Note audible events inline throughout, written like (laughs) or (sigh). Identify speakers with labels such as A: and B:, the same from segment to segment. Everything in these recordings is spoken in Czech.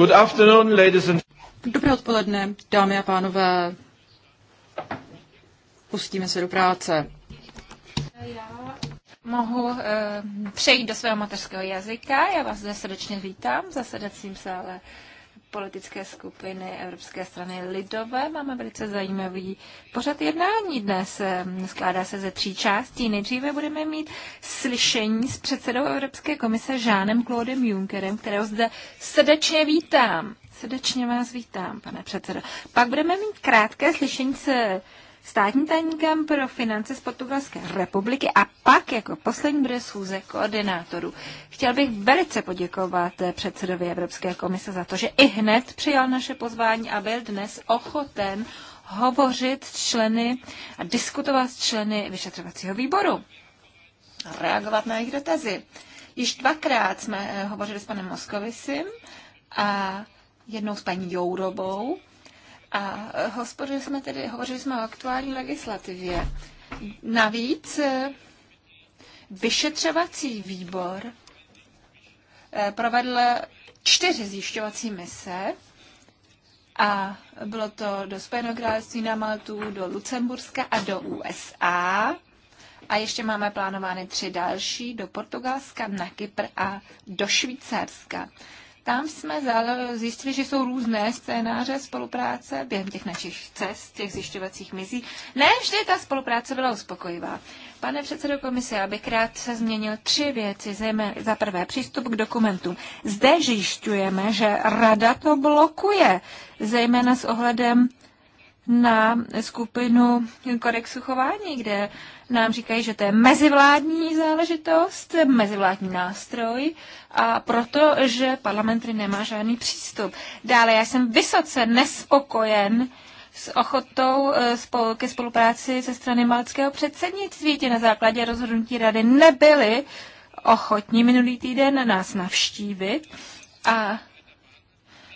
A: Good afternoon, ladies
B: and... Dobré odpoledne, dámy a pánové. Pustíme se do práce.
A: Já mohu uh, přejít do svého mateřského jazyka. Já vás zde srdečně vítám v zasedacím sále politické skupiny Evropské strany Lidové. Máme velice zajímavý pořad jednání dnes. Skládá se ze tří částí. Nejdříve budeme mít slyšení s předsedou Evropské komise Žánem Claudem Junckerem, kterého zde srdečně vítám. Srdečně vás vítám, pane předsedo. Pak budeme mít krátké slyšení se státním tajemníkem pro finance z Portugalské republiky a pak jako poslední bude schůze koordinátorů. Chtěl bych velice poděkovat předsedovi Evropské komise za to, že i hned přijal naše pozvání a byl dnes ochoten hovořit s členy a diskutovat s členy vyšetřovacího výboru. a Reagovat na jejich dotazy. Již dvakrát jsme eh, hovořili s panem Moskovisem a jednou s paní Jourovou a hospodili jsme tedy, hovořili jsme o aktuální legislativě. Navíc eh, vyšetřovací výbor eh, provedl čtyři zjišťovací mise a bylo to do Spojeného království na Maltu, do Lucemburska a do USA. A ještě máme plánovány tři další do Portugalska, na Kypr a do Švýcarska. Tam jsme zjistili, že jsou různé scénáře spolupráce během těch našich cest, těch zjišťovacích mizí. Ne vždy ta spolupráce byla uspokojivá. Pane předsedo komise, já bych rád se změnil tři věci. Zejména za prvé přístup k dokumentům. Zde zjišťujeme, že rada to blokuje, zejména s ohledem na skupinu kodexu chování, kde nám říkají, že to je mezivládní záležitost, mezivládní nástroj a proto, že parlament nemá žádný přístup. Dále já jsem vysoce nespokojen s ochotou e, ke spolupráci se strany malckého předsednictví, ti na základě rozhodnutí rady nebyli ochotní minulý týden nás navštívit a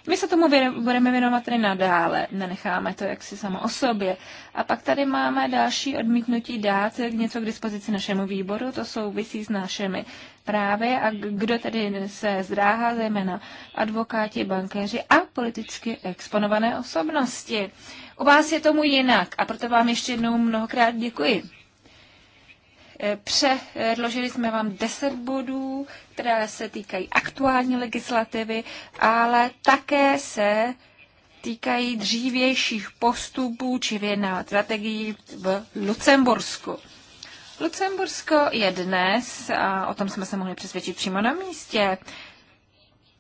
A: my se tomu budeme věnovat tedy nadále, nenecháme to jaksi samo o sobě. A pak tady máme další odmítnutí dát něco k dispozici našemu výboru, to souvisí s našimi právě a kdo tedy se zdráhá, zejména advokáti, bankéři a politicky exponované osobnosti. U vás je tomu jinak a proto vám ještě jednou mnohokrát děkuji. Předložili jsme vám 10 bodů, které se týkají aktuální legislativy, ale také se týkají dřívějších postupů či vyjednávat strategií v Lucembursku. Lucembursko je dnes, a o tom jsme se mohli přesvědčit přímo na místě,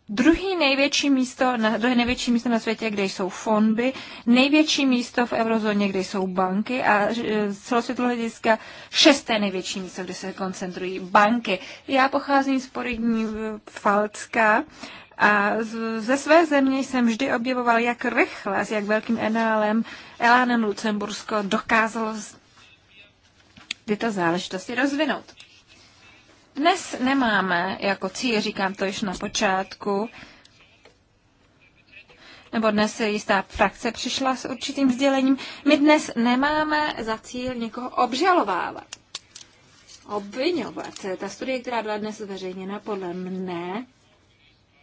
A: druhý největší místo, na, druhé největší místo na světě, kde jsou fondy, největší místo v eurozóně, kde jsou banky a e, z celosvětového hlediska šesté největší místo, kde se koncentrují banky. Já pocházím z porodní e, Falcka a z, ze své země jsem vždy objevoval, jak rychle, s jak velkým enálem Elánem Lucembursko dokázalo tyto záležitosti rozvinout. Dnes nemáme jako cíl, říkám to již na počátku, nebo dnes jistá frakce přišla s určitým sdělením. My dnes nemáme za cíl někoho obžalovávat, obvinovat. Ta studie, která byla dnes zveřejněna, podle mne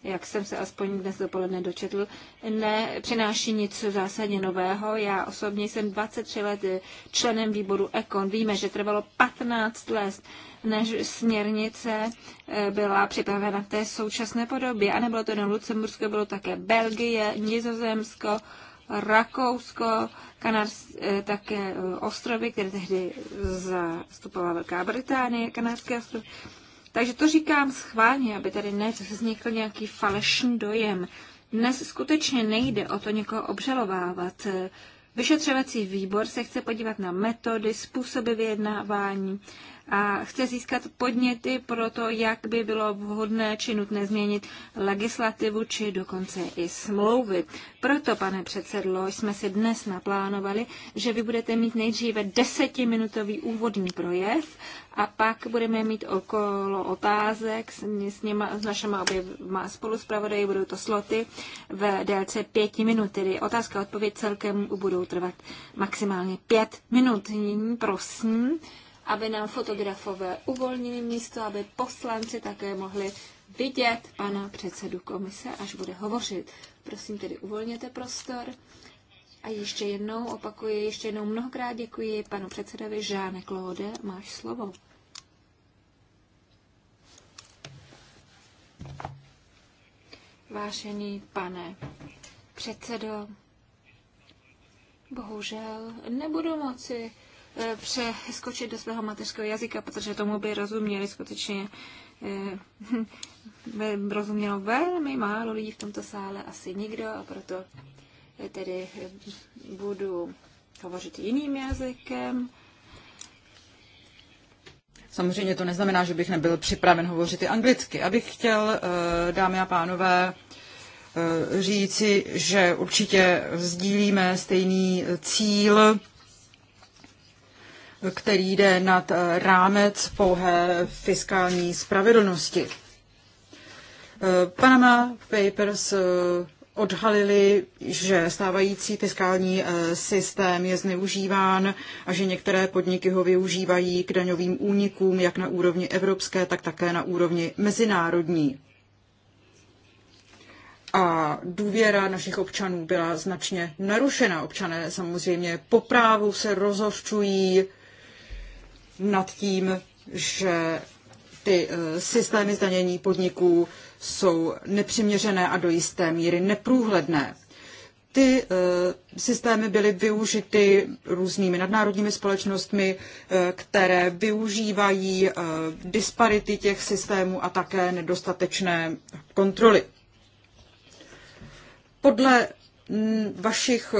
A: jak jsem se aspoň dnes dopoledne dočetl, nepřináší nic zásadně nového. Já osobně jsem 23 let členem výboru Ekon. Víme, že trvalo 15 let, než směrnice eh, byla připravena v té současné podobě. A nebylo to jenom Lucembursko, bylo také Belgie, Nizozemsko, Rakousko, Kanars, eh, také eh, ostrovy, které tehdy zastupovala Velká Británie, Kanárské ostrovy. Takže to říkám schválně, aby tady nevznikl nějaký falešný dojem. Dnes skutečně nejde o to někoho obžalovávat. Vyšetřovací výbor se chce podívat na metody, způsoby vyjednávání a chce získat podněty pro to, jak by bylo vhodné či nutné změnit legislativu či dokonce i smlouvy. Proto, pane předsedlo, jsme si dnes naplánovali, že vy budete mít nejdříve desetiminutový úvodní projev a pak budeme mít okolo otázek s, s, něma, s našima oběma spoluspravodaji, budou to sloty v délce pěti minut, tedy otázka a odpověď celkem budou trvat maximálně pět minut. Nyní prosím aby nám fotografové uvolnili místo, aby poslanci také mohli vidět pana předsedu komise, až bude hovořit. Prosím tedy uvolněte prostor. A ještě jednou opakuji, ještě jednou mnohokrát děkuji panu předsedovi Žáne Claude, máš slovo. Vážený pane předsedo, bohužel nebudu moci E, přeskočit do svého mateřského jazyka, protože tomu by rozuměli skutečně e, (laughs) by rozumělo velmi málo lidí v tomto sále, asi nikdo, a proto tedy budu hovořit jiným jazykem.
B: Samozřejmě to neznamená, že bych nebyl připraven hovořit i anglicky. Abych chtěl, e, dámy a pánové, říci, že určitě sdílíme stejný cíl, který jde nad eh, rámec pouhé fiskální spravedlnosti. Eh, Panama Papers eh, odhalili, že stávající fiskální systém je zneužíván a že některé podniky ho využívají k daňovým únikům jak na úrovni evropské, tak také na úrovni mezinárodní. A důvěra našich občanů byla značně narušena. Občané samozřejmě po právu se rozhořčují, nad tím, že ty eh, systémy zdanění podniků jsou nepřiměřené a do jisté míry neprůhledné. Ty eh, systémy byly využity různými nadnárodními společnostmi, eh, které využívají disparity těch systémů a také nedostatečné kontroly. Podle vašich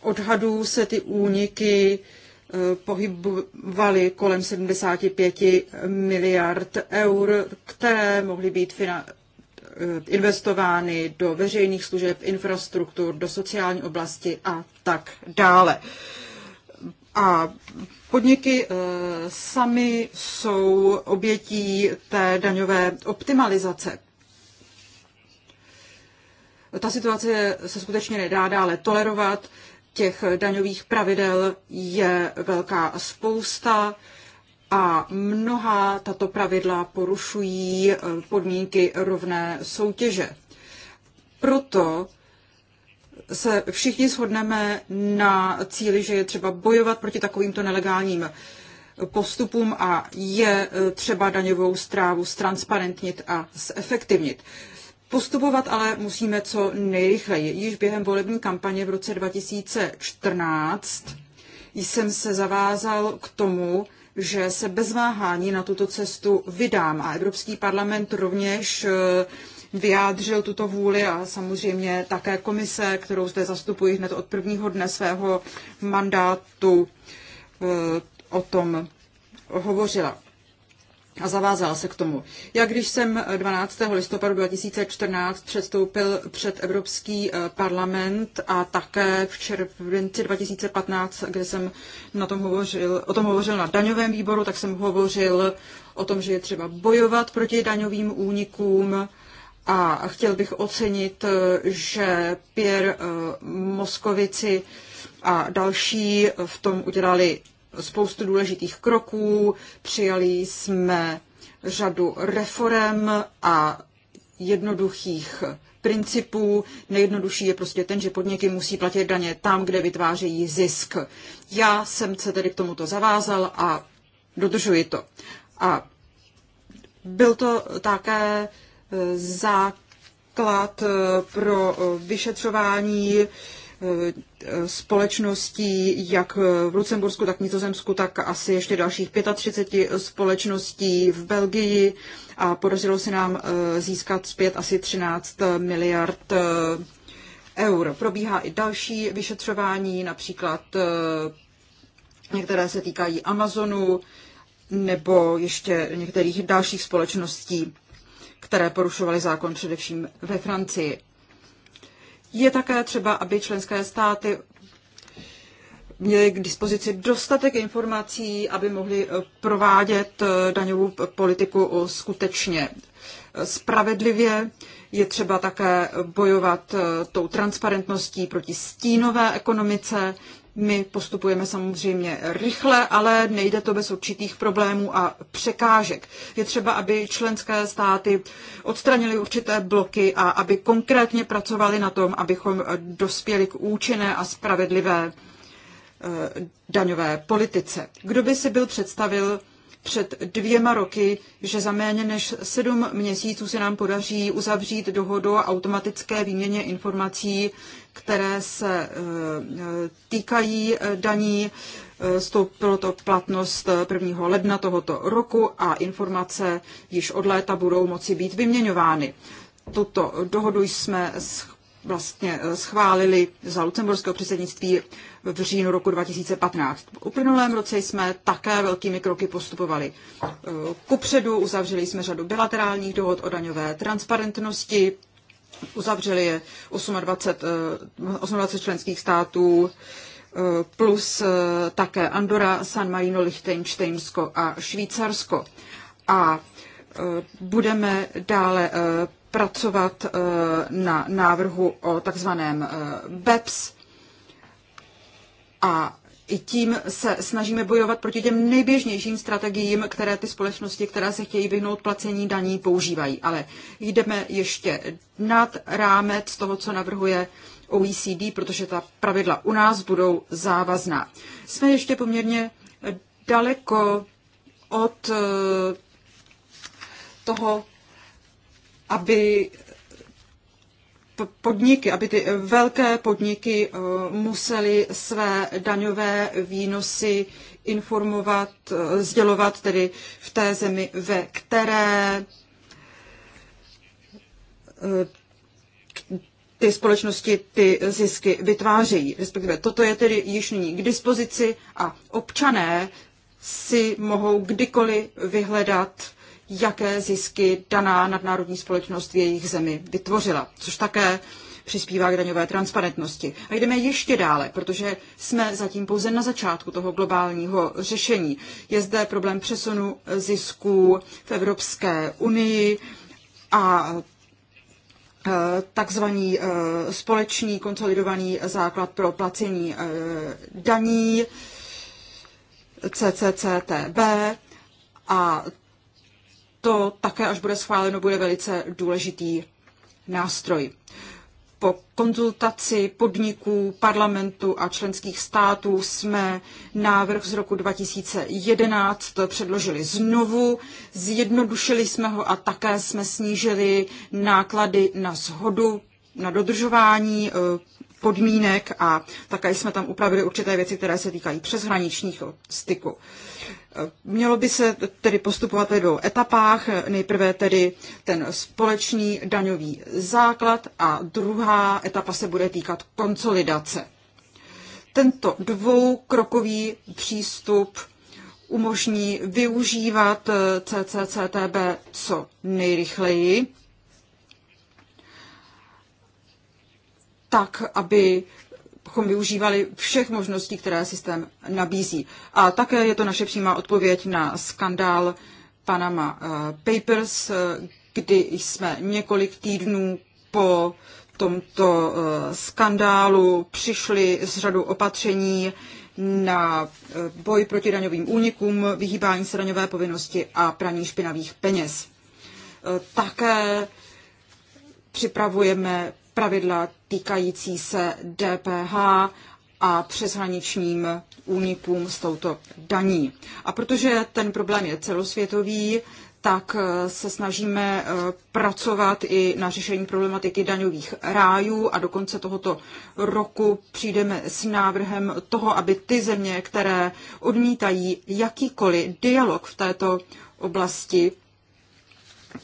B: odhadů se ty úniky pohybovaly kolem 75 miliard eur, které mohly být investovány do veřejných služeb, infrastruktur, do sociální oblasti a tak dále. A podniky eh, sami jsou obětí té daňové optimalizace. Ta situace se skutečně nedá dále tolerovat těch daňových pravidel je velká spousta a mnoha tato pravidla porušují eh, podmínky rovné soutěže. Proto se všichni shodneme na cíli, že je třeba bojovat proti takovýmto nelegálním postupům a je eh, třeba daňovou strávu ztransparentnit a zefektivnit postupovat ale musíme co nejrychleji. Již během volební kampaně v roce 2014 jsem se zavázal k tomu, že se bez váhání na tuto cestu vydám a Evropský parlament rovněž eh, vyjádřil tuto vůli a samozřejmě také komise, kterou zde zastupuji hned od prvního dne svého mandátu, eh, o tom hovořila a zavázal se k tomu. Já když jsem 12. listopadu 2014 předstoupil před Evropský eh, parlament a také v červenci 2015, kde jsem na tom hovořil, o tom hovořil na daňovém výboru, tak jsem hovořil o tom, že je třeba bojovat proti daňovým únikům a chtěl bych ocenit, eh, že Pierre eh, Moskovici a další v tom udělali spoustu důležitých kroků, přijali jsme řadu reform a jednoduchých principů. Nejjednodušší je prostě ten, že podniky musí platit daně tam, kde vytvářejí zisk. Já jsem se tedy k tomuto zavázal a dodržuji to. A byl to také eh, základ eh, pro eh, vyšetřování Eh, společností, jak v Lucembursku, tak v Nizozemsku, tak asi ještě dalších 35 společností v Belgii a podařilo se nám eh, získat zpět asi 13 miliard eh, eur. Probíhá i další vyšetřování, například některé se týkají Amazonu nebo ještě některých dalších společností, které porušovaly zákon především ve Francii. Je také třeba, aby členské státy měli k dispozici dostatek informací, aby mohli eh, provádět eh, daňovou politiku eh, skutečně spravedlivě. Je třeba také bojovat tou transparentností proti stínové ekonomice. My postupujeme samozřejmě rychle, ale nejde to bez určitých problémů a překážek. Je třeba, aby členské státy odstranili určité bloky a aby konkrétně pracovali na tom, abychom dospěli k účinné a spravedlivé eh, daňové politice. Kdo by si byl představil, před dvěma roky, že za méně než sedm měsíců se nám podaří uzavřít dohodu o automatické výměně informací, které se eh, týkají eh, daní. Eh, Stoupilo to platnost 1. ledna tohoto roku a informace již od léta budou moci být vyměňovány. Tuto dohodu jsme vlastně schválili za lucemburského předsednictví v říjnu roku 2015. V uplynulém roce jsme také velkými kroky postupovali kupředu, uzavřeli jsme řadu bilaterálních dohod o daňové transparentnosti, uzavřeli je 28, 28 eh, členských států, eh, plus eh, také Andora, San Marino, Liechtensteinsko a Švýcarsko. A budeme dále pracovat na návrhu o takzvaném BEPS, a i tím se snažíme bojovat proti těm nejběžnějším strategiím, které ty společnosti, které se chtějí vyhnout placení daní, používají. Ale jdeme ještě nad rámec toho, co navrhuje OECD, protože ta pravidla u nás budou závazná. Jsme ještě poměrně daleko od eh, toho, aby podniky, aby ty velké podniky eh, musely své daňové výnosy informovat, eh, sdělovat tedy v té zemi, ve které eh, ty společnosti ty zisky vytvářejí. Respektive toto je tedy již nyní k dispozici a občané si mohou kdykoliv vyhledat jaké zisky daná nadnárodní společnost v jejich zemi vytvořila, což také přispívá k daňové transparentnosti. A jdeme ještě dále, protože jsme zatím pouze na začátku toho globálního řešení. Je zde problém přesunu zisků v Evropské unii a e, takzvaný e, společný konsolidovaný základ pro placení e, daní, CCCTB, a to také, až bude schváleno, bude velice důležitý nástroj. Po konzultaci podniků, parlamentu a členských států jsme návrh z roku 2011 předložili znovu, zjednodušili jsme ho a také jsme snížili náklady na shodu, na dodržování eh, podmínek a také jsme tam upravili určité věci, které se týkají přeshraničních styku. Mělo by se tedy postupovat ve dvou etapách. Nejprve tedy ten společný daňový základ a druhá etapa se bude týkat konsolidace. Tento dvoukrokový přístup umožní využívat CCCTB co nejrychleji, tak aby abychom využívali všech možností, které systém nabízí. A také je to naše přímá odpověď na skandál Panama eh, Papers, eh, kdy jsme několik týdnů po tomto eh, skandálu přišli s řadu opatření na boj proti daňovým únikům, vyhýbání se daňové povinnosti a praní špinavých peněz. Také připravujeme pravidla týkající se DPH a přeshraničním únikům s touto daní. A protože ten problém je celosvětový, tak eh, se snažíme eh, pracovat i na řešení problematiky daňových rájů a do konce tohoto roku přijdeme s návrhem toho, aby ty země, které odmítají jakýkoliv dialog v této oblasti,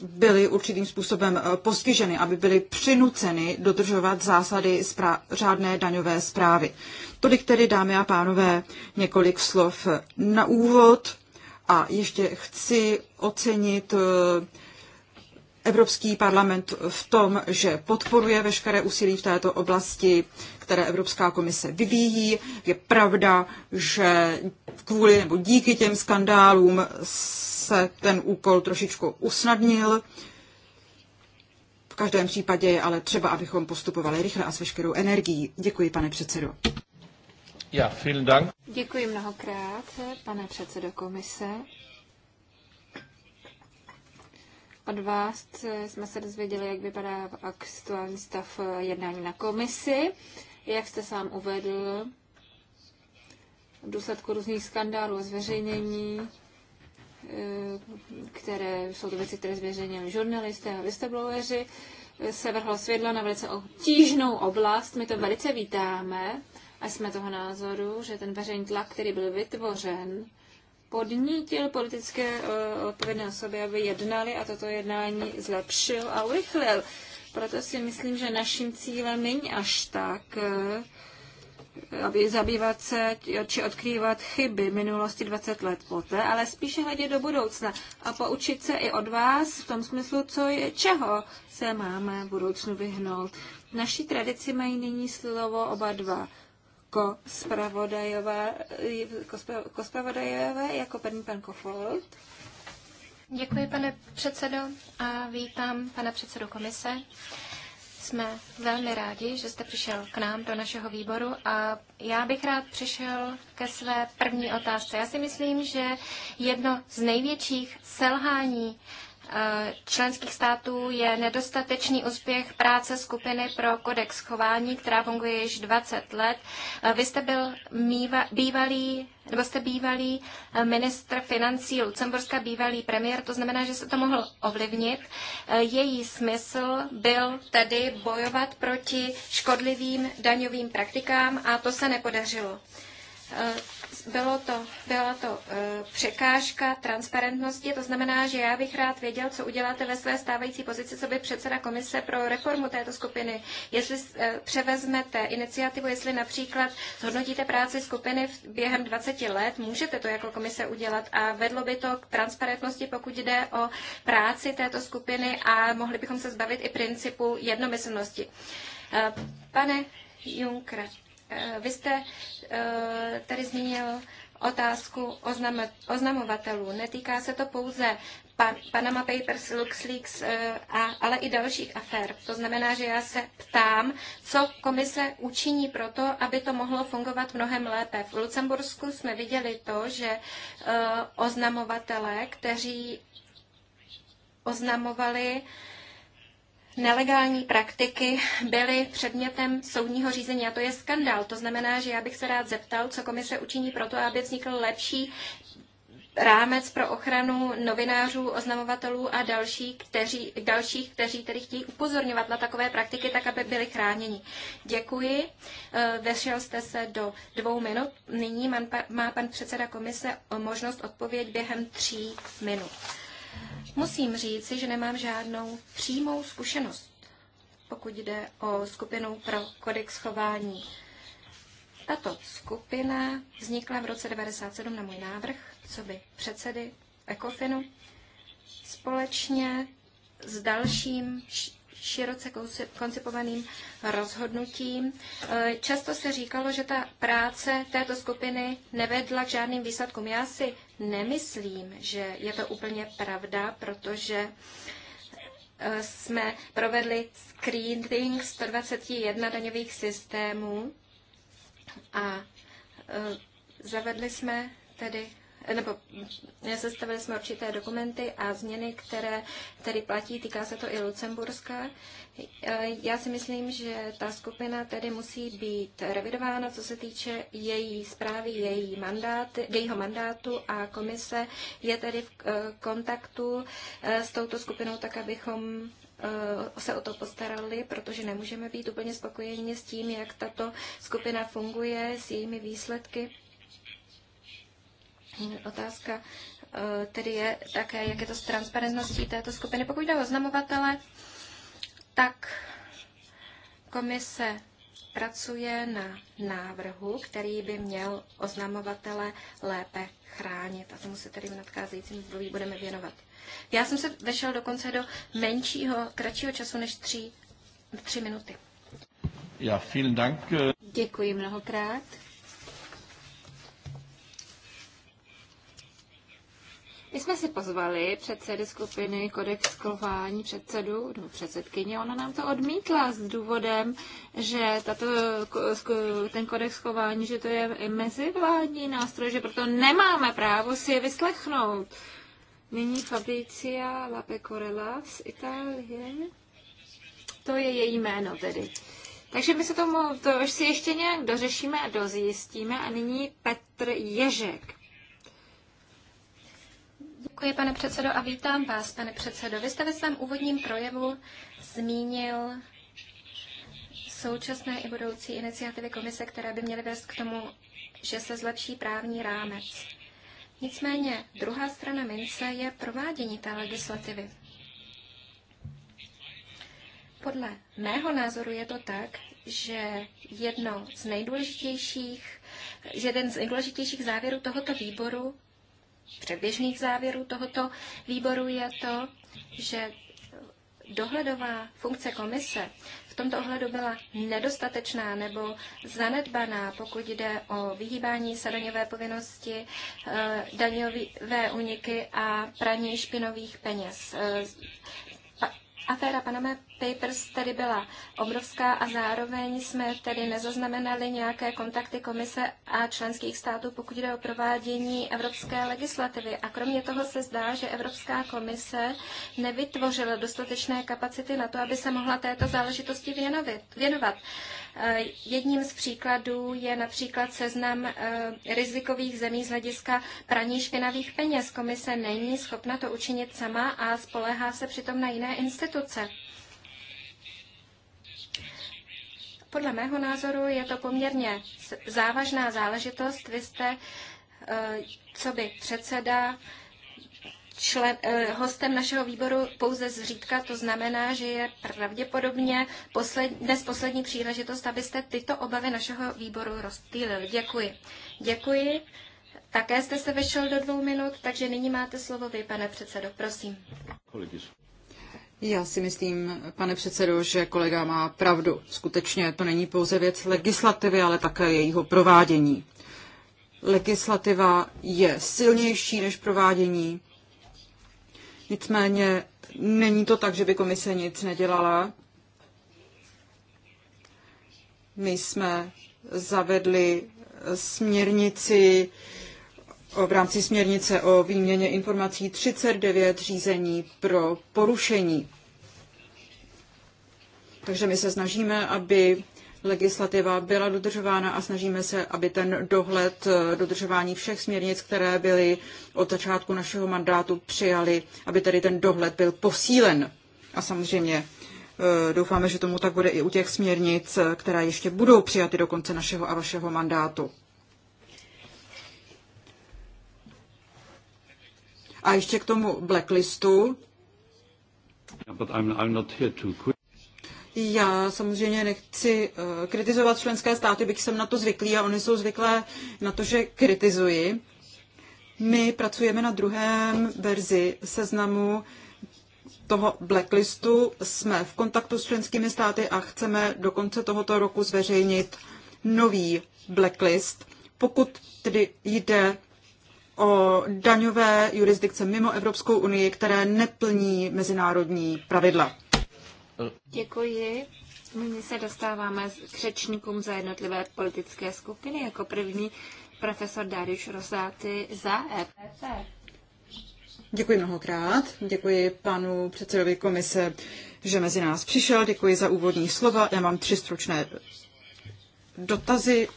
B: byly určitým způsobem eh, postiženy, aby byly přinuceny dodržovat zásady řádné daňové zprávy. Tolik tedy, dámy a pánové, několik slov na úvod a ještě chci ocenit eh, Evropský parlament v tom, že podporuje veškeré úsilí v této oblasti, které Evropská komise vyvíjí. Je pravda, že kvůli nebo díky těm skandálům se ten úkol trošičku usnadnil. V každém případě je ale třeba, abychom postupovali rychle a s veškerou energií. Děkuji, pane předsedo. Ja, vielen Dank.
A: Děkuji mnohokrát, pane předsedo komise. Od vás jsme se dozvěděli, jak vypadá aktuální stav jednání na komisi. Jak jste sám uvedl, v důsledku různých skandálů a zveřejnění, eh, které jsou to věci, které zveřejnili žurnalisté a whistlebloweri, se vrhlo světlo na velice obtížnou oblast. My to velice vítáme a jsme toho názoru, že ten veřejný tlak, který byl vytvořen, podnítil politické eh, odpovědné osoby, aby jednali a toto jednání zlepšil a urychlil. Proto si myslím, že naším cílem není až tak, eh, aby zabývat se či odkrývat chyby minulosti 20 let poté, ale spíše hledět do budoucna a poučit se i od vás v tom smyslu, co je, čeho se máme v budoucnu vyhnout. naší tradici mají nyní slovo oba dva Kospravodajové ko jako první jako jako pan Kofold. Děkuji, pane předsedo, a vítám pana předsedu komise. Jsme velmi rádi, že jste přišel k nám do našeho výboru a já bych rád přišel ke své první otázce. Já si myslím, že jedno z největších selhání členských států je nedostatečný úspěch práce skupiny pro kodex chování, která funguje již 20 let. Vy jste byl mýva, bývalý nebo jste bývalý ministr financí Lucemburska, bývalý premiér, to znamená, že se to mohl ovlivnit. Její smysl byl tedy bojovat proti škodlivým daňovým praktikám a to se nepodařilo bylo to, byla to e, překážka transparentnosti, to znamená, že já bych rád věděl, co uděláte ve své stávající pozici, co by předseda komise pro reformu této skupiny, jestli e, převezmete iniciativu, jestli například zhodnotíte práci skupiny během 20 let, můžete to jako komise udělat a vedlo by to k transparentnosti, pokud jde o práci této skupiny a mohli bychom se zbavit i principu jednomyslnosti. E, pane Junkra, Eh, vy jste eh, tady zmínil otázku oznamovatelů. Netýká se to pouze Panama Papers, LuxLeaks, eh, ale i dalších afér. To znamená, že já se ptám, co komise učiní pro to, aby to mohlo fungovat mnohem lépe. V Lucembursku jsme viděli to, že oznamovatele, kteří oznamovali uh, nelegální praktiky byly předmětem soudního řízení a to je skandál. To znamená, že já bych se rád zeptal, co komise učiní pro to, aby vznikl lepší rámec pro ochranu novinářů, oznamovatelů a další, kteří, dalších, kteří tedy chtějí upozorňovat na takové praktiky, tak aby byli chráněni. Děkuji. Eh, vešel jste se do dvou minut. Nyní má pan předseda komise možnost odpovědět během tří minut. Musím říci, že nemám žádnou přímou zkušenost, pokud jde o skupinu pro kodex chování. Tato skupina vznikla v roce 1997 na můj návrh, co by předsedy ECOFINu, společně s dalším široce koncipovaným rozhodnutím. E, často se říkalo, že ta práce této skupiny nevedla k žádným výsledkům. Já si nemyslím, že je to úplně pravda, protože e, jsme provedli screening 121 daňových systémů a e, zavedli jsme tedy Eh, nebo eh, sestavili jsme určité dokumenty a změny, které tedy platí, týká se to i Lucemburska. Eh, já si myslím, že ta skupina tedy musí být revidována, co se týče její zprávy, její mandát, jejího mandátu a komise je tedy v kontaktu s touto skupinou, tak abychom se o to postarali, protože nemůžeme být úplně spokojeni s tím, jak tato skupina funguje, s jejími výsledky. Otázka eh, tedy je také, jak je to s transparentností této skupiny. Pokud jde o oznamovatele, tak komise pracuje na návrhu, který by měl oznamovatele lépe chránit. A tomu se tedy v nadcházejícím období budeme věnovat. Já jsem se vešel dokonce do menšího, kratšího času než tři, tři minuty.
B: Já, vielen Dank.
A: Děkuji mnohokrát. My jsme si pozvali předsedy skupiny Kodex Klování, předsedu, no předsedkyně, ona nám to odmítla s důvodem, že tato, ten kodex Klování, že to je mezivládní nástroj, že proto nemáme právo si je vyslechnout. Nyní Fabrizia Lapecorella z Itálie. To je její jméno tedy. Takže my se tomu, to už si ještě nějak dořešíme a dozjistíme. A nyní Petr Ježek. Děkuji, pane předsedo, a vítám vás, pane předsedo. Vy jste ve svém úvodním projevu zmínil současné i budoucí iniciativy komise, které by měly vést k tomu, že se zlepší právní rámec. Nicméně druhá strana mince je provádění té legislativy. Podle mého názoru je to tak, že jedno z nejdůležitějších, že jeden z nejdůležitějších závěrů tohoto výboru předběžných závěrů tohoto výboru je to, že dohledová funkce komise v tomto ohledu byla nedostatečná nebo zanedbaná, pokud jde o vyhýbání se daňové povinnosti, eh, daňové uniky a praní špinových peněz. Eh, aféra Panama Papers tedy byla obrovská a zároveň jsme tedy nezaznamenali nějaké kontakty komise a členských států, pokud jde o provádění evropské legislativy. A kromě toho se zdá, že Evropská komise nevytvořila dostatečné kapacity na to, aby se mohla této záležitosti věnovat. E, jedním z příkladů je například seznam e, rizikových zemí z hlediska praní špinavých peněz. Komise není schopna to učinit sama a spolehá se přitom na jiné instituce. Podle mého názoru je to poměrně závažná záležitost. Vy jste, eh, co by předseda, člen, eh, hostem našeho výboru pouze zřídka, to znamená, že je pravděpodobně posled, dnes poslední příležitost, abyste tyto obavy našeho výboru rozptýlil. Děkuji. Děkuji. Také jste se vešel do dvou minut, takže nyní máte slovo vy, pane předsedo. Prosím.
B: Kolegy. Já si myslím, pane předsedo, že kolega má pravdu. Skutečně to není pouze věc legislativy, ale také jejího provádění. Legislativa je silnější než provádění. Nicméně není to tak, že by komise nic nedělala. My jsme zavedli směrnici v rámci směrnice o výměně informací 39 řízení pro porušení. Takže my se snažíme, aby legislativa byla dodržována a snažíme se, aby ten dohled eh, dodržování všech směrnic, které byly od začátku našeho mandátu přijali, aby tedy ten dohled byl posílen. A samozřejmě eh, doufáme, že tomu tak bude i u těch směrnic, eh, které ještě budou přijaty do konce našeho a vašeho mandátu. A ještě k tomu blacklistu. Já samozřejmě nechci eh, kritizovat členské státy, bych jsem na to zvyklý a oni jsou zvyklé na to, že kritizuji. My pracujeme na druhém verzi seznamu toho blacklistu. Jsme v kontaktu s členskými státy a chceme do konce tohoto roku zveřejnit nový blacklist, pokud tedy jde o daňové jurisdikce mimo Evropskou unii, které neplní mezinárodní pravidla.
A: Děkuji. Nyní se dostáváme k řečníkům za jednotlivé politické skupiny. Jako první profesor Dariš Rosáty za EPP.
B: Děkuji mnohokrát. Děkuji panu předsedovi komise, že mezi nás přišel. Děkuji za úvodní slova. Já mám tři stručné dotazy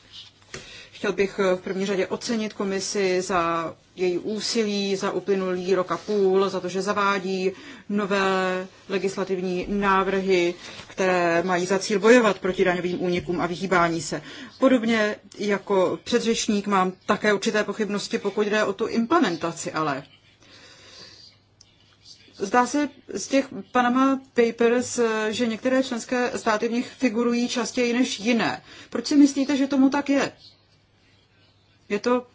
B: Chtěl bych eh, v první řadě ocenit komisi za její úsilí za uplynulý rok a půl, za to, že zavádí nové legislativní návrhy, které mají za cíl bojovat proti daňovým únikům a vyhýbání se. Podobně jako předřečník mám také určité pochybnosti, pokud jde o tu implementaci, ale Zdá se z těch Panama Papers, eh, že některé členské státy v nich figurují častěji než jiné. Proč si myslíte, že tomu tak je? je to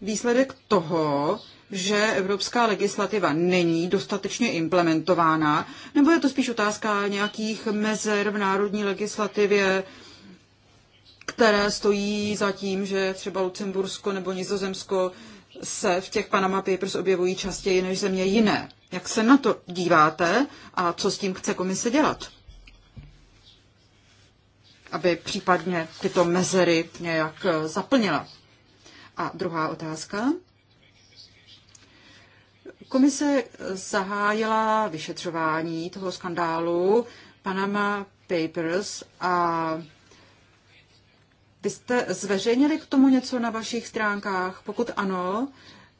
B: výsledek toho, že evropská legislativa není dostatečně implementována, nebo je to spíš otázka nějakých mezer v národní legislativě, které stojí za tím, že třeba Lucembursko nebo Nizozemsko se v těch Panama Papers objevují častěji než země jiné. Jak se na to díváte a co s tím chce komise dělat? aby případně tyto mezery nějak eh, zaplnila. A druhá otázka. Komise zahájila vyšetřování toho skandálu Panama Papers a vy jste zveřejnili k tomu něco na vašich stránkách? Pokud ano,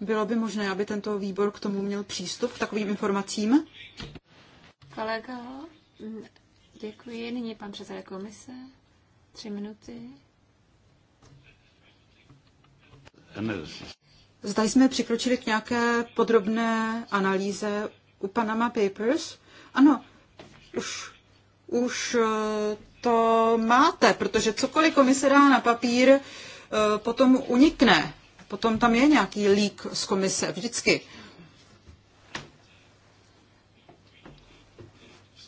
B: bylo by možné, aby tento výbor k tomu měl přístup k takovým informacím?
A: Kolega, děkuji. Nyní pan předseda komise.
B: Tři minuty. Zda jsme přikročili k nějaké podrobné analýze u Panama Papers? Ano, už, už eh, to máte, protože cokoliv komise dá na papír, eh, potom unikne. Potom tam je nějaký lík z komise, vždycky.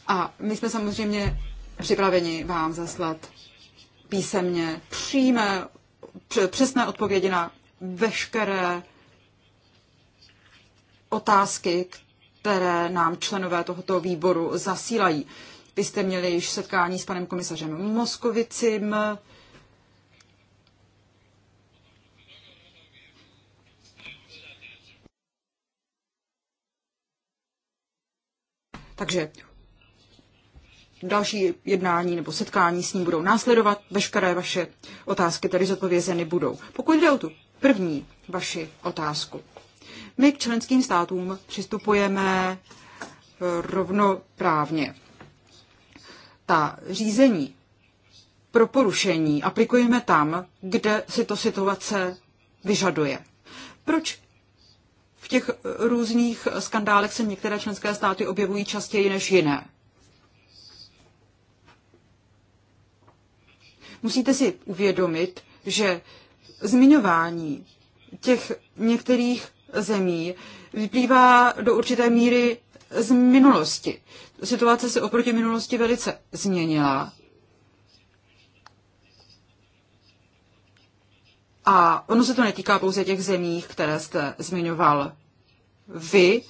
B: A my jsme samozřejmě připraveni vám zaslat písemně přímé, přesné odpovědi na veškeré otázky, které nám členové tohoto výboru zasílají. Vy jste měli již setkání s panem komisařem Moskovicím. Takže další jednání nebo setkání s ním budou následovat. Veškeré vaše otázky tedy zodpovězeny budou. Pokud jde o tu první vaši otázku. My k členským státům přistupujeme eh, rovnoprávně. Ta řízení pro porušení aplikujeme tam, kde si to situace vyžaduje. Proč v těch různých skandálech se některé členské státy objevují častěji než jiné? Musíte si uvědomit, že zmiňování těch některých zemí vyplývá do určité míry z minulosti. Situace se oproti minulosti velice změnila. A ono se to netýká pouze těch zemí, které jste zmiňoval vy.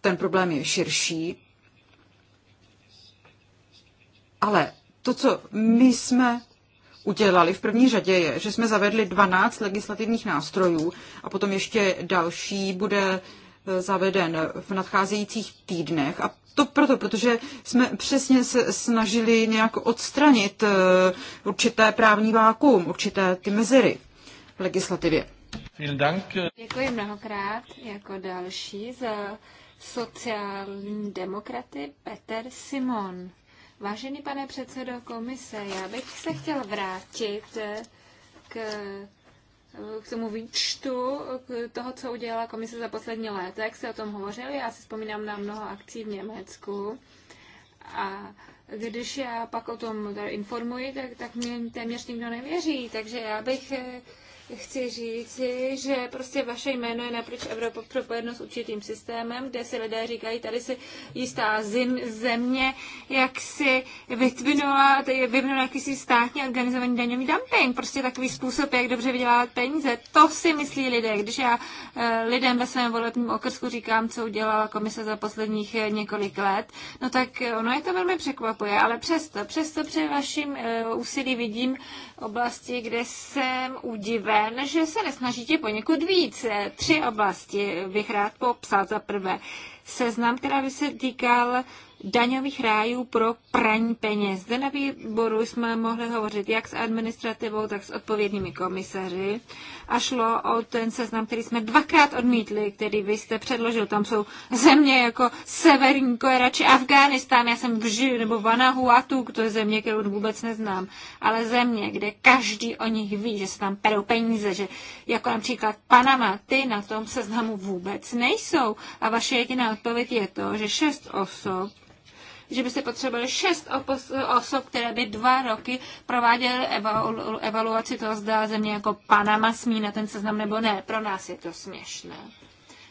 B: Ten problém je širší. Ale to, co my jsme udělali v první řadě je, že jsme zavedli 12 legislativních nástrojů a potom ještě další bude eh, zaveden v nadcházejících týdnech. A to proto, protože jsme přesně se snažili nějak odstranit eh, určité právní vákuum, určité ty mezery v legislativě.
A: Děkuji mnohokrát jako další za sociální demokraty Peter Simon. Vážený pane předsedo komise, já bych se chtěl vrátit k, k tomu výčtu k toho, co udělala komise za poslední léta, jak se o tom hovořili. Já si vzpomínám na mnoho akcí v Německu. A když já pak o tom informuji, tak, tak mě téměř nikdo nevěří. Takže já bych chci říci, že prostě vaše jméno je napříč Evropa propojeno s určitým systémem, kde si lidé říkají, tady si jistá zim, země, jak si vytvinula, vyvinula jakýsi státně organizovaný daňový dumping, prostě takový způsob, jak dobře vydělávat peníze. To si myslí lidé. Když já eh, lidem ve svém volebním okrsku říkám, co udělala komise za posledních eh, několik let, no tak eh, ono je to velmi překvapuje, ale přesto, přesto při vaším úsilí vidím oblasti, kde jsem udivé, ten, že se nesnažíte poněkud víc. Eh, tři oblasti bych rád popsal. Za prvé, seznam, která by se týkal daňových rájů pro praní peněz. Zde na výboru jsme mohli hovořit jak s administrativou, tak s odpovědnými komisaři a šlo o ten seznam, který jsme dvakrát odmítli, který vy jste předložil. Tam jsou země jako Severní Korea či Afghánistán. Já jsem vži, nebo Vanahuatu, to je země, kterou vůbec neznám, ale země, kde každý o nich ví, že se tam perou peníze, že jako například Panama, ty na tom seznamu vůbec nejsou. A vaše jediná odpověď je to, že šest osob že by se potřebovalo šest osob, které by dva roky prováděly evalu- evaluaci toho, zda země jako Panama smí na ten seznam nebo ne. Pro nás je to směšné.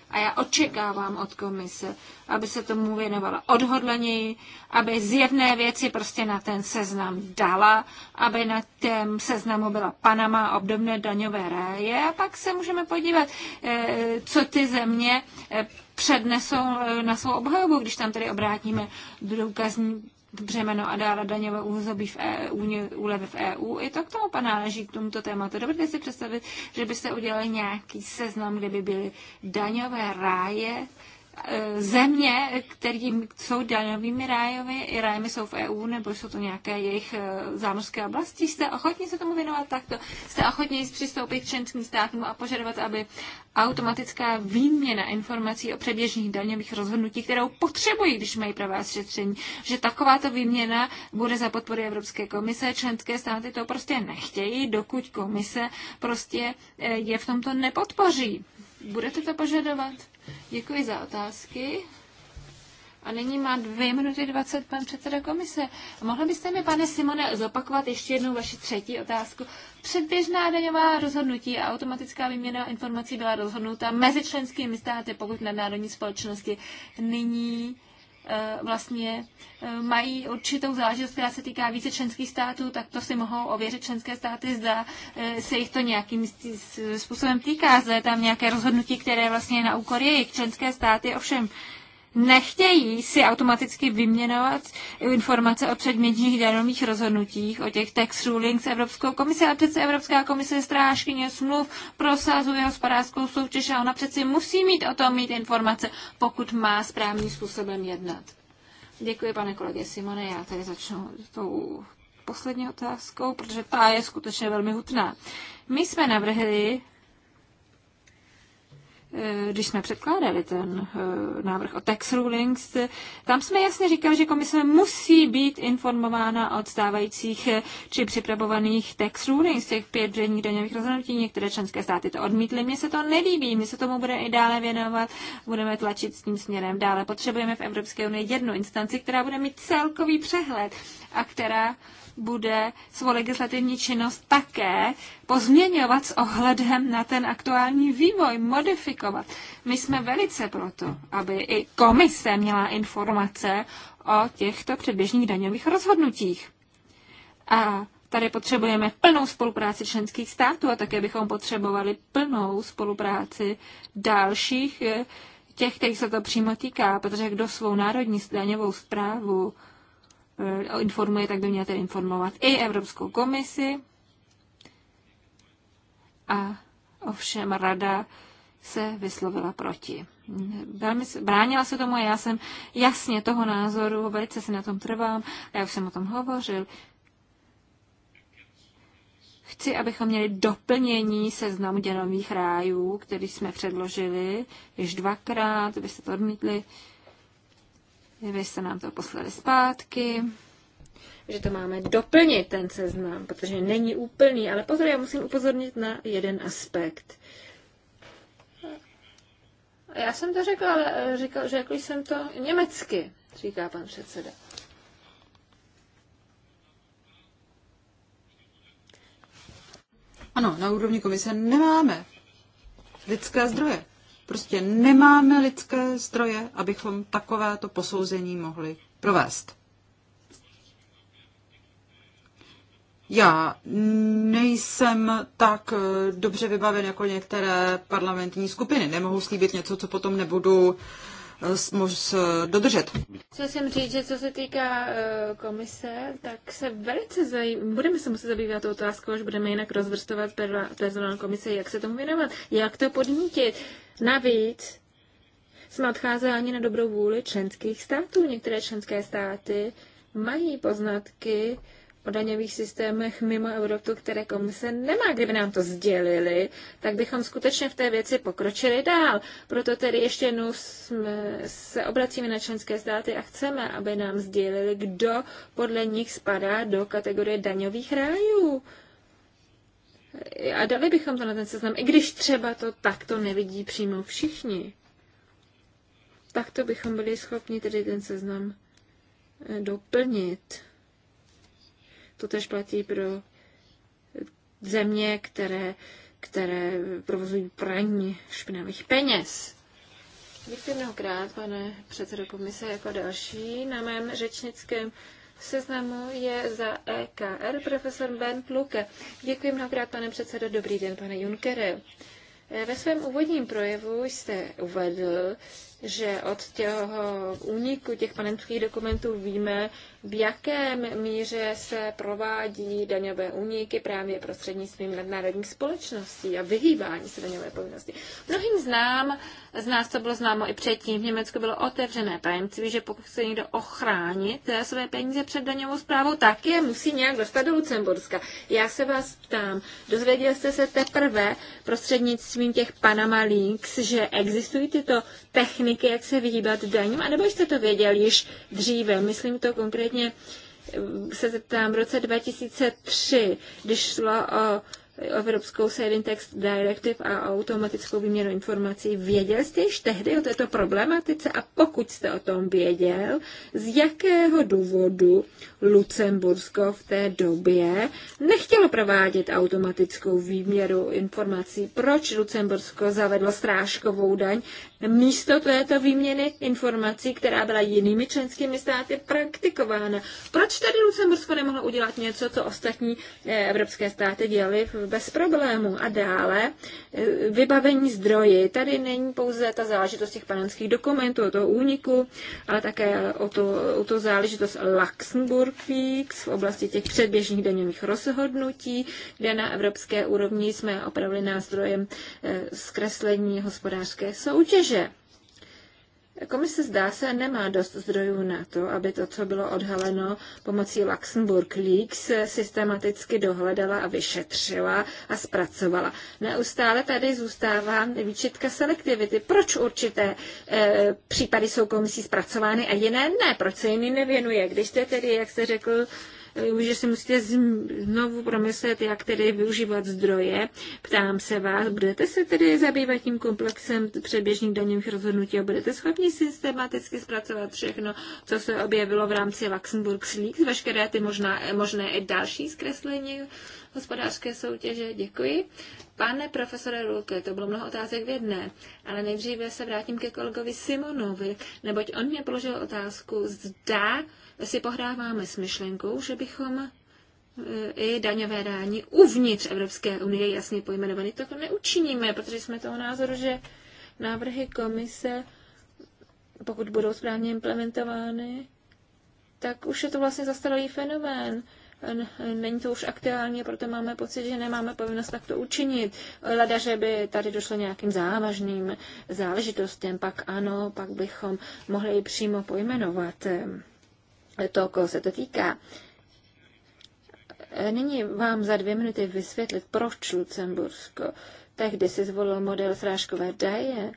A: A já očekávám od komise, aby se tomu věnovala odhodlaněji, aby zjevné věci prostě na ten seznam dala, aby na tém seznamu byla Panama a obdobné daňové ráje. A pak se můžeme podívat, eh, co ty země eh, přednesou eh, na svou obhajobu, když tam tedy obrátíme důkazní břemeno a dále daňové úzobí v EU, úlevy v EU. I to k tomu panáleží k tomuto tématu. Dovedete si představit, že by se udělali nějaký seznam, kde by byly daňové ráje, Eh, země, které jsou daňovými rájovi, rájmy jsou v EU, nebo jsou to nějaké jejich eh, zámořské oblasti, jste ochotní se tomu věnovat takto? Jste ochotní přistoupit k členským státům a požadovat, aby automatická výměna informací o předběžných daňových rozhodnutí, kterou potřebují, když mají pravá šetření, že takováto výměna bude za podpory Evropské komise. Členské státy to prostě nechtějí, dokud komise prostě eh, je v tomto nepodpoří. Budete to požadovat? Děkuji za otázky. A nyní má dvě minuty dvacet pan předseda komise. Mohla byste mi, pane Simone, zopakovat ještě jednou vaši třetí otázku? Předběžná daňová rozhodnutí a automatická výměna informací byla rozhodnuta mezi členskými státy, pokud nadnárodní společnosti nyní Eh, vlastně eh, mají určitou záležitost, která se týká více členských států, tak to si mohou ověřit členské státy, zda eh, se jich to nějakým způsobem týká, zda je tam nějaké rozhodnutí, které vlastně na úkor jejich členské státy, ovšem nechtějí si automaticky vyměnovat informace o předmětních danových rozhodnutích, o těch tax rulings Evropskou komisi, A přece Evropská komise je strážkyně smluv, prosazuje hospodářskou soutěž a ona přeci musí mít o tom mít informace, pokud má správným způsobem jednat. Děkuji, pane kolegě Simone. Já tady začnu s tou poslední otázkou, protože ta je skutečně velmi hutná. My jsme navrhli Eh, když jsme předkládali ten eh, návrh o tax rulings, eh, tam jsme jasně říkali, že komise musí být informována o stávajících či připravovaných tax rulings, těch pět předních daňových rozhodnutí. Některé členské státy to odmítly. Mně se to nelíbí, my se tomu bude i dále věnovat, budeme tlačit s tím směrem dále. Potřebujeme v Evropské unii jednu instanci, která bude mít celkový přehled a která bude svou legislativní činnost také pozměňovat s ohledem na ten aktuální vývoj, modifikovat. My jsme velice proto, aby i komise měla informace o těchto předběžných daňových rozhodnutích. A tady potřebujeme plnou spolupráci členských států a také bychom potřebovali plnou spolupráci dalších eh, těch, kterých se to přímo týká, protože kdo svou národní daňovou zprávu Eh, informuje, tak by měla tedy informovat i Evropskou komisi. A ovšem rada se vyslovila proti. Velmi bránila se tomu a já jsem jasně toho názoru, velice si na tom trvám, já už jsem o tom hovořil. Chci, abychom měli doplnění seznamu děnových rájů, který jsme předložili již dvakrát, abyste to odmítli. Uh, vy jste nám to poslali zpátky hmm. že to máme doplnit, ten seznam, protože není úplný. Ale pozor, já musím upozornit na jeden aspekt. Já jsem to řekla, ale eh, říkal, že jako jsem to německy, říká pan předseda.
B: Ano, na úrovni komise nemáme lidské zdroje. Prostě nemáme lidské zdroje, abychom takovéto posouzení mohli provést. Já nejsem tak eh, dobře vybaven jako některé parlamentní skupiny. Nemohu slíbit něco, co potom nebudu dodržet.
A: Co jsem říct, že co se týká eh, komise, tak se velice zajím, budeme se muset zabývat otázkou, až budeme jinak rozvrstovat personál komise, jak se tomu věnovat, jak to podnítit. Navíc jsme odcházeli na dobrou vůli členských států. Některé členské státy mají poznatky, o daňových systémech mimo Evropu, které komise nemá. Kdyby nám to sdělili, tak bychom skutečně v té věci pokročili dál. Proto tedy ještě jednou jsme, se obracíme na členské státy a chceme, aby nám sdělili, kdo podle nich spadá do kategorie daňových rájů. A dali bychom to na ten seznam, i když třeba to takto nevidí přímo všichni. Takto bychom byli schopni tedy ten seznam eh, doplnit. To tež platí pro země, které, které provozují praní špinavých peněz. Děkuji mnohokrát, pane předsedo komise, jako další na mém řečnickém seznamu je za EKR profesor Ben Pluke. Děkuji mnohokrát, pane předsedo. Dobrý den, pane Junkere. Ve svém úvodním projevu jste uvedl, že od těho úniku těch panenských dokumentů víme, v jakém míře se provádí daňové úniky právě prostřednictvím nadnárodních společností a vyhýbání se daňové povinnosti. Mnohým znám, z nás to bylo známo i předtím, v Německu bylo otevřené tajemství, že pokud chce někdo ochránit eh, své peníze před daňovou zprávou, tak je musí nějak dostat do Lucemburska. Já se vás ptám, dozvěděl jste se teprve prostřednictvím těch Panama Links, že existují tyto techniky, techniky, jak se vyhýbat daním, anebo jste to věděl již dříve? Myslím to konkrétně, eh, se zeptám, v roce 2003, když šlo o Evropskou Saving text Directive a automatickou výměnu informací. Věděl jste již tehdy o této problematice a pokud jste o tom věděl, z jakého důvodu Lucembursko v té době nechtělo provádět automatickou výměru informací? Proč Lucembursko zavedlo strážkovou daň místo této výměny informací, která byla jinými členskými státy praktikována. Proč tedy Lucembursko nemohlo udělat něco, co ostatní eh, evropské státy dělali bez problémů? A dále eh, vybavení zdroji. Tady není pouze ta záležitost těch panenských dokumentů, o toho úniku, ale také o to, o to záležitost Luxemburg Weeks v oblasti těch předběžných daňových rozhodnutí, kde na evropské úrovni jsme opravili nástrojem eh, zkreslení hospodářské soutěže Protože komise zdá se nemá dost zdrojů na to, aby to, co bylo odhaleno pomocí Luxemburg Leaks, systematicky dohledala a vyšetřila a zpracovala. Neustále tady zůstává výčitka selektivity. Proč určité e, případy jsou komisí zpracovány a jiné ne? Proč se jiným nevěnuje? Když to tedy, jak jste řekl, Eh, že si musíte znovu promyslet, jak tedy využívat zdroje. Ptám se vás, budete se tedy zabývat tím komplexem předběžných daňových rozhodnutí a budete schopni systematicky zpracovat všechno, co se objevilo v rámci Luxemburg Leaks, veškeré ty možná, eh, možné i další zkreslení hospodářské soutěže. Děkuji. Pane profesore Rulke, to bylo mnoho otázek v jedné, ale nejdříve se vrátím ke kolegovi Simonovi, neboť on mě položil otázku, zda si pohráváme s myšlenkou, že bychom e, i daňové rání uvnitř Evropské unie jasně pojmenovaný. To neučiníme, protože jsme toho názoru, že návrhy komise, pokud budou správně implementovány, tak už je to vlastně zastaralý fenomén. Není to už aktuální, proto máme pocit, že nemáme povinnost takto učinit. Leda, že by tady došlo nějakým závažným záležitostem, pak ano, pak bychom mohli ji přímo pojmenovat to, koho se to týká. E, nyní vám za dvě minuty vysvětlit, proč Lucembursko tehdy si zvolil model srážkové daje,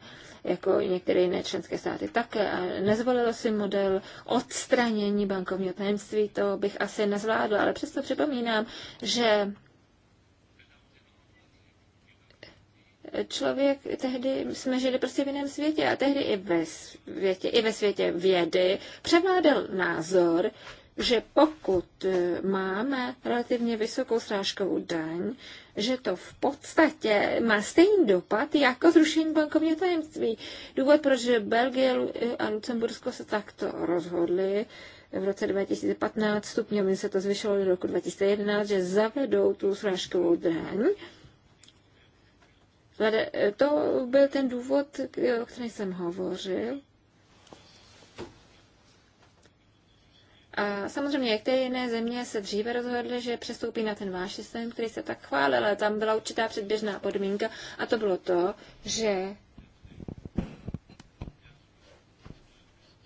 A: jako některé jiné členské státy také, a nezvolilo si model odstranění bankovního tajemství, to bych asi nezvládla, ale přesto připomínám, že člověk, tehdy jsme žili prostě v jiném světě a tehdy i ve světě, i ve světě vědy převládal názor, že pokud e, máme relativně vysokou srážkovou daň, že to v podstatě má stejný dopad jako zrušení bankovního tajemství. Důvod, proč Belgie a Lucembursko se takto rozhodli v roce 2015, stupňově se to zvyšovalo do roku 2011, že zavedou tu srážkovou daň, Eh, to byl ten důvod, eh, o kterém jsem hovořil. A samozřejmě některé jiné země se dříve rozhodly, že přestoupí na ten váš systém, který se tak chválil, ale tam byla určitá předběžná podmínka a to bylo to, že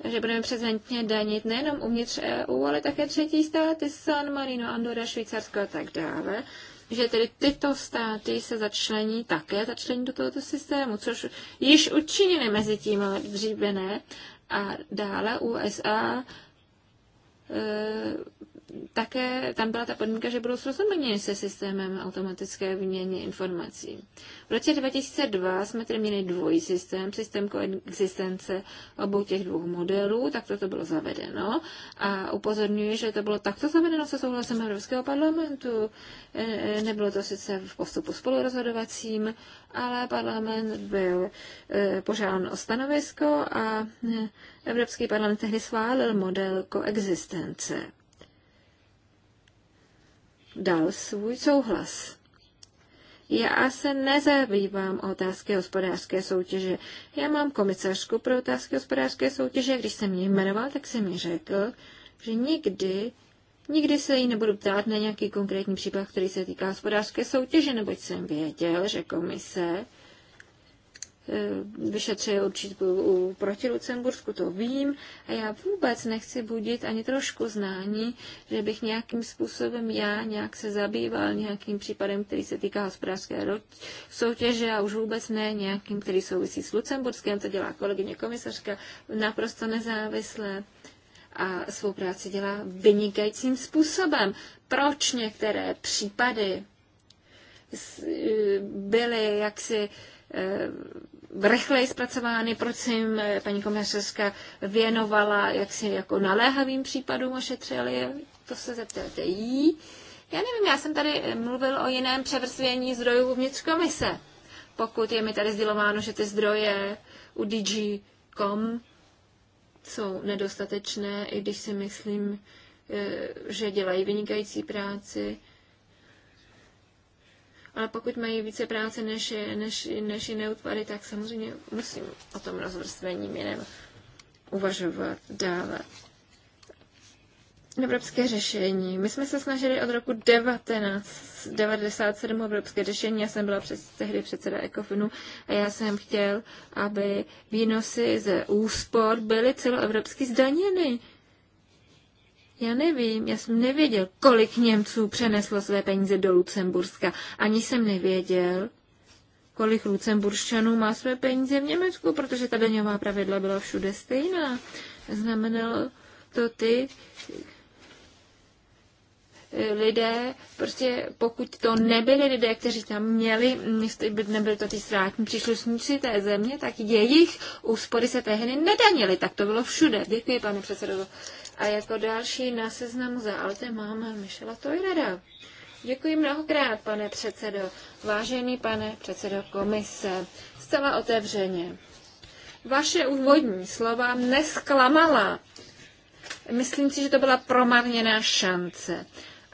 A: že budeme přezentně danit nejenom uvnitř EU, ale také třetí státy, San Marino, Andorra, Švýcarsko a tak dále že tedy tyto státy se začlení také začlení do tohoto systému, což již učinili mezi tím, ale dříve ne. A dále USA e, také tam byla ta podmínka, že budou srozuměni se systémem automatické výměny informací. V roce 2002 jsme tedy měli dvojí systém, systém koexistence obou těch dvou modelů, tak to bylo zavedeno a upozorňuji, že to bylo takto zavedeno se souhlasem Evropského parlamentu. E, e, nebylo to sice v postupu spolurozhodovacím, ale parlament byl e, požádán o stanovisko a Evropský parlament tehdy schválil model koexistence dal svůj souhlas. Já se nezabývám otázky hospodářské soutěže. Já mám komisařku pro otázky hospodářské soutěže. Když jsem ji jmenoval, tak jsem mi řekl, že nikdy, nikdy se jí nebudu ptát na nějaký konkrétní případ, který se týká hospodářské soutěže, neboť jsem věděl, že komise Eh, vyšetřuje určitě u, proti Lucembursku, to vím. A já vůbec nechci budit ani trošku znání, že bych nějakým způsobem já nějak se zabýval nějakým případem, který se týká hospodářské soutěže a už vůbec ne nějakým, který souvisí s Lucemburskem. To dělá kolegyně komisařka naprosto nezávisle a svou práci dělá vynikajícím způsobem. Proč některé případy eh, byly jaksi eh, rychleji zpracovány, proč se jim eh, paní komisařka věnovala, jak si jako naléhavým případům ošetřili, to se zeptejte jí. Já nevím, já jsem tady eh, mluvil o jiném převrstvění zdrojů uvnitř komise. Pokud je mi tady sdělováno, že ty zdroje u DG.com jsou nedostatečné, i když si myslím, eh, že dělají vynikající práci, ale pokud mají více práce než, než, než jiné útvary, tak samozřejmě musím o tom rozvrstvení jiném uvažovat dále. Evropské řešení. My jsme se snažili od roku 1997 evropské řešení. Já jsem byla před, tehdy předseda Ecofinu a já jsem chtěl, aby výnosy ze úspor byly celoevropsky zdaněny. Já nevím, já jsem nevěděl, kolik Němců přeneslo své peníze do Lucemburska. Ani jsem nevěděl, kolik Lucemburščanů má své peníze v Německu, protože ta daňová pravidla byla všude stejná. Znamenalo to ty, lidé, prostě pokud to nebyli lidé, kteří tam měli, nebyli to ty státní příslušníci té země, tak jejich úspory se tehdy nedanily. Tak to bylo všude. Děkuji, pane předsedo. A jako další na seznamu za Alte máme Michela Tojrada. Děkuji mnohokrát, pane předsedo. Vážený pane předsedo komise, zcela otevřeně. Vaše úvodní slova nesklamala. Myslím si, že to byla promarněná šance.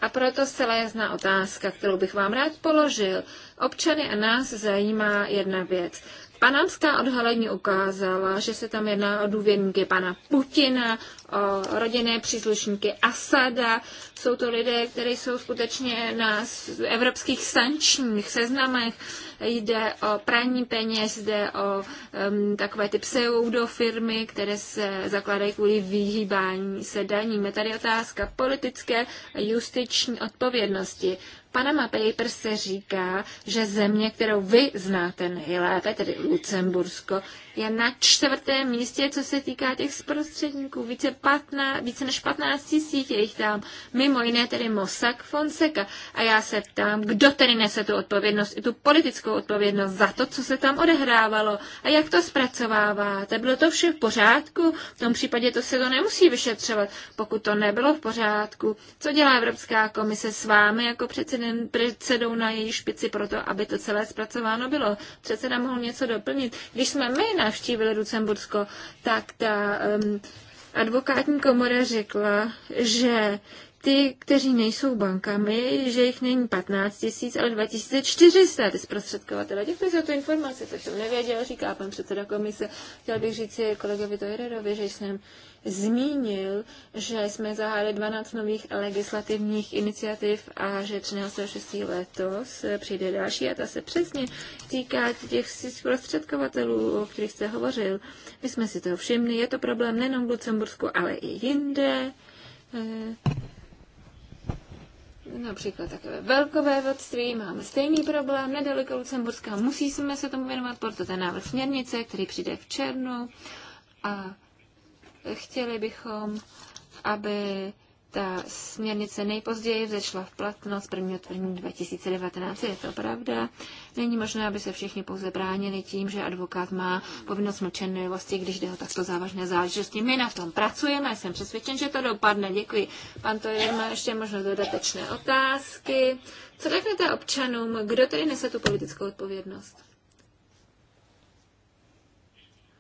A: A proto zcela jasná otázka, kterou bych vám rád položil. Občany a nás zajímá jedna věc. Panamská odhalení ukázala, že se tam jedná o důvěrníky pana Putina, o rodinné příslušníky Asada. Jsou to lidé, kteří jsou skutečně na evropských sančních seznamech. Jde o praní peněz, jde o um, takové ty pseudofirmy, které se zakládají kvůli vyhýbání se daním. Je tady otázka politické a justiční odpovědnosti. Panama Papers se říká, že země, kterou vy znáte nejlépe, tedy Lucembursko, je na čtvrtém místě, co se týká těch zprostředníků. Více, patna, více než 15 tisíc je jich tam, mimo jiné tedy Mossack Fonseca. A já se ptám, kdo tedy nese tu odpovědnost, i tu politickou odpovědnost za to, co se tam odehrávalo a jak to zpracováváte. Bylo to vše v pořádku? V tom případě to se to nemusí vyšetřovat, pokud to nebylo v pořádku. Co dělá Evropská komise s vámi jako předsedem, předsedou na její špici proto, aby to celé zpracováno bylo? Předseda mohl něco doplnit. Když jsme my na navštívili Lucembursko, tak ta um, advokátní komora řekla, že ty, kteří nejsou bankami, že jich není 15 tisíc, ale 2400 ty zprostředkovatele. Děkuji za tu informaci, to jsem nevěděl, říká pan předseda komise. Chtěl bych říct si kolegovi Tojerovi, že jsem zmínil, že jsme zahájili 12 nových legislativních iniciativ a že 13.6. letos eh, přijde další a ta se přesně týká těch zprostředkovatelů, o kterých jste hovořil. My jsme si toho všimli, je to problém nejenom v Lucembursku, ale i jinde. Eh, například takové velkové vodství, máme stejný problém, nedaleko Lucemburska, musíme se tomu věnovat, proto ten návrh směrnice, který přijde v černu a chtěli bychom, aby ta směrnice nejpozději vzešla v platnost 1. 1. 2019, je to pravda. Není možné, aby se všichni pouze bránili tím, že advokát má povinnost mlčenlivosti, když jde o takto závažné záležitosti. My na tom pracujeme, jsem přesvědčen, že to dopadne. Děkuji. Pan Tojer má ještě možná dodatečné otázky. Co řeknete občanům, kdo tedy nese tu politickou odpovědnost?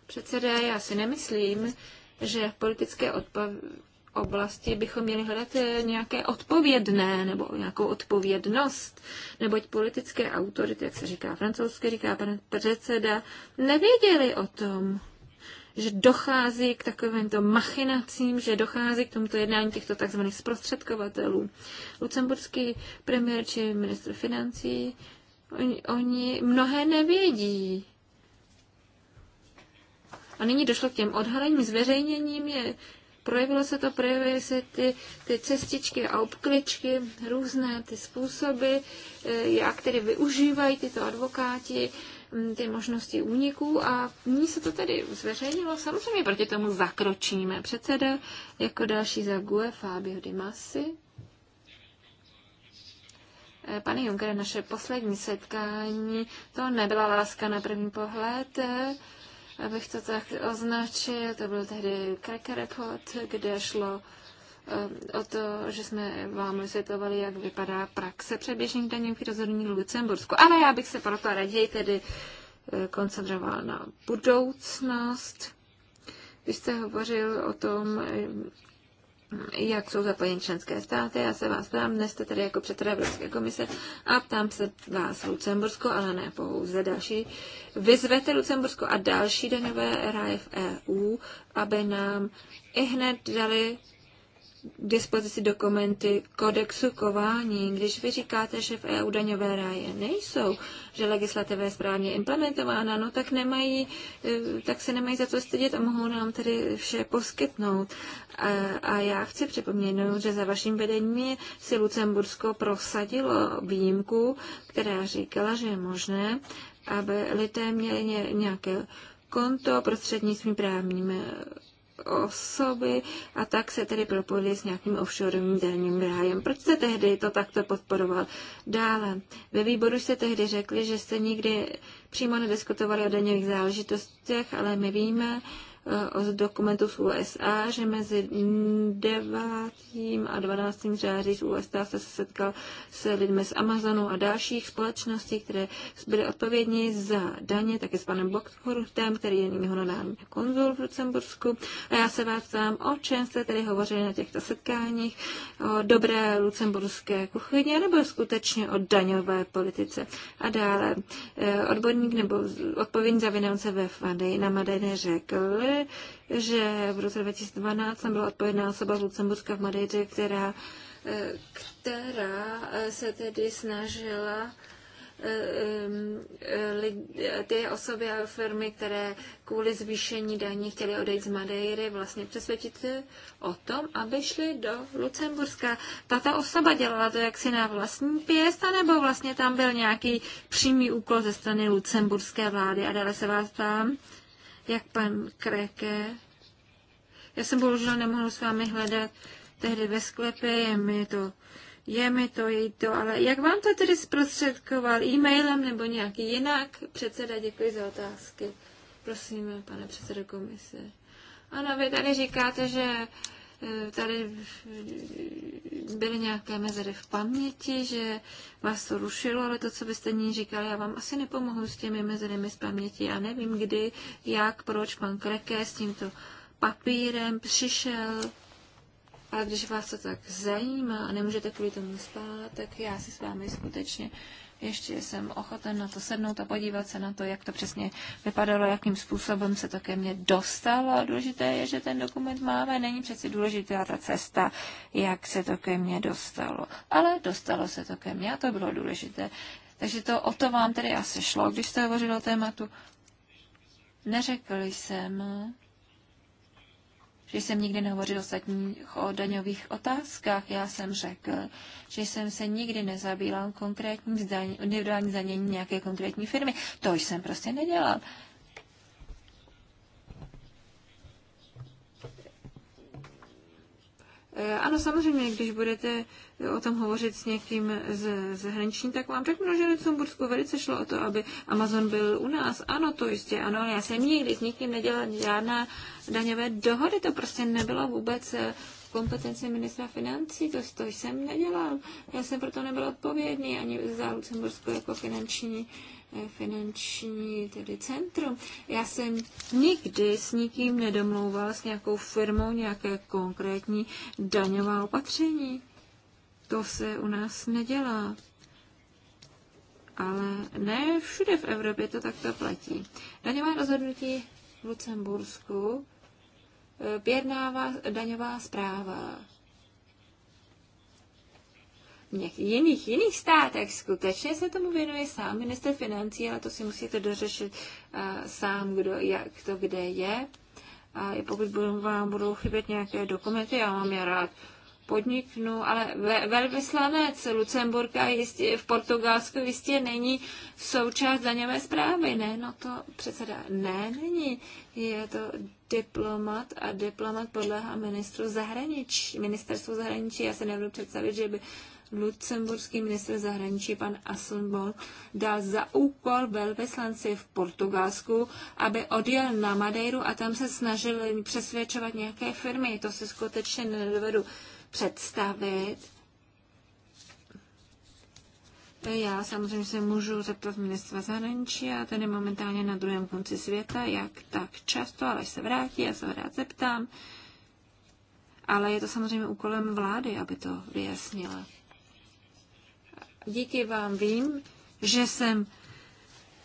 A: Předseda, já si nemyslím, že politické odpovědnosti oblasti bychom měli hledat eh, nějaké odpovědné nebo nějakou odpovědnost, neboť politické autority, jak se říká francouzsky, říká pan předseda, nevěděli o tom, že dochází k takovýmto machinacím, že dochází k tomuto jednání těchto tzv. zprostředkovatelů. Lucemburský premiér či ministr financí, oni, oni mnohé nevědí. A nyní došlo k těm odhalením, zveřejněním je projevilo se to, projevily se ty, ty cestičky a obkličky, různé ty způsoby, eh, jak tedy využívají tyto advokáti mm, ty možnosti úniků a ní se to tedy zveřejnilo. Samozřejmě proti tomu zakročíme. Předseda jako další za GUE Fabio Di Masi. Eh, pane Juncker, naše poslední setkání, to nebyla láska na první pohled. Eh, abych to tak označil, to byl tehdy Cracker Report, kde šlo eh, o to, že jsme vám vysvětlovali, jak vypadá praxe předběžných daňových rozhodnutí v Lucembursku. Ale já bych se proto raději tedy eh, koncentroval na budoucnost. Vy jste hovořil o tom, jak jsou zapojeny členské státy. Já se vás ptám, dnes jste tady jako předseda Evropské komise a ptám se vás Lucembursko, ale ne pouze další. Vyzvete Lucembursko a další daňové ráje v EU, aby nám i hned dali dispozici dokumenty kodexu kování, když vy říkáte, že v EU daňové ráje nejsou, že legislativa je správně implementována, no tak nemají, eh, tak se nemají za to stydět a mohou nám tedy vše poskytnout. A, a já chci připomenout, že za vaším vedením si Lucembursko prosadilo výjimku, která říkala, že je možné, aby lidé měli nějaké konto prostřednictvím právními eh, osoby a tak se tedy propojili s nějakým offshoreovým daním rájem. Proč se tehdy to takto podporoval? Dále, ve výboru jste tehdy řekli, že jste nikdy přímo nediskutovali o daňových záležitostech, ale my víme, Eh, z dokumentů z USA, že mezi 9. a 12. září z USA se setkal s lidmi z Amazonu a dalších společností, které byly odpovědní za daně, také s panem Boxhortem, který je nyní honorární konzul v Lucembursku. A já se vás ptám, o čem jste tedy hovořili na těchto setkáních, o dobré lucemburské kuchyni, nebo skutečně o daňové politice. A dále, eh, odborník nebo odpovědní za finance ve Fadej na Madeně řekl, že v roce 2012 tam byla odpovědná osoba z Lucemburska v Madejře, která, eh, která eh, se tedy snažila eh, ty osoby a firmy, které kvůli zvýšení daní chtěly odejít z Madeiry, vlastně přesvědčit o tom, aby šli do Lucemburska. Tato osoba dělala to jaksi na vlastní pěst, nebo vlastně tam byl nějaký přímý úkol ze strany lucemburské vlády. A dále se vás tam jak pan Kreke. Já jsem bohužel nemohl s vámi hledat tehdy ve sklepě, je mi to, je mi to, je to, ale jak vám to tedy zprostředkoval? E-mailem nebo nějak jinak? Předseda, děkuji za otázky. Prosím, pane předsedo komise. Ano, vy tady říkáte, že Eh, tady byly nějaké mezery v paměti, že vás to rušilo, ale to, co byste ní říkali, já vám asi nepomohu s těmi mezerymi z paměti. Já nevím, kdy, jak, proč pan Kreke s tímto papírem přišel. Ale když vás to tak zajímá a nemůžete kvůli tomu spát, tak já si s vámi skutečně ještě jsem ochoten na to sednout a podívat se na to, jak to přesně vypadalo, jakým způsobem se to ke mně dostalo. Důležité je, že ten dokument máme, není přeci důležitá ta cesta, jak se to ke mně dostalo. Ale dostalo se to ke mně a to bylo důležité. Takže to o to vám tedy asi šlo, když jste hovořil o tématu. Neřekl jsem, že jsem nikdy nehovořil ostatních o daňových otázkách. Já jsem řekl, že jsem se nikdy nezabýval konkrétním zdaň, individuálním zdaněním nějaké konkrétní firmy. To jsem prostě nedělal. Eh, ano, samozřejmě, když budete eh, o tom hovořit s někým z zahraničí, tak vám řeknu, že Lucembursku velice šlo o to, aby Amazon byl u nás. Ano, to jistě, ano, ale já jsem nikdy s nikým nedělal žádná daňové dohody, to prostě nebylo vůbec eh, kompetence ministra financí, to, to jsem nedělal. Já jsem proto nebyl odpovědný ani za Lucembursku jako finanční finanční tedy centrum. Já jsem nikdy s nikým nedomlouvala s nějakou firmou nějaké konkrétní daňová opatření. To se u nás nedělá. Ale ne všude v Evropě to takto platí. Daňová rozhodnutí v Lucembursku vyjednává eh, daňová zpráva těch jiných, jiných státech skutečně se tomu věnuje sám minister financí, ale to si musíte dořešit uh, sám, kdo, jak to kde je. A pokud budou, vám budou chybět nějaké dokumenty, já mám je rád podniknu, ale ve, velvyslanec Lucemburka jistě, v Portugalsku jistě není součást daňové zprávy. Ne, no to předseda, ne, není. Je to diplomat a diplomat podléhá ministru zahraničí, ministerstvu zahraničí. Já se nebudu představit, že by lucemburský ministr zahraničí pan Asselborn dal za úkol velvyslanci v Portugalsku, aby odjel na Madeiru a tam se snažil přesvědčovat nějaké firmy. To si skutečně nedovedu představit. Já samozřejmě se můžu zeptat ministra zahraničí a ten je momentálně na druhém konci světa, jak tak často, ale se vrátí, já se rád zeptám. Ale je to samozřejmě úkolem vlády, aby to vyjasnila díky vám vím, že jsem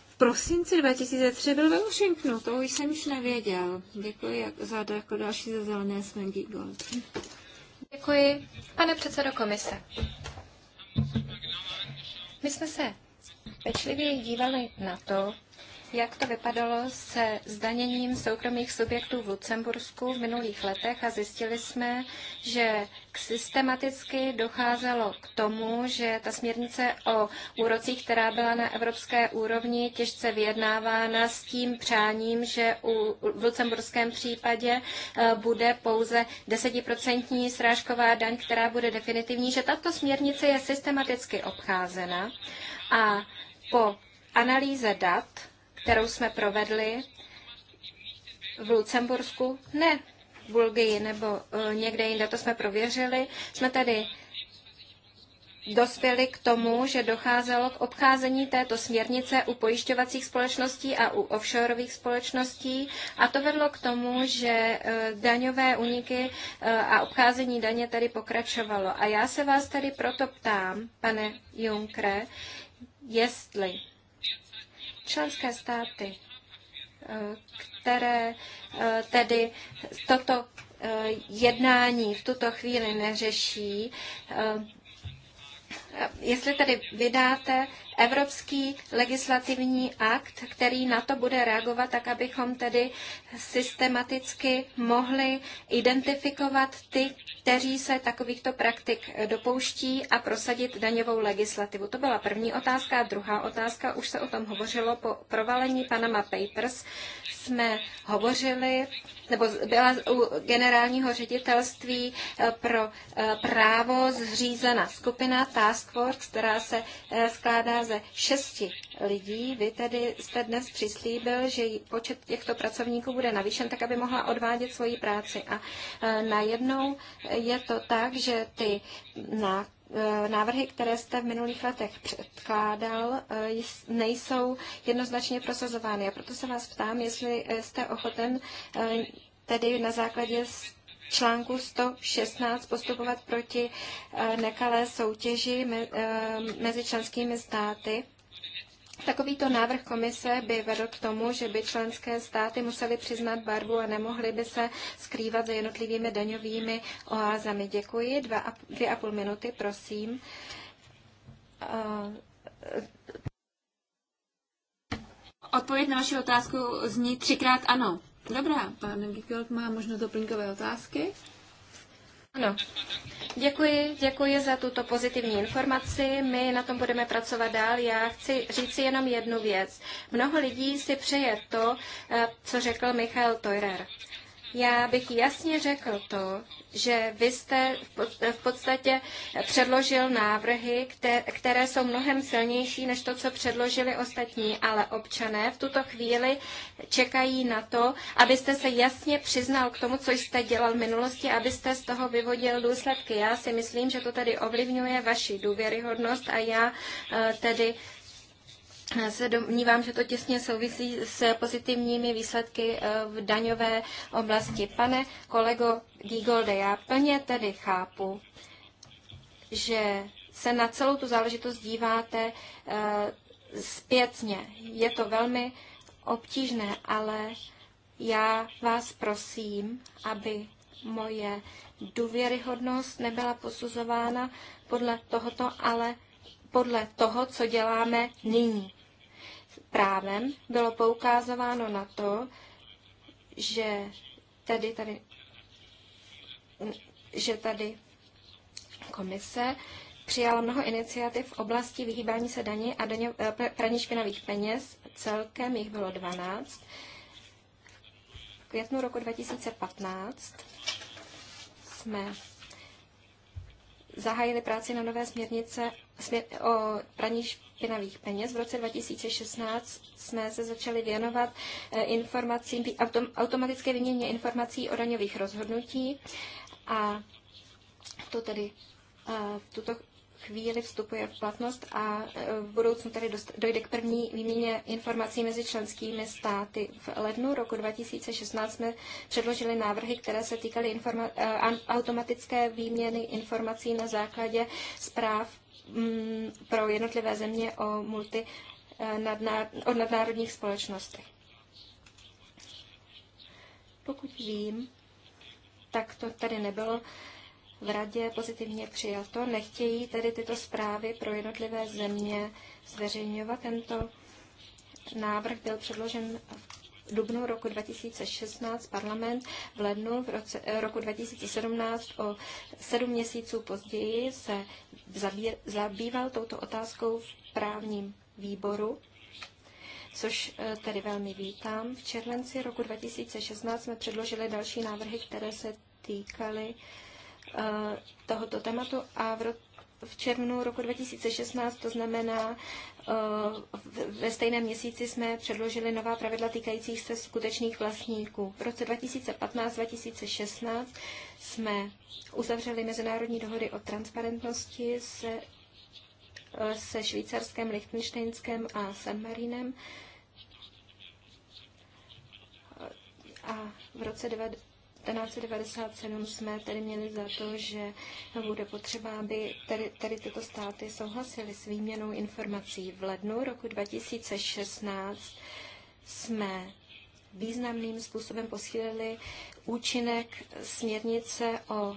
A: v prosinci 2003 byl ve Washingtonu, to už jsem již nevěděl. Děkuji za jako další za zelené Svengy Gold. Děkuji, pane předsedo komise. My jsme se pečlivě dívali na to, jak to vypadalo se zdaněním soukromých subjektů v Lucembursku v minulých letech a zjistili jsme, že systematicky docházelo k tomu, že ta směrnice o úrocích, která byla na evropské úrovni, těžce vyjednávána s tím přáním, že u, v lucemburském případě eh, bude pouze desetiprocentní srážková daň, která bude definitivní, že tato směrnice je systematicky obcházena a po analýze dat, kterou jsme provedli v Lucembursku, ne Bulgii nebo eh, někde jinde, to jsme prověřili, jsme tedy dospěli k tomu, že docházelo k obcházení této směrnice u pojišťovacích společností a u offshoreových společností a to vedlo k tomu, že eh, daňové uniky eh, a obcházení daně tady pokračovalo. A já se vás tady proto ptám, pane Junkre, jestli členské státy, které eh, tedy toto eh, jednání v tuto chvíli neřeší. Eh, jestli tedy vydáte evropský legislativní akt, který na to bude reagovat, tak abychom tedy systematicky mohli identifikovat ty, kteří se takovýchto praktik eh, dopouští a prosadit daňovou legislativu. To byla první otázka. A druhá otázka, už se o tom hovořilo po provalení Panama Papers, jsme hovořili, nebo byla u generálního ředitelství eh, pro eh, právo zřízena skupina Task Force, která se skládá ze šesti lidí. Vy tedy jste dnes přislíbil, že počet těchto pracovníků bude navýšen, tak aby mohla odvádět svoji práci. A e, najednou je to tak, že ty na e, návrhy, které jste v minulých letech předkládal, e, nejsou jednoznačně prosazovány. A proto se vás ptám, jestli jste ochoten tedy na základě článku 116 postupovat proti eh, nekalé soutěži eh, mezi členskými státy. Takovýto návrh komise by vedl k tomu, že by členské státy musely přiznat barvu a nemohly by se skrývat za jednotlivými daňovými oázami. Děkuji. Dva a, dvě a půl minuty, prosím. Eh, Odpověď na vaši otázku zní třikrát ano. Dobrá, pan Gigold má možnost doplňkové otázky. Ano. Děkuji, děkuji za tuto pozitivní informaci. My na tom budeme pracovat dál. Já chci říct si jenom jednu věc. Mnoho lidí si přeje to, eh, co řekl Michal Teurer. Já bych jasně řekl to, že vy jste v podstatě předložil návrhy, které jsou mnohem silnější než to, co předložili ostatní, ale občané v tuto chvíli čekají na to, abyste se jasně přiznal k tomu, co jste dělal v minulosti, abyste z toho vyvodil důsledky. Já si myslím, že to tady ovlivňuje vaši důvěryhodnost a já eh, tedy se domnívám, že to těsně souvisí s pozitivními výsledky eh, v daňové oblasti. Pane kolego Gigolde, já plně tedy chápu, že se na celou tu záležitost díváte eh, zpětně. Je to velmi obtížné, ale já vás prosím, aby moje důvěryhodnost nebyla posuzována podle tohoto, ale podle toho, co děláme nyní právem bylo poukázováno na to, že tady, tady, že tady komise přijala mnoho iniciativ v oblasti vyhýbání se daní a daně, eh, praní špinavých peněz. Celkem jich bylo 12. V květnu roku 2015 jsme zahájili práci na nové směrnice směr, o praní špinavých peněz. V roce 2016 jsme se začali věnovat eh, informacím, autom, automatické vyměně informací o daňových rozhodnutí a to tedy eh, v tuto chvíli vstupuje v platnost a e, v budoucnu tady dojde k první výměně informací mezi členskými státy. V lednu roku 2016 jsme předložili návrhy, které se týkaly e, automatické výměny informací na základě zpráv mm, pro jednotlivé země o, multi, e, o nadnárodních společnostech. Pokud vím, tak to tady nebylo v radě pozitivně přijato. Nechtějí tedy tyto zprávy pro jednotlivé země zveřejňovat. Tento návrh byl předložen v dubnu roku 2016 parlament v lednu v roce, eh, roku 2017 o sedm měsíců později se zabýval touto otázkou v právním výboru což eh, tedy velmi vítám. V červenci roku 2016 jsme předložili další návrhy, které se týkaly uh, Eh, tohoto tématu a v, v červnu roku 2016, to znamená eh, ve stejném měsíci jsme předložili nová pravidla týkajících se skutečných vlastníků. V roce 2015-2016 jsme uzavřeli mezinárodní dohody o transparentnosti se, eh, se švýcarském, Liechtensteinském a San Marinem. A v roce 1997 jsme tedy měli za to, že bude potřeba, aby tady tady tyto státy souhlasily s výměnou informací. V lednu roku 2016 jsme významným způsobem posílili účinek směrnice o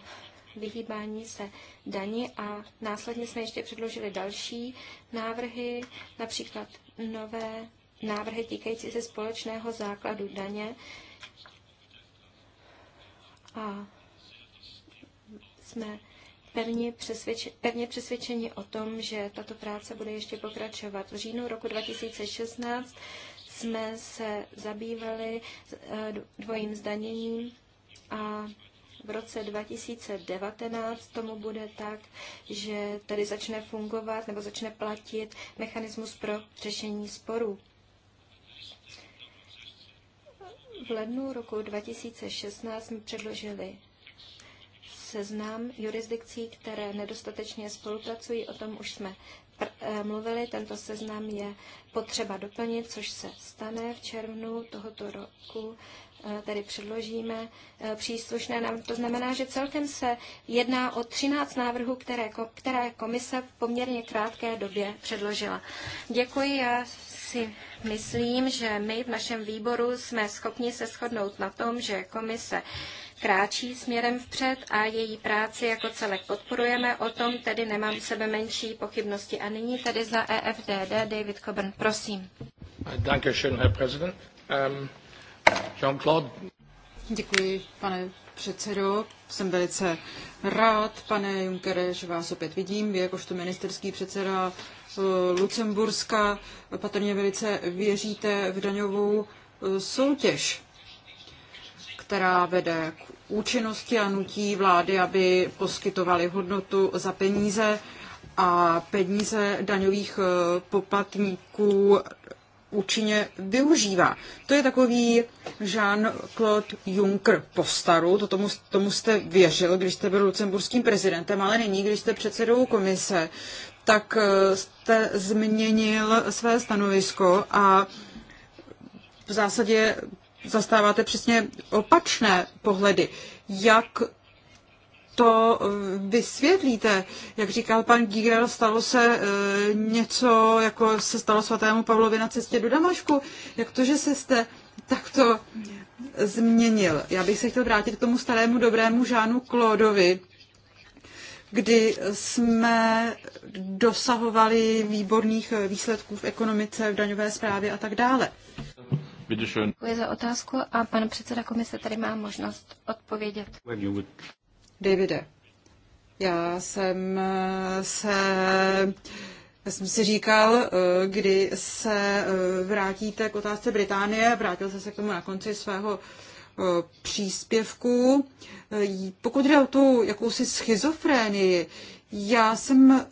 A: vyhýbání se daní a následně jsme ještě předložili další návrhy, například nové návrhy týkající se společného základu daně, a jsme pevně, přesvědčeni, pevně přesvědčeni o tom, že tato práce bude ještě pokračovat. V říjnu roku 2016 jsme se zabývali eh, dvojím zdaněním a v roce 2019 tomu bude tak, že tady začne fungovat nebo začne platit mechanismus pro řešení sporů. V lednu roku 2016 jsme předložili seznam jurisdikcí, které nedostatečně spolupracují, o tom už jsme eh, mluvili. Tento seznam je potřeba doplnit, což se stane v červnu tohoto roku. Eh, tedy předložíme eh, příslušné To znamená, že celkem se jedná o 13 návrhů, které, které komise v poměrně krátké době předložila. Děkuji, já si myslím, že my v našem výboru jsme schopni se shodnout na tom, že komise kráčí směrem vpřed a její práci jako celek podporujeme. O tom tedy nemám sebe menší pochybnosti.
B: A nyní tedy za EFDD David Coburn, prosím.
A: Dankeschön, Herr President. Ähm, Jean-Claude.
B: Děkuji, pane předsedo. Jsem velice rád, pane Junckere, že vás opět vidím. Vy jakožto ministerský předseda Eh, Lucemburska patrně velice věříte v daňovou eh, soutěž, která vede k účinnosti a nutí vlády, aby poskytovali hodnotu za peníze a peníze daňových eh, poplatníků účinně využívá. To je takový Jean-Claude Juncker po staru, to tomu, tomu jste věřil, když jste byl lucemburským prezidentem, ale není, když jste předsedou komise tak eh, jste změnil své stanovisko a v zásadě zastáváte přesně opačné pohledy. Jak to eh, vysvětlíte? Jak říkal pan Giger, stalo se eh, něco, jako se stalo svatému Pavlovi na cestě do Damašku. Jak to, že se jste takto změnil? Já bych se chtěl vrátit k tomu starému dobrému Žánu Klódovi, kdy jsme dosahovali výborných výsledků v ekonomice, v daňové správě a tak dále. Děkuji
A: za otázku a pan předseda komise tady má možnost odpovědět.
B: Davide, já jsem se já jsem si říkal, kdy se eh, vrátíte k otázce Británie, vrátil jsem se k tomu na konci svého Eh, příspěvků. Eh, pokud jde o tu jakousi schizofrénii, já jsem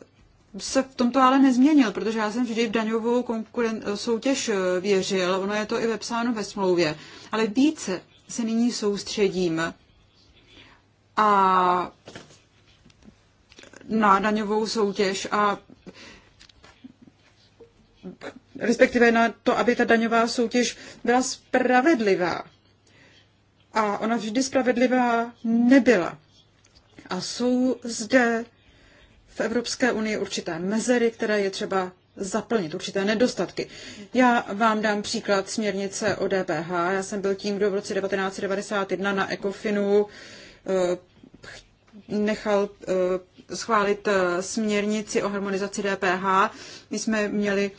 B: se v tomto ale nezměnil, protože já jsem vždy v daňovou konkuren- soutěž eh, věřil, ono je to i vepsáno ve smlouvě, ale více se nyní soustředím a na daňovou soutěž a respektive na to, aby ta daňová soutěž byla spravedlivá a ona vždy spravedlivá nebyla. A jsou zde v Evropské unii určité mezery, které je třeba zaplnit, určité nedostatky. Já vám dám příklad směrnice o DPH. Já jsem byl tím, kdo v roce 1991 na Ecofinu eh, nechal eh, schválit eh, směrnici o harmonizaci DPH. My jsme měli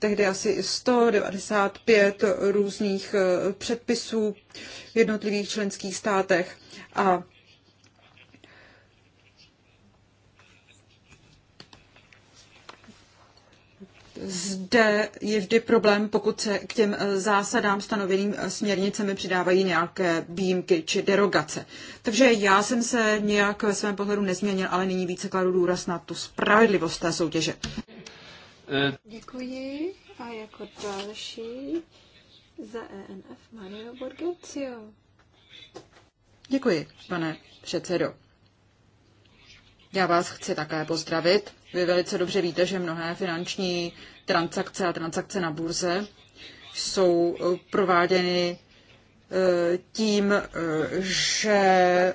B: tehdy asi 195 různých eh, předpisů v jednotlivých členských státech a Zde je vždy problém, pokud se k těm eh, zásadám stanoveným eh, směrnicemi přidávají nějaké výjimky či derogace. Takže já jsem se nějak ve svém pohledu nezměnil, ale nyní více kladu důraz na tu spravedlivost té soutěže.
A: Děkuji. A jako další za ENF Mario Borgetio.
B: Děkuji, pane předsedo. Já vás chci také pozdravit. Vy velice dobře víte, že mnohé finanční transakce a transakce na burze jsou eh, prováděny eh, tím, eh, že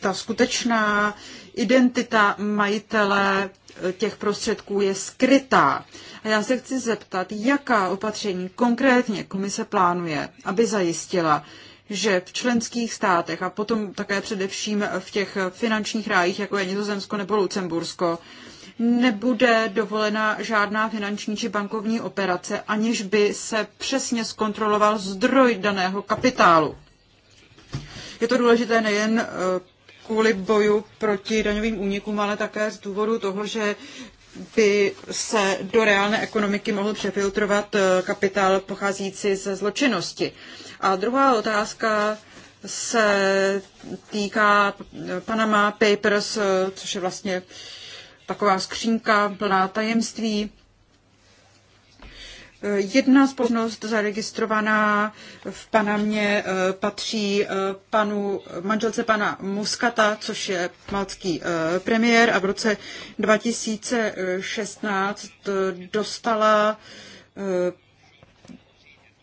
B: ta skutečná identita majitele těch prostředků je skrytá. A já se chci zeptat, jaká opatření konkrétně komise plánuje, aby zajistila, že v členských státech a potom také především v těch finančních rájích, jako je Nizozemsko nebo Lucembursko, nebude dovolena žádná finanční či bankovní operace, aniž by se přesně zkontroloval zdroj daného kapitálu. Je to důležité nejen eh, kvůli boju proti daňovým únikům, ale také z důvodu toho, že by se do reálné ekonomiky mohl přefiltrovat eh, kapitál pocházející ze zločinnosti. A druhá otázka se týká eh, Panama Papers, eh, což je vlastně taková skřínka plná tajemství. Jedna společnost zaregistrovaná v Panamě eh, patří eh, panu, manželce pana Muskata, což je malcký eh, premiér a v roce 2016 dostala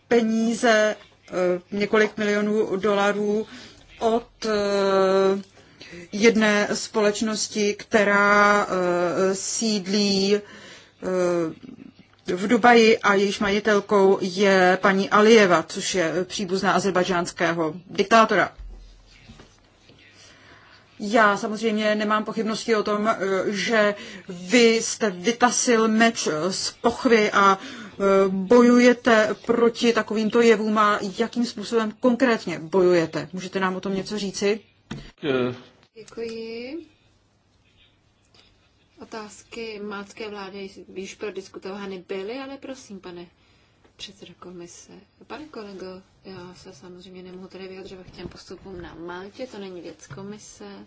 B: peníze několik milionů dolarů od jedné společnosti, která sídlí v Dubaji a jejíž majitelkou je paní Alijeva, což je příbuzná azerbajdžánského diktátora. Já samozřejmě nemám pochybnosti o tom, eh, že vy jste vytasil meč z pochvy a eh, bojujete proti takovýmto jevům a jakým způsobem konkrétně bojujete? Můžete nám o tom něco říci?
A: Děkuji otázky mátské vlády již prodiskutovány byly, ale prosím, pane předsedo komise. Pane kolego, já se samozřejmě nemohu tady vyjadřovat k těm postupům na Maltě, to není věc komise,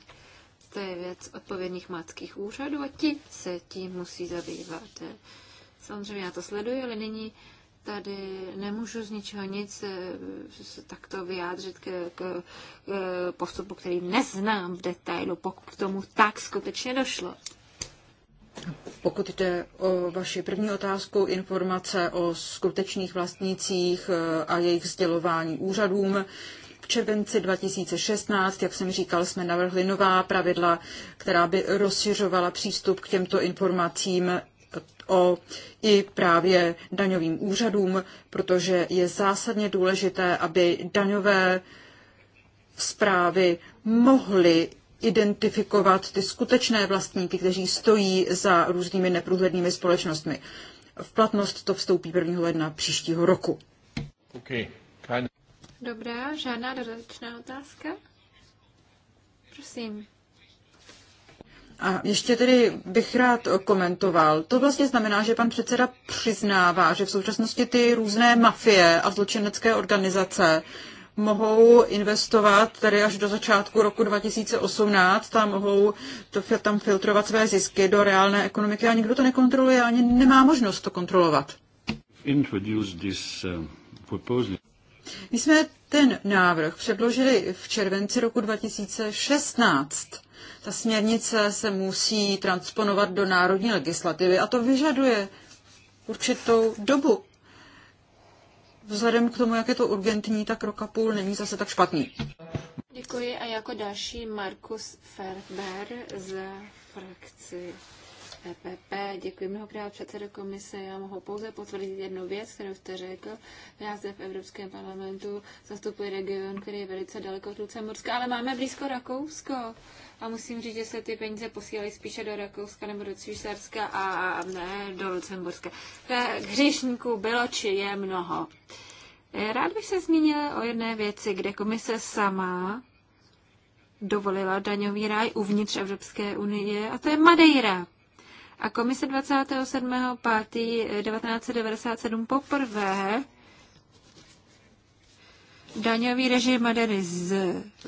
A: to je věc odpovědných mátských úřadů a ti se tím musí zabývat. Samozřejmě já to sleduji, ale nyní tady nemůžu z ničeho nic eh, takto vyjádřit k, k, k postupu, který neznám v
B: detailu, pokud k tomu tak skutečně došlo. Pokud jde o vaši první otázku, informace o skutečných vlastnících eh, a jejich sdělování úřadům, v červenci 2016, jak jsem říkal, jsme navrhli nová pravidla, která by rozšiřovala přístup k těmto informacím o i právě daňovým úřadům, protože je zásadně důležité, aby daňové zprávy mohly identifikovat ty skutečné vlastníky, kteří stojí za různými neprůhlednými společnostmi. V platnost to vstoupí 1. ledna příštího roku. Okay. Keine...
A: Dobrá, žádná dodatečná otázka? Prosím.
B: A ještě tedy bych rád komentoval. To vlastně znamená, že pan předseda přiznává, že v současnosti ty různé mafie a zločinecké organizace mohou investovat tedy až do začátku roku 2018 a mohou to, tam filtrovat své zisky do reálné ekonomiky a nikdo to nekontroluje ani nemá možnost to kontrolovat. Uh, My jsme ten návrh předložili v červenci roku 2016. Ta směrnice se musí transponovat do národní legislativy a to vyžaduje určitou dobu vzhledem k tomu, jak je to urgentní, tak rok a půl není zase tak špatný.
A: Děkuji a jako další Markus Ferber z frakci EPP. Děkuji mnohokrát předsedo komise. Já mohu pouze potvrdit jednu věc, kterou jste řekl. Já zde v Evropském parlamentu zastupuji region, který je velice daleko od Lucemburska, ale máme blízko Rakousko a musím říct, že se ty peníze posílaly spíše do Rakouska nebo do Švýcarska a ne do Lucemburska. Hříšníků bylo či je mnoho. Rád bych se zmínil o jedné věci, kde komise sama dovolila daňový ráj uvnitř Evropské unie, a to je Madeira. A komise 27.5.1997 poprvé daňový režim Madeiry z,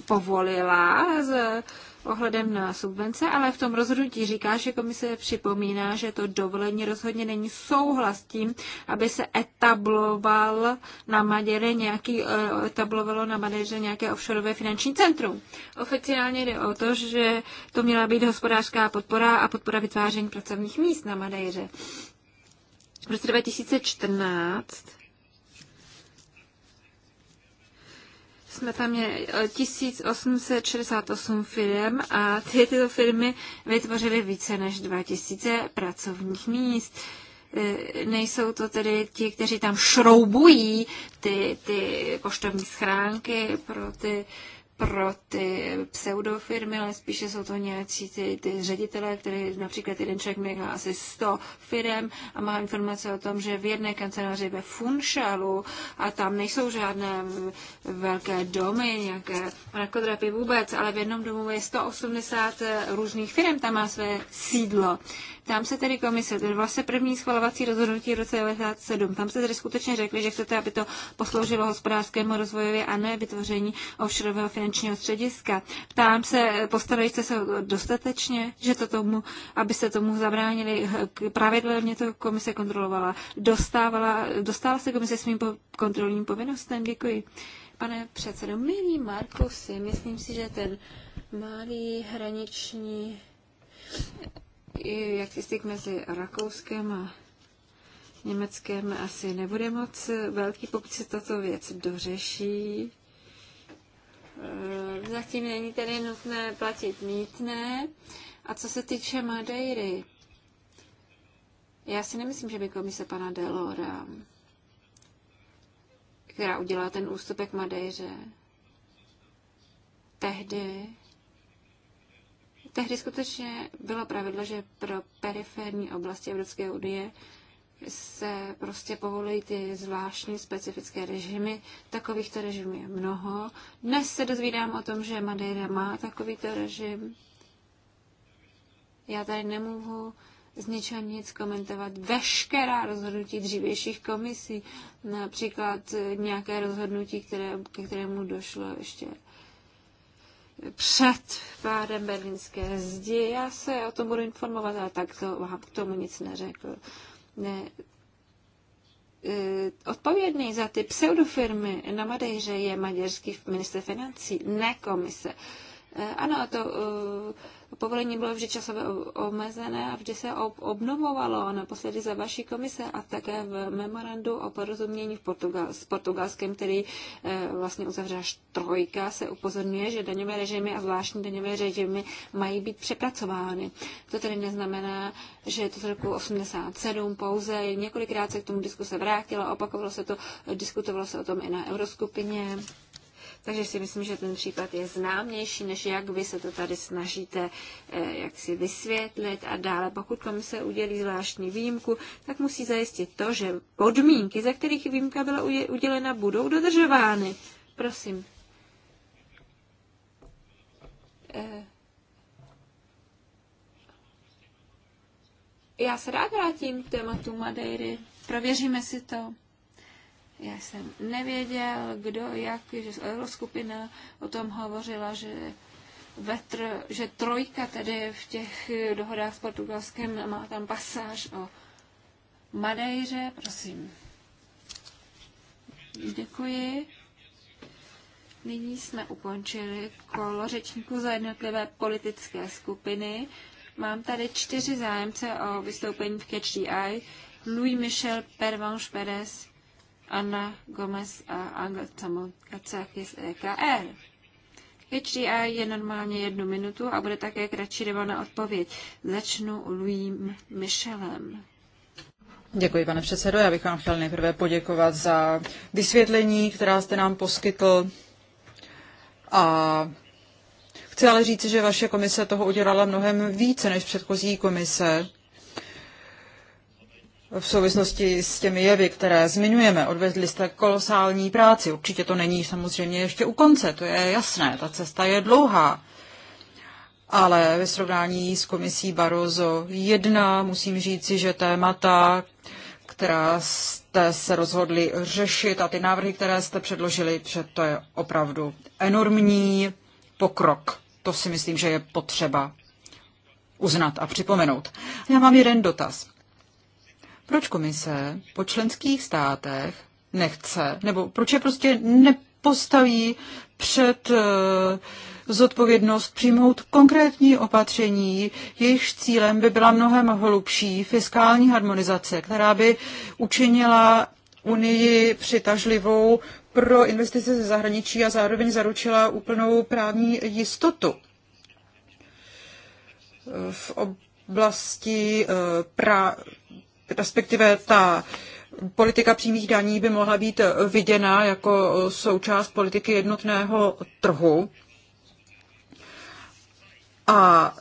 A: povolila z ohledem na subvence, ale v tom rozhodnutí říká, že komise připomíná, že to dovolení rozhodně není souhlas tím, aby se etabloval na Maděře nějaký, eh, etablovalo na Maděře nějaké offshoreové finanční centrum. Oficiálně jde o to, že to měla být hospodářská podpora a podpora vytváření pracovních míst na Madeře. V roce 2014 jsme tam eh, měli 1868 firm a ty, tyto firmy vytvořily více než 2000 pracovních míst. Eh, nejsou to tedy ti, kteří tam šroubují ty, ty poštovní schránky pro ty uh, pro ty pseudofirmy, ale spíše jsou to nějací ty, ty ředitelé, který například jeden člověk má asi 100 firm a má informace o tom, že v jedné kanceláři ve Funšalu a tam nejsou žádné velké domy, nějaké mrakodrapy vůbec, ale v jednom domu je 180 různých firm, tam má své sídlo. Tam se tedy komise, to vlastně první schvalovací rozhodnutí v roce 1997, tam se tedy skutečně řekli, že chcete, aby to posloužilo hospodářskému rozvoji a ne vytvoření offshoreového finančního střediska. Tam se, postarali jste se dostatečně, že to tomu, aby se tomu zabránili, pravidelně to komise kontrolovala. Dostávala, dostala se komise svým kontrolním povinnostem? Děkuji. Pane předsedo, milý Markusy, myslím si, že ten malý hraniční i jaksi styk mezi Rakouskem a Německém asi nebude moc velký, pokud se tato věc dořeší. Eh, zatím není tedy nutné platit mítné. A co se týče Madeiry, já si nemyslím, že by komise pana Delora, která udělá ten ústupek Madejře, tehdy Tehdy skutečně bylo pravidlo, že pro periferní oblasti Evropské unie se prostě povolují ty zvláštní specifické režimy. Takovýchto režimů je mnoho. Dnes se dozvídám o tom, že Madeira má takovýto režim. Já tady nemohu z ničeho nic komentovat. Veškerá rozhodnutí dřívějších komisí, například nějaké rozhodnutí, které, ke kterému došlo ještě před pádem berlínské zdi. Já se o tom budu informovat, ale tak to vám k tomu nic neřekl. Ne. E, odpovědný za ty pseudofirmy na Madejře je maďarský minister financí, ne komise. Eh, ano, to eh, povolení bylo vždy časově omezené a vždy se obnovovalo naposledy za vaší komise a také v memorandu o porozumění v Portugal, s Portugalskem, který eh, vlastně uzavřela trojka, se upozorňuje, že daňové režimy a zvláštní daňové režimy mají být přepracovány. To tedy neznamená, že je to z roku 87 pouze, několikrát se k tomu diskuse vrátila, opakovalo se to, diskutovalo se o tom i na euroskupině. Takže si myslím, že ten případ je známější, než jak vy se to tady snažíte eh, jak si vysvětlit a dále. Pokud komise udělí zvláštní výjimku, tak musí zajistit to, že podmínky, za kterých výjimka byla udělena, budou dodržovány. Prosím. Eh, já se rád vrátím k tématu Madeiry. Prověříme si to. Já jsem nevěděl, kdo, jak, že skupina o tom hovořila, že vetr, že trojka tedy v těch dohodách s Portugalskem má tam pasáž o Madejře, prosím. Děkuji. Nyní jsme ukončili kolo řečníků za jednotlivé politické skupiny. Mám tady čtyři zájemce o vystoupení v Catch the Eye. Louis Michel, Pervanche Perez, Anna Gomez a Angel Samokacakis EKR. HDI je normálně jednu minutu a bude také kratší doba na odpověď. Začnu Louis Michelem.
B: Děkuji, pane předsedo. Já bych vám chtěl nejprve poděkovat za vysvětlení, která jste nám poskytl. A chci ale říct, že vaše komise toho udělala mnohem více než předchozí komise v souvislosti s těmi jevy, které zmiňujeme. odvezli jste kolosální práci. Určitě to není samozřejmě ještě u konce, to je jasné. Ta cesta je dlouhá. Ale ve srovnání s komisí Barozo 1 musím říci, že témata, která jste se rozhodli řešit a ty návrhy, které jste předložili, že to je opravdu enormní pokrok. To si myslím, že je potřeba uznat a připomenout. Já mám jeden dotaz. Proč komise po členských státech nechce, nebo proč je prostě nepostaví před uh, zodpovědnost přijmout konkrétní opatření, jejichž cílem by byla mnohem hlubší fiskální harmonizace, která by učinila Unii přitažlivou pro investice ze zahraničí a zároveň zaručila úplnou právní jistotu. V oblasti eh, pra, respektive ta politika přímých daní by mohla být viděna jako součást politiky jednotného trhu. A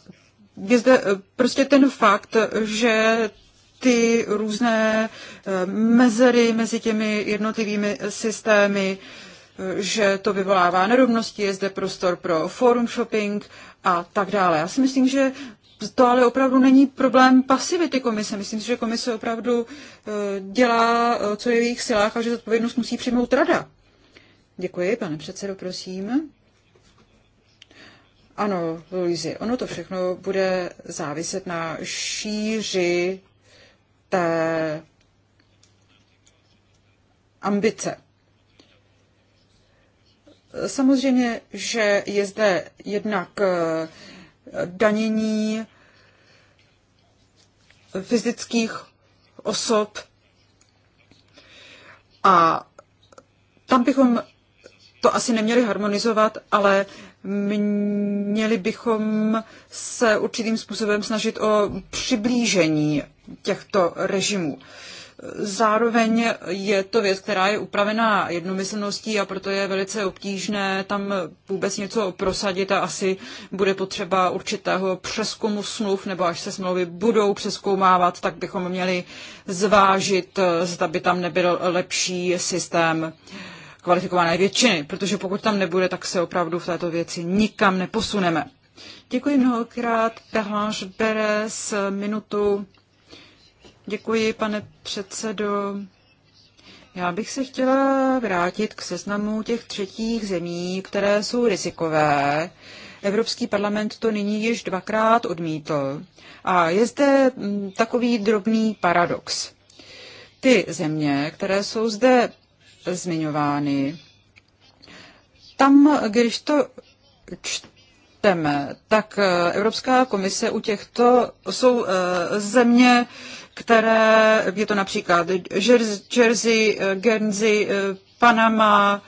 B: je zde prostě ten fakt, že ty různé eh, mezery mezi těmi jednotlivými systémy, eh, že to vyvolává nerovnosti, je zde prostor pro forum shopping a tak dále. Já si myslím, že to ale opravdu není problém pasivity komise. Myslím si, že komise opravdu e, dělá, e, co je v jejich silách a že zodpovědnost musí přijmout rada. Děkuji, pane předsedo, prosím. Ano, Luizi, ono to všechno bude záviset na šíři té ambice. Samozřejmě, že je zde jednak uh, danění fyzických osob. A tam bychom to asi neměli harmonizovat, ale měli bychom se určitým způsobem snažit o přiblížení těchto režimů. Zároveň je to věc, která je upravená jednomyslností a proto je velice obtížné tam vůbec něco prosadit a asi bude potřeba určitého přeskumu smluv nebo až se smlouvy budou přeskoumávat, tak bychom měli zvážit, zda by tam nebyl lepší systém kvalifikované většiny, protože pokud tam nebude, tak se opravdu v této věci nikam neposuneme. Děkuji mnohokrát, Perlange Beres, minutu Děkuji, pane předsedo. Já bych se chtěla vrátit k seznamu těch třetích zemí, které jsou rizikové. Evropský parlament to nyní již dvakrát odmítl. A je zde mm, takový drobný paradox. Ty země, které jsou zde zmiňovány, tam, když to čteme, tak eh, Evropská komise u těchto jsou eh, země které, je to například Jersey, Guernsey, Panama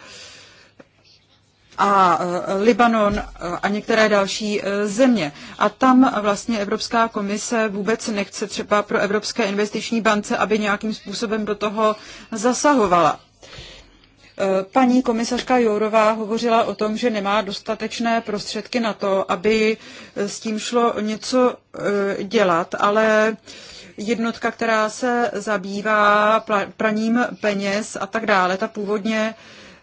B: a e, Libanon a některé další e, země. A tam vlastně Evropská komise vůbec nechce třeba pro Evropské investiční bance, aby nějakým způsobem do toho zasahovala. E, paní komisařka Jourová hovořila o tom, že nemá dostatečné prostředky na to, aby s tím šlo něco dělat, ale jednotka, která se zabývá praním peněz a tak dále. Ta původně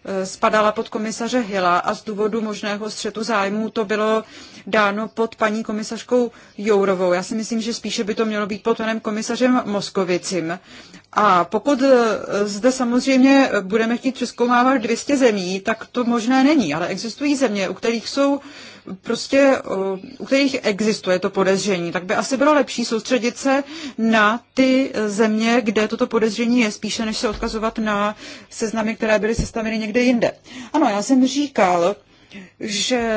B: e, spadala pod komisaře Hila a z důvodu možného střetu zájmů to bylo dáno pod paní komisařkou Jourovou. Já si myslím, že spíše by to mělo být pod panem komisařem Moskovicím. A pokud e, zde samozřejmě budeme chtít přeskoumávat 200 zemí, tak to možné není, ale existují země, u kterých jsou prostě u kterých existuje to podezření, tak by asi bylo lepší soustředit se na ty země, kde toto podezření je spíše, než se odkazovat na seznamy, které byly sestaveny někde jinde. Ano, já jsem říkal, že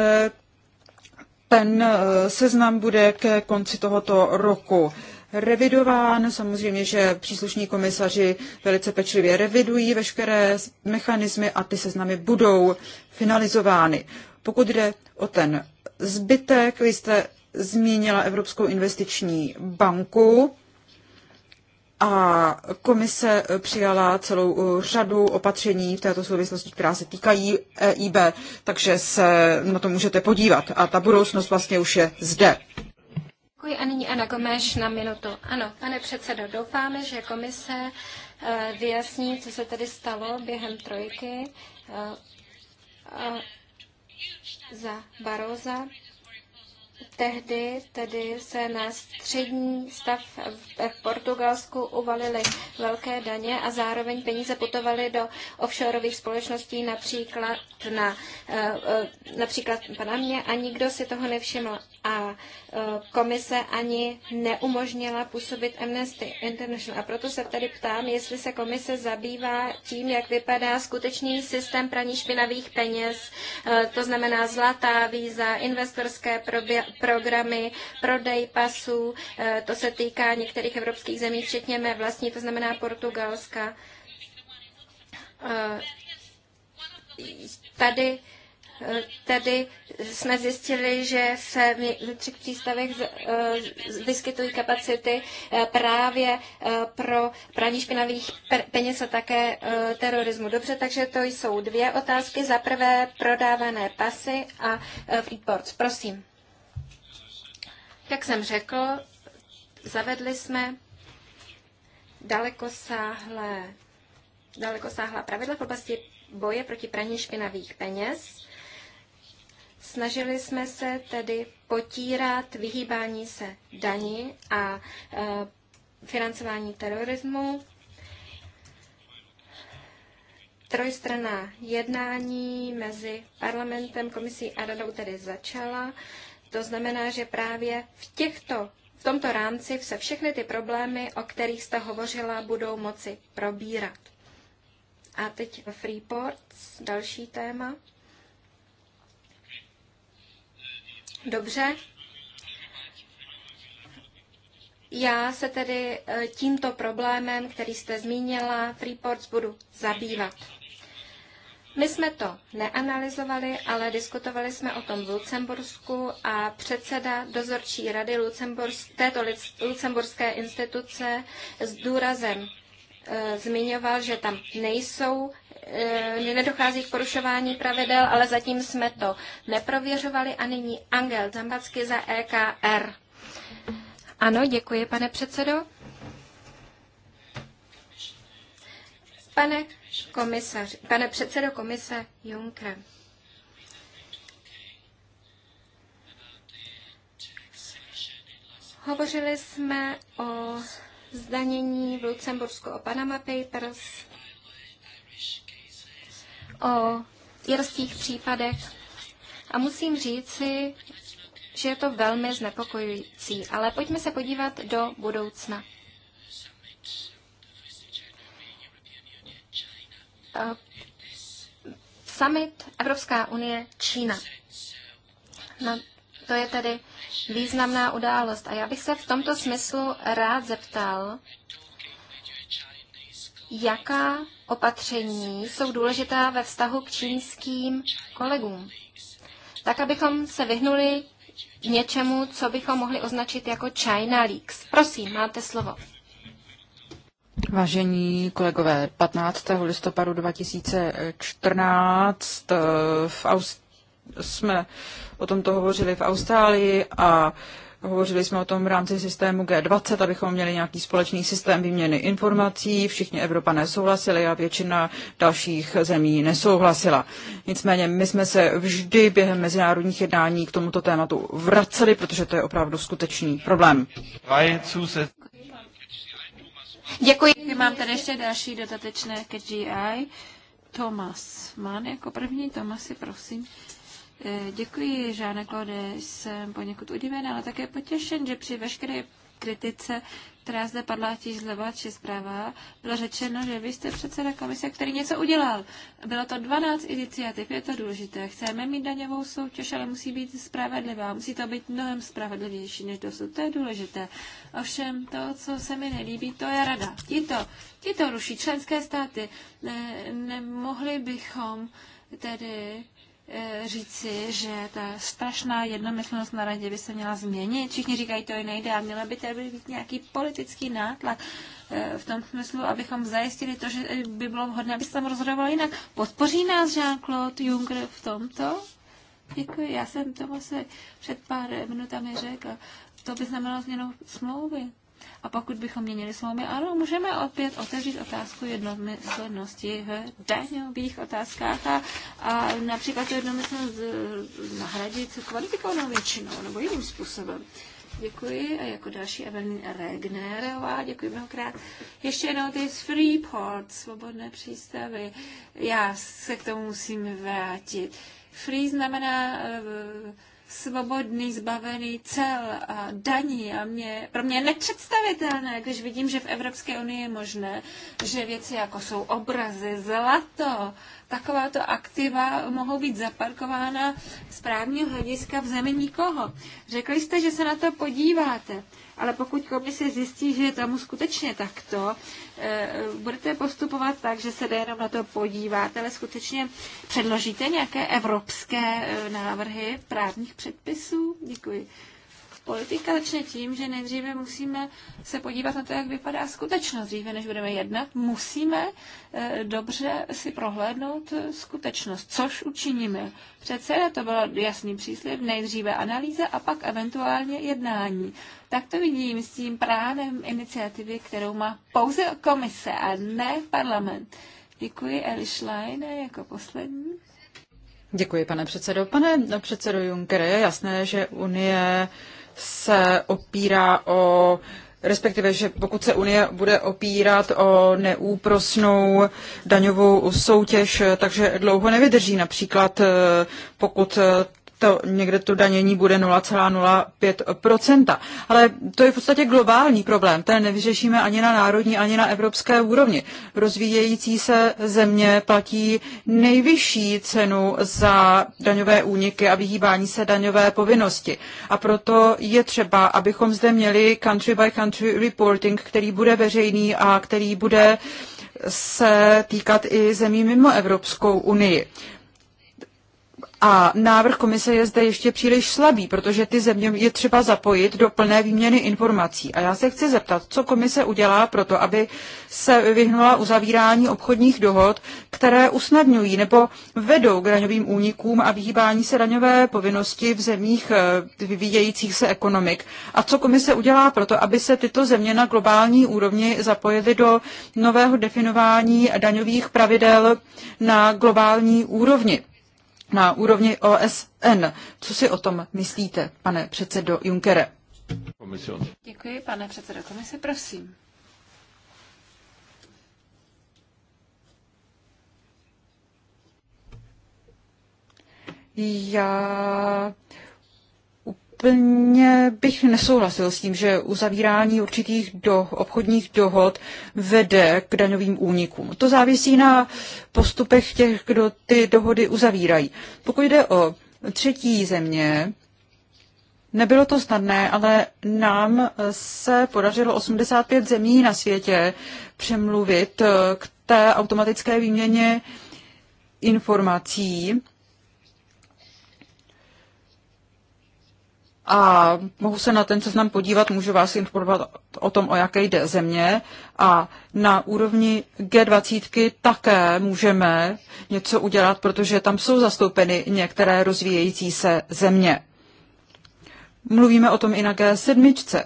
B: ten e, seznam bude ke konci tohoto roku revidován. Samozřejmě, že příslušní komisaři velice pečlivě revidují veškeré mechanismy a ty seznamy budou finalizovány. Pokud jde o ten zbytek, vy jste zmínila Evropskou investiční banku a komise přijala celou uh, řadu opatření v této souvislosti, která se týkají EIB, takže se na to můžete podívat a ta budoucnost vlastně už je zde.
A: Děkuji a nyní Ana Gomeš na minutu. Ano, pane předsedo, doufáme, že komise eh, vyjasní, co se tedy stalo během trojky eh, za Baroza. Tehdy tedy se na střední stav v Portugalsku uvalily velké daně a zároveň peníze putovaly do offshoreových společností, například na eh, například Panamě a nikdo si toho nevšiml a e, komise ani neumožnila působit Amnesty International. A proto se tady ptám, jestli se komise zabývá tím, jak vypadá skutečný systém praní špinavých peněz, e, to znamená zlatá víza, investorské programy, prodej pasů, e, to se týká některých evropských zemí, včetně mé vlastní, to znamená Portugalska. Tady tedy jsme zjistili, že se v třech přístavech e, vyskytují kapacity e, právě e, pro praní špinavých peněz a také terorismu. Dobře, takže to jsou dvě otázky. Za prvé prodávané pasy a freeports. Prosím. Jak jsem řekl, zavedli jsme dalekosáhlé, dalekosáhlá pravidla v oblasti boje proti praní špinavých peněz. Snažili jsme se tedy potírat vyhýbání se daní a e, financování terorismu. Trojstraná jednání mezi parlamentem, komisí a radou tedy začala. To znamená, že právě v těchto v tomto rámci se všechny ty problémy, o kterých jste hovořila, budou moci probírat. A teď Freeports, další téma. Dobře. Já se tedy e, tímto problémem, který jste zmínila, Freeports, budu zabývat. My jsme to neanalyzovali, ale diskutovali jsme o tom v Lucembursku a předseda dozorčí rady Lucembursk, této lucemburské instituce s důrazem e, zmiňoval, že tam nejsou Eh, nedochází k porušování pravidel, ale zatím jsme to neprověřovali a nyní Angel Zambacky za EKR. Ano, děkuji, pane předsedo. Pane komisař, pane předsedo komise Juncker, hovořili jsme o zdanění v Lucembursku o Panama Papers, o jirských případech a musím říci, že je to velmi znepokojující, ale pojďme se podívat do budoucna. E, summit Evropská unie Čína. No, to je tedy významná událost a já bych se v tomto smyslu rád zeptal, jaká opatření jsou důležitá ve vztahu k čínským kolegům. Tak, abychom se vyhnuli něčemu, co bychom mohli označit jako China Leaks. Prosím, máte slovo.
B: Vážení kolegové, 15. listopadu 2014 eh, v Aust- jsme o tomto hovořili v Austrálii a Hovořili jsme o tom v rámci systému G20, abychom měli nějaký společný systém výměny informací. Všichni Evropané souhlasili a většina dalších zemí nesouhlasila. Nicméně my jsme se vždy během mezinárodních jednání k tomuto tématu vraceli, protože to je opravdu skutečný problém. Děkuji.
A: Mám tady ještě další dodatečné KGI. Tomas Mann jako první. Tomasy, prosím. Eh, děkuji, Žána Klody, jsem poněkud udiven, ale také potěšen, že při veškeré kritice, která zde padla ať zleva či zprava, bylo řečeno, že vy jste předseda komise, který něco udělal. Bylo to 12 iniciativ, je to důležité. Chceme mít daňovou soutěž, ale musí být spravedlivá. Musí to být mnohem spravedlivější než dosud. To je důležité. Ovšem, to, co se mi nelíbí, to je rada. Tito, tito ruší členské státy. Ne, nemohli bychom tedy Eh, říci, že ta strašná jednomyslnost na radě by se měla změnit. Všichni říkají, to je nejde a měla by tady být nějaký politický nátlak eh, v tom smyslu, abychom zajistili to, že by bylo vhodné, aby se tam rozhodovalo jinak. Podpoří nás Jean-Claude Juncker v tomto? Děkuji, já jsem tomu se vlastně před pár minutami řekl. To by znamenalo změnu smlouvy. A pokud bychom měnili smlouvy, ano, můžeme opět otevřít otázku jednomyslnosti v daňových otázkách a, a například tu jednomyslnost e, nahradit kvalifikovanou většinou nebo jiným způsobem. Děkuji. A jako další Evelyn Regnerová, děkuji mnohokrát. Ještě jednou ty Freeport, svobodné přístavy. Já se k tomu musím vrátit. Free znamená uh, svobodný, zbavený cel a daní. A mě, pro mě je nepředstavitelné, když vidím, že v Evropské unii je možné, že věci jako jsou obrazy, zlato, takováto aktiva mohou být zaparkována z právního hlediska v zemi nikoho. Řekli jste, že se na to podíváte ale pokud komise zjistí, že je tomu skutečně takto, eh, budete postupovat tak, že se jenom na to podívat, ale skutečně předložíte nějaké evropské eh, návrhy právních předpisů? Děkuji politika začne tím, že nejdříve musíme se podívat na to, jak vypadá skutečnost. Dříve, než budeme jednat, musíme eh, dobře si prohlédnout eh, skutečnost, což učiníme. Přece to byl jasný příslip, nejdříve analýza a pak eventuálně jednání. Tak to vidím s tím právem iniciativy, kterou má pouze komise a ne parlament. Děkuji Eli Schlein jako poslední.
B: Děkuji, pane předsedo. Pane předsedo Junckere, je jasné, že Unie se opírá o respektive, že pokud se Unie bude opírat o neúprosnou daňovou soutěž, takže dlouho nevydrží. Například eh, pokud eh, to někde to danění bude 0,05%. Ale to je v podstatě globální problém, ten nevyřešíme ani na národní, ani na evropské úrovni. Rozvíjející se země platí nejvyšší cenu za daňové úniky a vyhýbání se daňové povinnosti. A proto je třeba, abychom zde měli country by country reporting, který bude veřejný a který bude se týkat i zemí mimo Evropskou unii. A návrh komise je zde ještě příliš slabý, protože ty země je třeba zapojit do plné výměny informací. A já se chci zeptat, co komise udělá pro to, aby se vyhnula uzavírání obchodních dohod, které usnadňují nebo vedou k daňovým únikům a vyhýbání se daňové povinnosti v zemích eh, vyvíjejících se ekonomik. A co komise udělá pro to, aby se tyto země na globální úrovni zapojily do nového definování daňových pravidel na globální úrovni na úrovni OSN. Co si o tom myslíte, pane předsedo Junckere?
A: Děkuji, pane předsedo komise, prosím.
B: Já úplně bych nesouhlasil s tím, že uzavírání určitých do obchodních dohod vede k daňovým únikům. To závisí na postupech těch, kdo ty dohody uzavírají. Pokud jde o třetí země, Nebylo to snadné, ale nám se podařilo 85 zemí na světě přemluvit k té automatické výměně informací a mohu se na ten seznam podívat, můžu vás informovat o tom, o jaké jde země. A na úrovni G20 také můžeme něco udělat, protože tam jsou zastoupeny některé rozvíjející se země. Mluvíme o tom i na G7.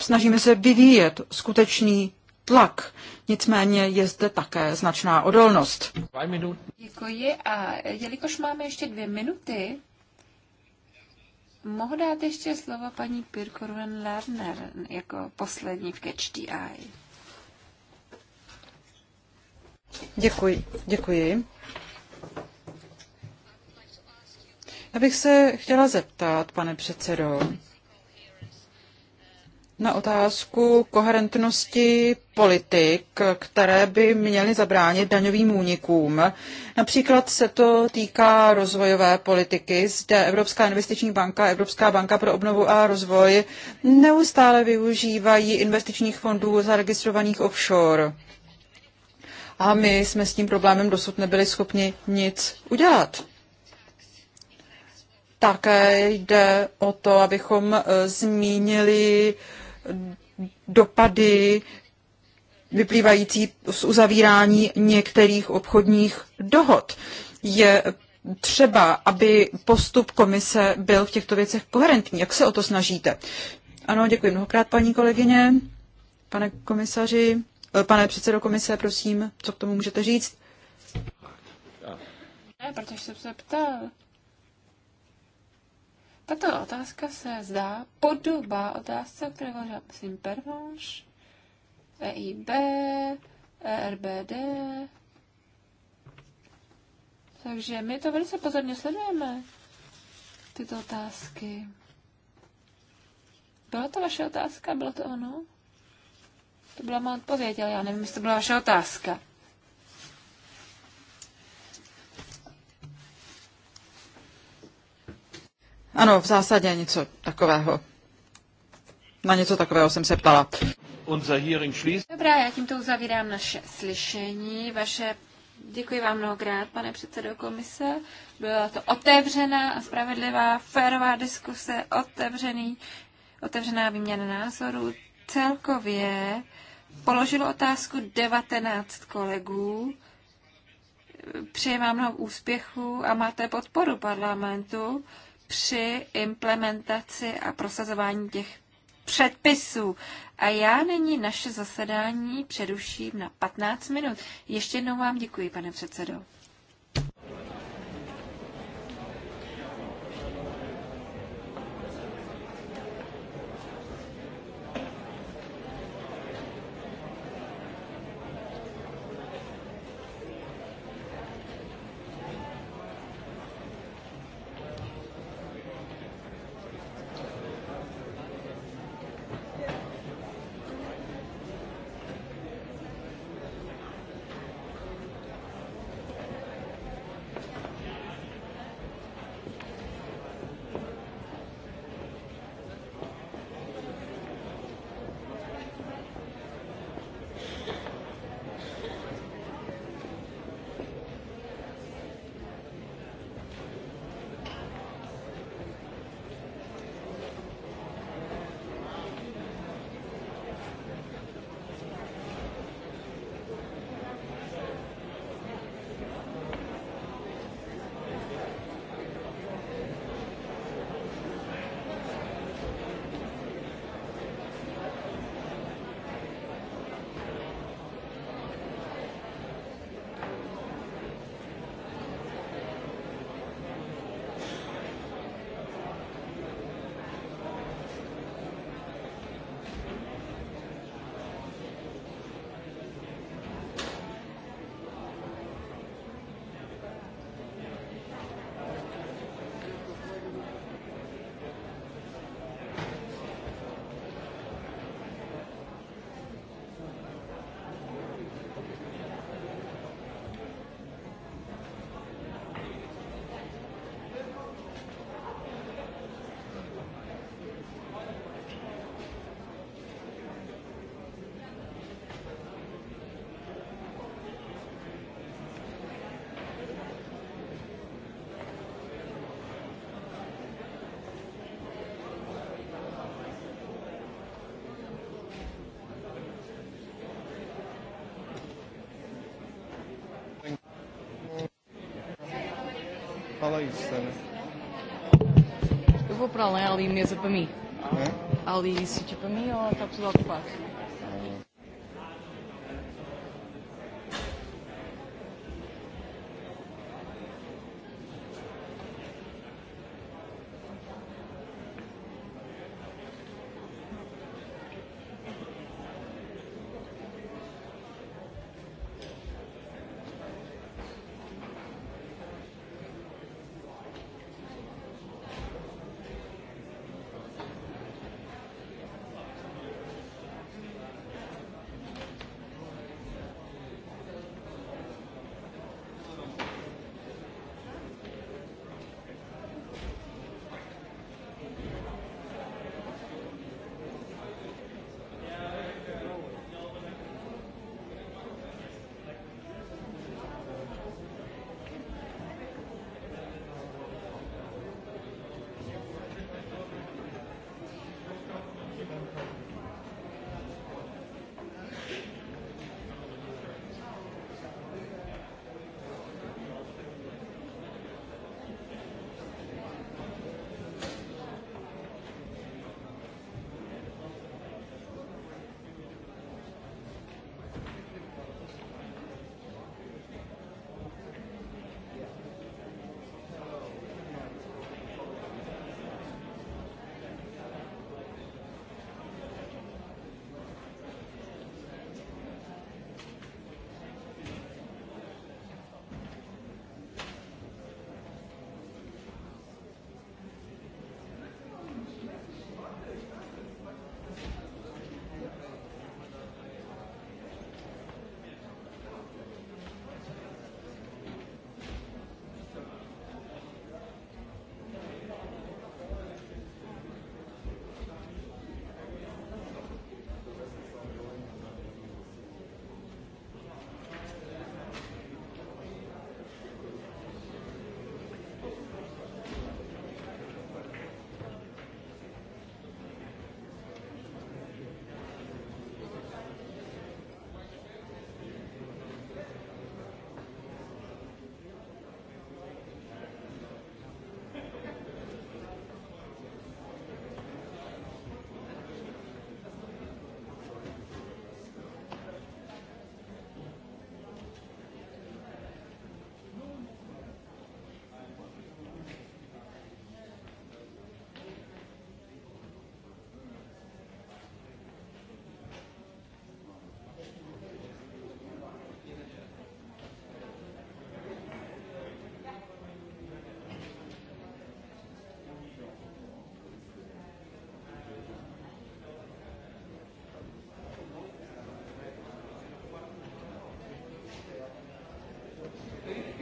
B: Snažíme se vyvíjet skutečný tlak. Nicméně je zde také značná odolnost.
A: Děkuji a jelikož máme ještě dvě minuty, mohu dát ještě slovo paní Pirkorven Lerner jako poslední v Catch the Eye.
B: Děkuji, děkuji. Já bych se chtěla zeptat, pane předsedo, na otázku koherentnosti politik, které by měly zabránit daňovým únikům. Například se to týká rozvojové politiky. Zde Evropská investiční banka, Evropská banka pro obnovu a rozvoj neustále využívají investičních fondů zaregistrovaných offshore. A my jsme s tím problémem dosud nebyli schopni nic udělat. Také jde o to, abychom e, zmínili uh, dopady vyplývající z uzavírání některých obchodních dohod. Je třeba, aby postup komise byl v těchto věcech koherentní. Jak se o to snažíte? Ano, děkuji mnohokrát, paní kolegyně. Pane komisaři, eh, pane předsedo komise, prosím, co k tomu můžete říct?
A: Ne, protože jsem se ptal. Tato otázka se zdá podobá otázce, kterou hovořila, myslím, Pervanš, EIB, ERBD. Takže my to velice pozorně sledujeme, tyto otázky. Byla to vaše otázka? Bylo to ono? To byla má odpověď, ale já nevím, jestli to byla vaše otázka.
B: Ano, v zásadě něco takového. Na něco takového jsem se ptala.
A: Dobrá, já tímto uzavírám naše slyšení. Vaše Děkuji vám mnohokrát, pane předsedo komise. Byla to otevřená a spravedlivá, férová diskuse, otevřený, otevřená výměna názorů. Celkově položilo otázku 19 kolegů. Přeji vám mnoho úspěchu a máte podporu parlamentu při implementaci a prosazování těch předpisů. A já nyní naše zasedání přeruším na 15 minut. Ještě jednou vám děkuji, pane předsedo. ela isso, Sara?
B: Eu vou para lá, há ali mesa para mim. É? Há ali sítio para mim ou está tudo ocupado?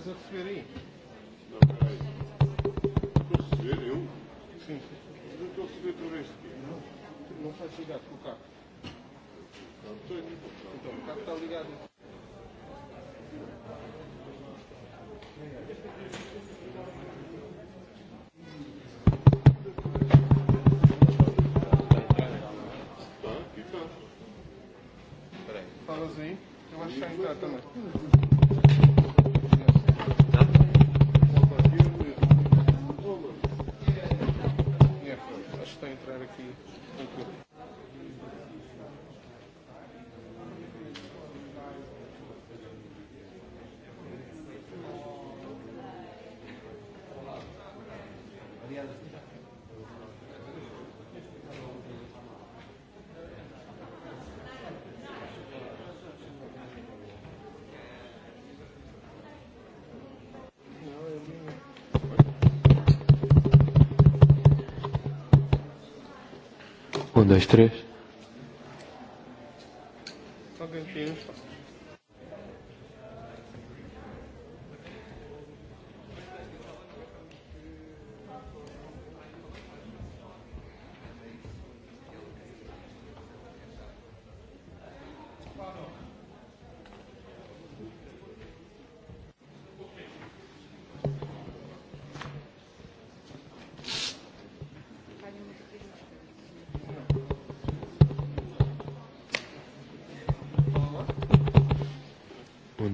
B: Professor Sferi. No, peraí. O Sferi, eu? Sim. Eu estou a receber por este. Não, não faz ligado com o carro. Não, estou aqui. Então, o carro está ligado. Fala aí, eu acho que está também. las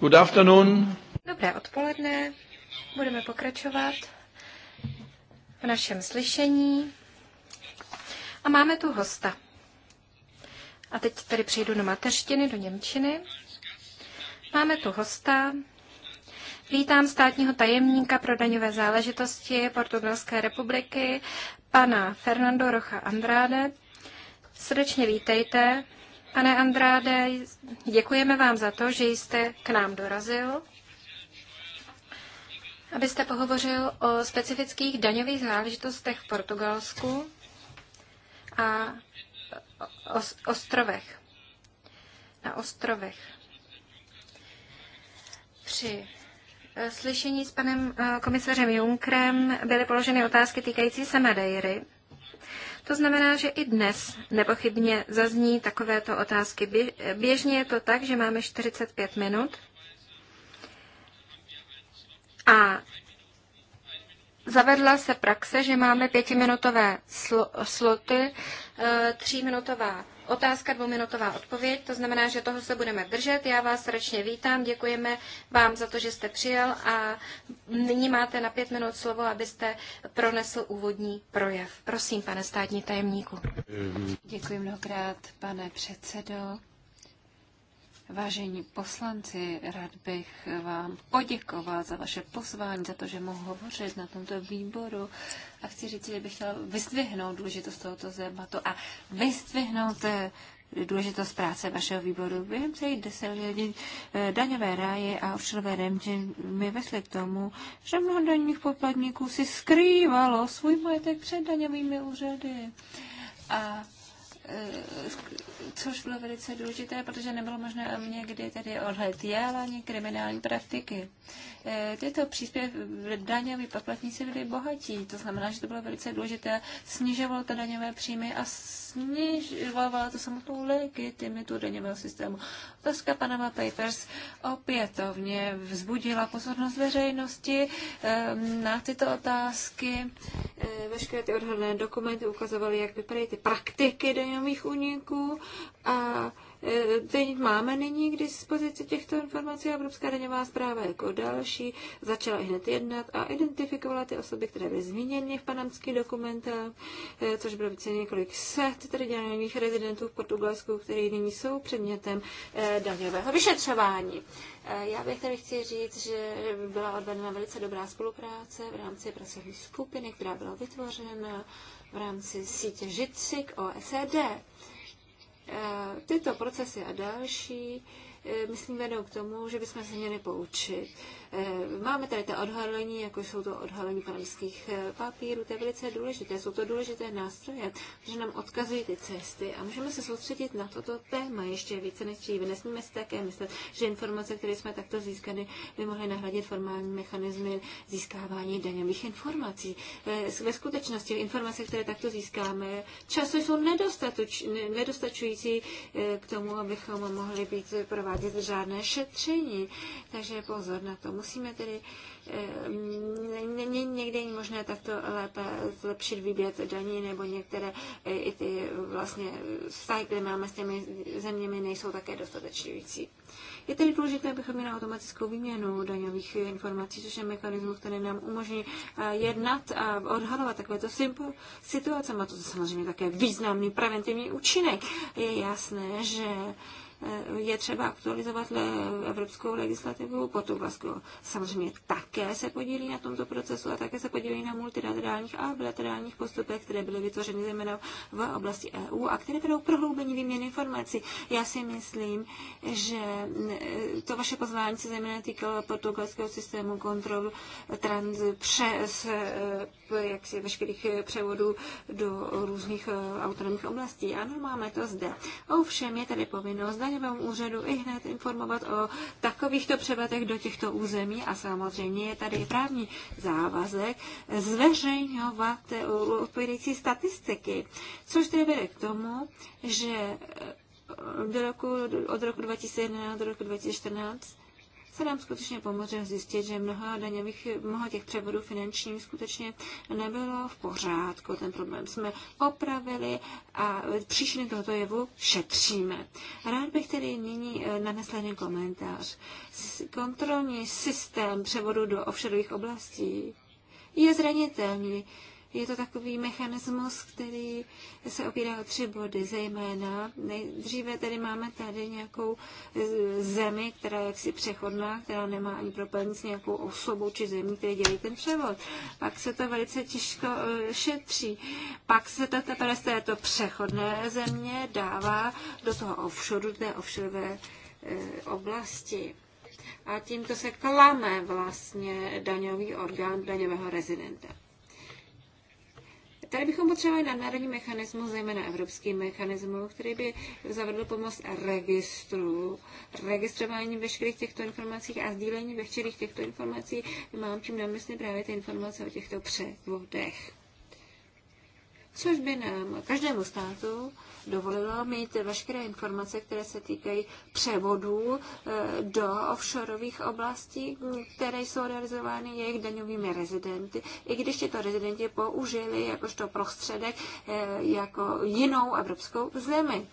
A: Good afternoon. Dobré odpoledne. Budeme pokračovat v našem slyšení. A máme tu hosta. A teď tady přejdu do mateřštiny, do Němčiny. Máme tu hosta. Vítám státního tajemníka pro daňové záležitosti Portugalské republiky, pana Fernando Rocha Andrade. Srdečně vítejte. Pane Andráde, děkujeme vám za to, že jste k nám dorazil, abyste pohovořil o specifických daňových záležitostech v Portugalsku a o ostrovech. Na ostrovech. Při eh, slyšení s panem eh, komisařem Junkrem byly položeny otázky týkající se Madeiry. To znamená, že i dnes nepochybně zazní takovéto otázky. Běžně je to tak, že máme 45 minut a zavedla se praxe, že máme pětiminutové sloty, eh, tříminutová Otázka dvouminutová odpověď, to znamená, že toho se budeme držet. Já vás srdečně vítám, děkujeme vám za to, že jste přijel a nyní máte na pět minut slovo, abyste pronesl úvodní projev. Prosím, pane státní tajemníku. Děkuji mnohokrát, pane předsedo. Vážení poslanci, rád bych vám poděkoval za vaše pozvání, za to, že mohu hovořit na tomto výboru a chci říct, že bych chtěla vystvihnout důležitost tohoto zématu a vystvihnout eh, důležitost práce vašeho výboru. Během celých deset lidí daňové ráje a remče mi vesli k tomu, že mnoho daňových poplatníků si skrývalo svůj majetek před daňovými úřady. A Eh, což bylo velice důležité, protože nebylo možné kdy tedy ale ani kriminální praktiky. Eh, tyto příspěv daňový poplatníci byli bohatí, to znamená, že to bylo velice důležité, snižovalo to daňové příjmy a snižovala to samotnou legitimitu daňového systému. Otázka Panama Papers opětovně vzbudila pozornost veřejnosti ehm, na tyto otázky. Eh, veškeré ty odhodné dokumenty ukazovaly, jak vypadají ty praktiky daňových úniků a Eh, teď máme nyní k dispozici těchto informací a Evropská daňová zpráva jako další začala hned jednat a identifikovala ty osoby, které byly zmíněny v panamských dokumentech, eh, což bylo více několik set tedy daňových rezidentů v Portugalsku, kteří nyní jsou předmětem eh, daňového vyšetřování. Já bych tady chci říct, že byla odvedena velice dobrá spolupráce v rámci pracovní skupiny, která byla vytvořena v rámci sítě ŽICIK OECD. Tyto procesy a další, e, myslím, vedou k tomu, že bychom se měli poučit. Eh, máme tady ta odhalení, jako jsou to odhalení panamských eh, papírů, to je velice důležité, jsou to důležité nástroje, že nám odkazují ty cesty a můžeme se soustředit na toto téma ještě více než dříve. Nesmíme si také myslet, že informace, které jsme takto získali, by mohly nahradit formální mechanismy získávání daňových informací. Eh, ve skutečnosti informace, které takto získáme, často jsou nedostačující k tomu, abychom mohli být provádět žádné šetření. Takže pozor na to. Musíme tedy, eh, někde je možné takto lépe zlepšit výběr daní nebo některé eh, i ty vlastně vztahy, které máme s těmi zeměmi, nejsou také dostatečující. Je tedy důležité, abychom měli automatickou výměnu daňových informací, což je mechanismus, který nám umožní eh, jednat a odhalovat takovéto situace. Má to samozřejmě také významný preventivní účinek. Je jasné, že Eh, je třeba aktualizovat evropskou legislativu, potom vlastně samozřejmě také se podílí na tomto procesu a také se podílí na multilaterálních a bilaterálních postupech, které byly vytvořeny zejména v oblasti EU a které vedou prohloubení výměny informací. Já si myslím, že eh, to vaše pozvání se zejména týkalo portugalského systému kontrol trans, přes eh, jak si, veškerých převodů do různých autonomních oblastí. Ano, máme to zde. Ovšem je tady povinnost daňovému úřadu i hned informovat o takovýchto převetech do těchto území a samozřejmě je tady právní závazek zveřejňovat eh, odpovědající statistiky, což tedy vede k tomu, že eh, do roku, od roku 2011 do roku 2014 se nám skutečně pomohlo zjistit, že mnoho daňových, mnoho těch převodů finančních skutečně nebylo v pořádku. Ten problém jsme opravili a příčiny tohoto jevu šetříme. Rád bych tedy nyní eh, nanesl jeden komentář. Kontrolní systém převodu do offshoreových oblastí je zranitelný. Je to takový mechanismus, který se opírá o tři body, zejména. Nejdříve tedy máme tady nějakou zemi, která je jaksi přechodná, která nemá ani propojení s nějakou osobou či zemí, které dělají ten převod. Pak se to velice těžko eh, šetří. Pak se to teprve, z této přechodné země dává do toho offshore, té offshore eh, oblasti a tímto se klame vlastně daňový orgán daňového rezidenta. Tady bychom potřebovali nadnárodní mechanismus, zejména evropský mechanismus, který by zavedl pomoc registru, registrování veškerých těchto informací a sdílení veškerých těchto informací. Mám tím na mysli právě ty informace o těchto převodech. Což by nám každému státu dovolilo mít veškeré informace, které se týkají převodů eh, do offshoreových oblastí, které jsou realizovány jejich daňovými rezidenty, i když tyto rezidenti použili jakožto prostředek eh, jako jinou evropskou zemi.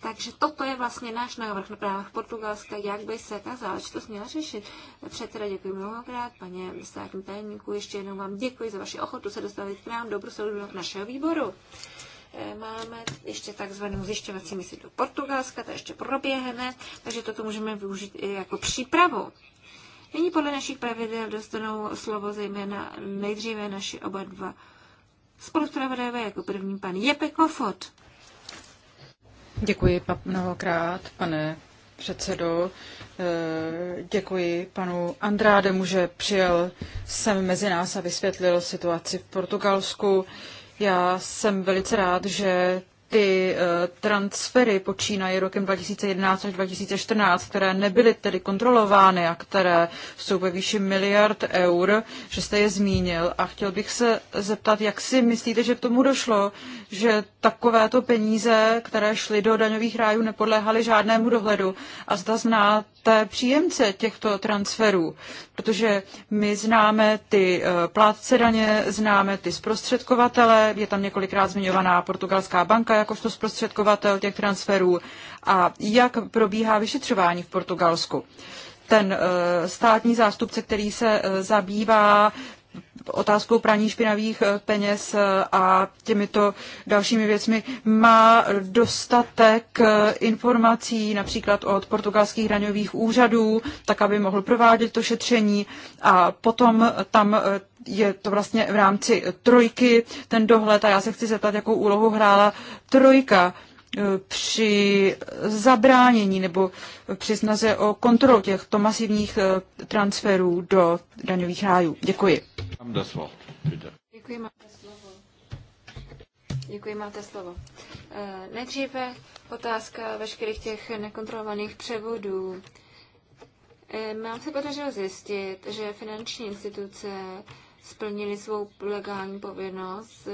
A: Takže toto je vlastně náš návrh na právách Portugalska, jak by se ta záležitost měla řešit. Předseda děkuji mnohokrát, paně státní tajemníku, ještě jednou vám děkuji za vaši ochotu se dostavit k nám do Bruselu do našeho výboru. E, máme ještě takzvanou zjišťovací misi do Portugalska, ta ještě proběhne, takže toto můžeme využít i jako přípravu. Nyní podle našich pravidel dostanou slovo zejména nejdříve naši oba dva spolupravodajové, jako první pan Jepe Kofot.
B: Děkuji mnohokrát, pane předsedo. E, děkuji panu Andrádemu, že přijel sem mezi nás a vysvětlil situaci v Portugalsku. Já jsem velice rád, že ty eh, transfery počínají rokem 2011 až 2014, které nebyly tedy kontrolovány a které jsou ve výši miliard eur, že jste je zmínil. A chtěl bych se zeptat, jak si myslíte, že k tomu došlo, že takovéto peníze, které šly do daňových rájů, nepodléhaly žádnému dohledu. A zda znáte příjemce těchto transferů, protože my známe ty eh, plátce daně, známe ty zprostředkovatele, je tam několikrát zmiňovaná portugalská banka, jakožto zprostředkovatel těch transferů a jak probíhá vyšetřování v Portugalsku ten eh, státní zástupce, který se eh, zabývá otázkou praní špinavých eh, peněz eh, a těmito dalšími věcmi má dostatek eh, informací například od portugalských daňových úřadů, tak aby mohl provádět to šetření a potom tam je to vlastně v rámci trojky ten dohled a já se chci zeptat, jakou úlohu hrála trojka při zabránění nebo při snaze o kontrolu těchto masivních transferů do daňových rájů. Děkuji.
A: Děkuji, máte slovo. Děkuji, máte slovo. Eh, nejdříve otázka veškerých těch nekontrolovaných převodů. Mám eh, se podařilo zjistit, že finanční instituce splnili svou legální povinnost.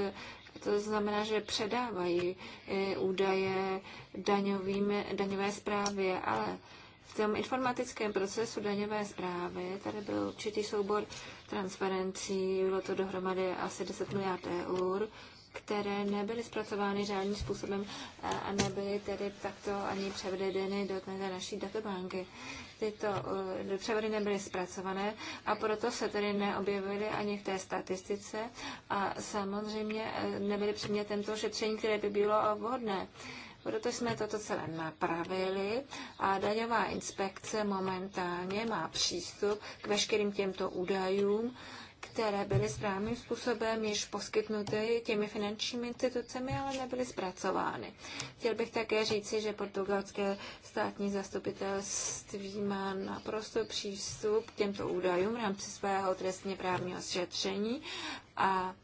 A: To znamená, že předávají eh, údaje daňovým, daňové zprávě, ale v tom informatickém procesu daňové zprávy tady byl určitý soubor transparencí, bylo to dohromady asi 10 miliard eur, které nebyly zpracovány žádným způsobem a nebyly tedy takto ani převedeny do té naší databanky. Tyto eh, převody nebyly zpracované a proto se tedy neobjevily ani v té statistice a samozřejmě eh, nebyly předmětem toho šetření, které by bylo vhodné. Proto jsme toto celé napravili a daňová inspekce momentálně má přístup k veškerým těmto údajům, které byly správným způsobem již poskytnuty těmi finančními institucemi, ale nebyly zpracovány. Chtěl bych také říci, že portugalské státní zastupitelství má naprosto přístup k těmto údajům v rámci svého trestně právního šetření a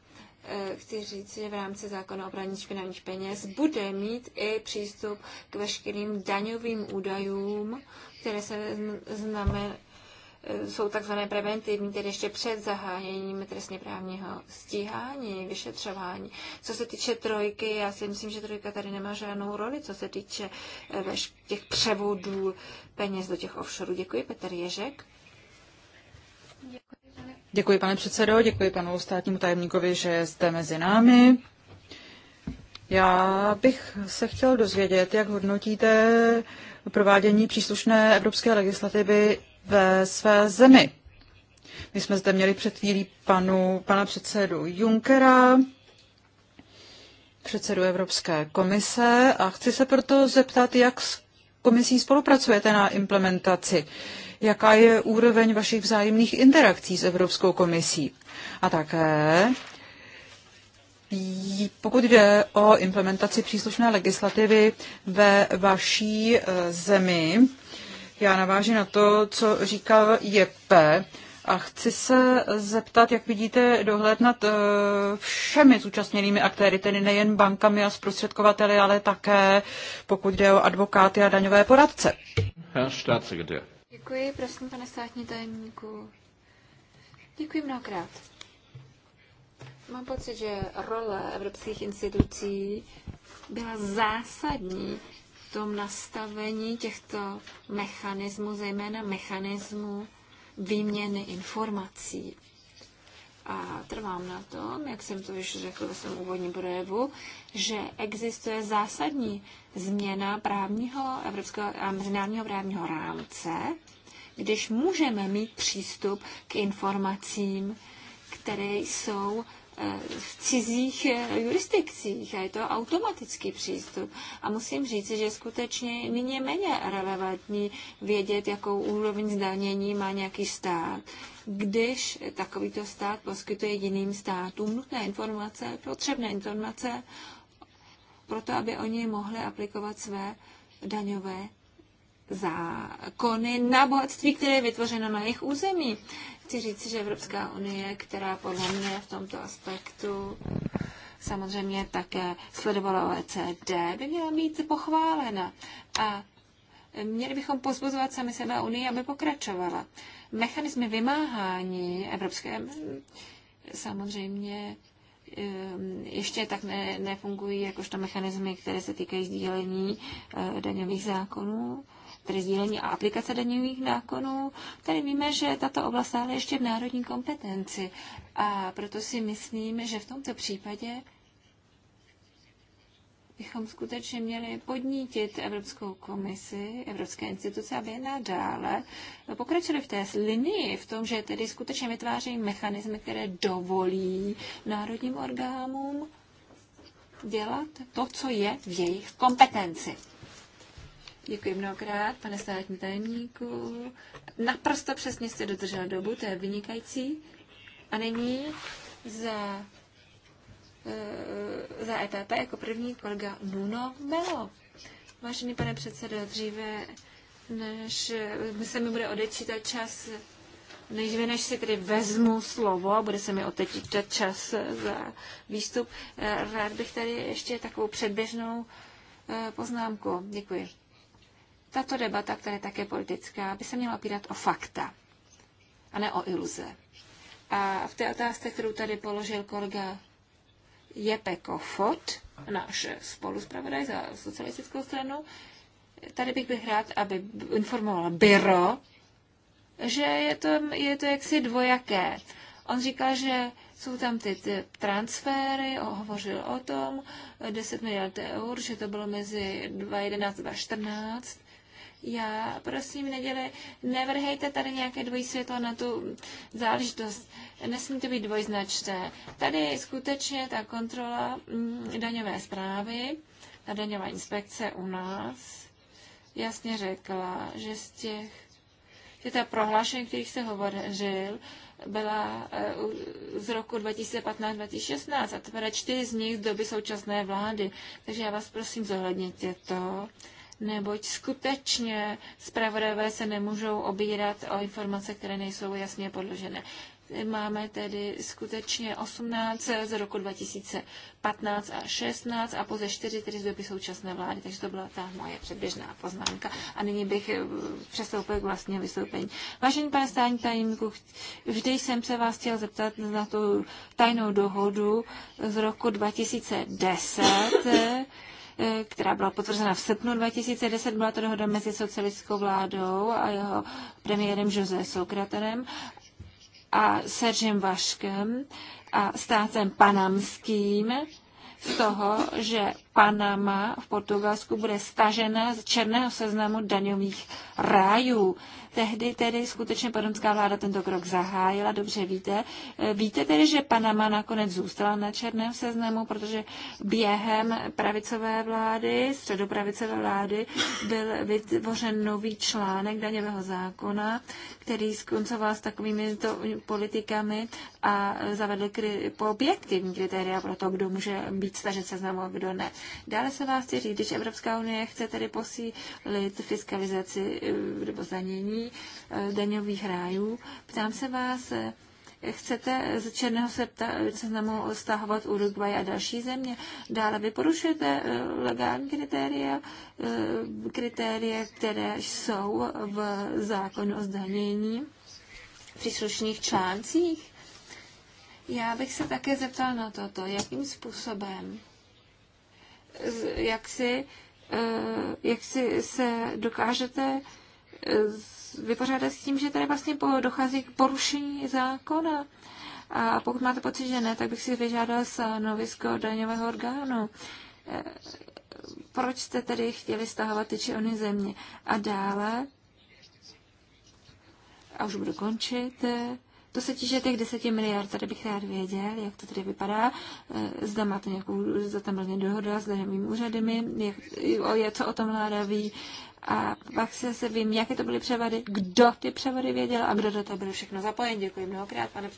A: Eh, chci říct, že v rámci zákona o praní špinavých peněz bude mít i přístup k veškerým daňovým údajům, které se známe, eh, jsou takzvané preventivní, tedy ještě před zahájením trestně právního stíhání, vyšetřování. Co se týče trojky, já si myslím, že trojka tady nemá žádnou roli, co se týče eh, těch převodů peněz do těch
B: offshoreů. Děkuji, Petr Ježek. Děkuji. Děkuji, pane předsedo, děkuji panu státnímu tajemníkovi, že jste mezi námi. Já bych se chtěl dozvědět, jak hodnotíte provádění příslušné evropské legislativy ve své zemi. My jsme zde měli před chvílí panu, pana předsedu Junkera, předsedu Evropské komise a chci se proto zeptat, jak s komisí spolupracujete na implementaci. Uh, jaká je úroveň vašich vzájemných interakcí s Evropskou komisí. A také, pokud jde o implementaci příslušné legislativy ve vaší eh, zemi, já navážu na to, co říkal Jeppe, a chci se zeptat, jak vidíte dohled nad eh, všemi zúčastněnými aktéry, tedy nejen bankami a zprostředkovateli, ale také pokud jde o advokáty a daňové poradce. Herr Staatssekretär.
A: Děkuji, prosím, pane státní tajemníku. Děkuji mnohokrát. Mám pocit, že role evropských institucí byla zásadní v tom nastavení těchto mechanismů, zejména mechanismů výměny informací. A trvám na tom, jak jsem to již řekl ve svém úvodním projevu, že existuje zásadní změna právního, evropského a mezinárodního právního rámce, když můžeme mít přístup k informacím, které jsou eh, v cizích eh, jurisdikcích a je to automatický přístup. A musím říct, že skutečně nyní je méně relevantní vědět, jakou úroveň zdanění má nějaký stát, když takovýto stát poskytuje jiným státům nutné informace, potřebné informace, proto aby oni mohli aplikovat své daňové zákony na bohatství, které je vytvořeno na jejich území. Chci říct, že Evropská unie, která podle mě v tomto aspektu samozřejmě také sledovala OECD, by měla být pochválena. A měli bychom pozbuzovat sami sebe Unii, aby pokračovala. Mechanismy vymáhání evropské mm, samozřejmě ehm, ještě tak ne, nefungují jakožto mechanismy, které se týkají sdílení eh, daňových zákonů tedy sdílení a aplikace daňových zákonů. Tady víme, že tato oblast stále ještě v národní kompetenci a proto si myslím, že v tomto případě bychom skutečně měli podnítit Evropskou komisi, Evropské instituce, aby nadále pokračili v té linii, v tom, že tedy skutečně vytvářejí mechanismy, které dovolí národním orgánům dělat to, co je v jejich kompetenci. Děkuji mnohokrát, pane státní tajemníku. Naprosto přesně jste dodržel dobu, to je vynikající. A nyní za, eh, za EPP jako první kolega Nuno Melo. Vážený pane předsedo, dříve než eh, se mi bude odečítat čas, než než si tedy vezmu slovo a bude se mi odečítat čas za výstup, eh, rád bych tady ještě takovou předběžnou poznámku. Děkuji tato debata, která je také politická, by se měla opírat o fakta a ne o iluze. A v té otázce, kterou tady položil kolega Jepe Fot, náš spoluzpravodaj za socialistickou stranu, tady bych byl rád, aby informovala Byro, že je to, je to jaksi dvojaké. On říkal, že jsou tam ty, ty transfery, hovořil o tom, 10 miliard eur, že to bylo mezi 2011 a 2014, já. Prosím, neděli, nevrhejte tady nějaké dvojí světlo na tu záležitost. Nesmí to být dvojznačné. Tady je skutečně ta kontrola mm, daňové zprávy, ta daňová inspekce u nás jasně řekla, že z těch, že ta prohlášení, kterých se hovořil, byla e, z roku 2015-2016 a teprve čtyři z nich z doby současné vlády. Takže já vás prosím, zohledněte to neboť skutečně zpravodajové se nemůžou obírat o informace, které nejsou jasně podložené. Máme tedy skutečně 18 z roku 2015 a 16 a pouze 4 tedy z doby současné vlády, takže to byla ta moje předběžná poznámka. A nyní bych eh, přestoupil k vlastně vystoupení. Vážený pane stání tajemníku, vždy jsem se vás chtěl zeptat na tu tajnou dohodu z roku 2010 která byla potvrzena v srpnu 2010. Byla to dohoda mezi socialistickou vládou a jeho premiérem Jose Sokraterem a Seržem Vaškem a státem panamským z toho, že Panama v Portugalsku bude stažena z černého seznamu daňových rájů. Tehdy tedy skutečně panamská vláda tento krok zahájila, dobře víte. Víte tedy, že Panama nakonec zůstala na černém seznamu, protože během pravicové vlády, středopravicové vlády, byl vytvořen nový článek daňového zákona, který skoncoval s takovými to politikami a zavedl kri- objektivní kritéria pro to, kdo může být stažen seznamu a kdo ne. Dále se vás chci říct, když Evropská unie chce tedy posílit fiskalizaci eh, nebo zdanění eh, daňových rájů, ptám se vás, eh, chcete z černého seznamu stahovat Uruguay a další země. Dále vy porušujete legální kritéria, kritéria, které jsou v zákonu o zdanění v příslušných článcích. Já bych se také zeptal na toto, jakým způsobem jak si, eh, jak si se dokážete eh, vypořádat s tím, že tady vlastně dochází k porušení zákona. A pokud máte pocit, že ne, tak bych si vyžádal stanovisko daňového orgánu. Eh, proč jste tedy chtěli stahovat ty či ony země? A dále, a už budu končit, to se týče těch 10 miliard, tady bych rád věděl, jak to tady vypadá. Eh, zda máte nějakou, zda tam byla dohoda s daňovými úřadami, jak, je, co o tom vláda ví. A pak se, se vím, jaké to byly převady, kdo ty převody věděl a kdo do toho byl všechno zapojen. Děkuji mnohokrát, pane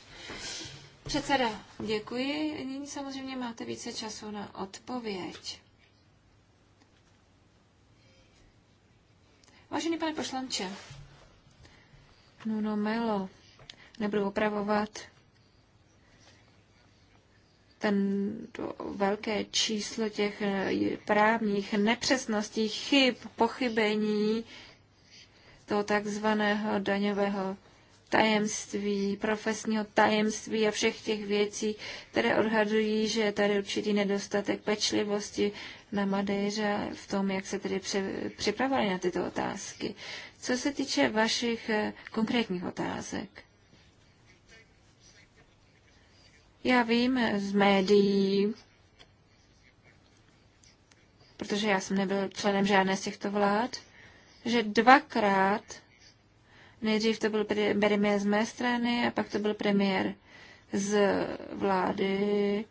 A: předseda. Děkuji. Nyní samozřejmě máte více času na odpověď. Vážený pane poslanče, Nuno no, Melo, nebudu opravovat ten to velké číslo těch eh, právních nepřesností, chyb, pochybení toho takzvaného daňového tajemství, profesního tajemství a všech těch věcí, které odhadují, že je tady určitý nedostatek pečlivosti na Madejře v tom, jak se tedy připravovali na tyto otázky. Co se týče vašich eh, konkrétních otázek, Já vím z médií, protože já jsem nebyl členem žádné z těchto vlád, že dvakrát, nejdřív to byl premiér z mé strany a pak to byl premiér z vlády,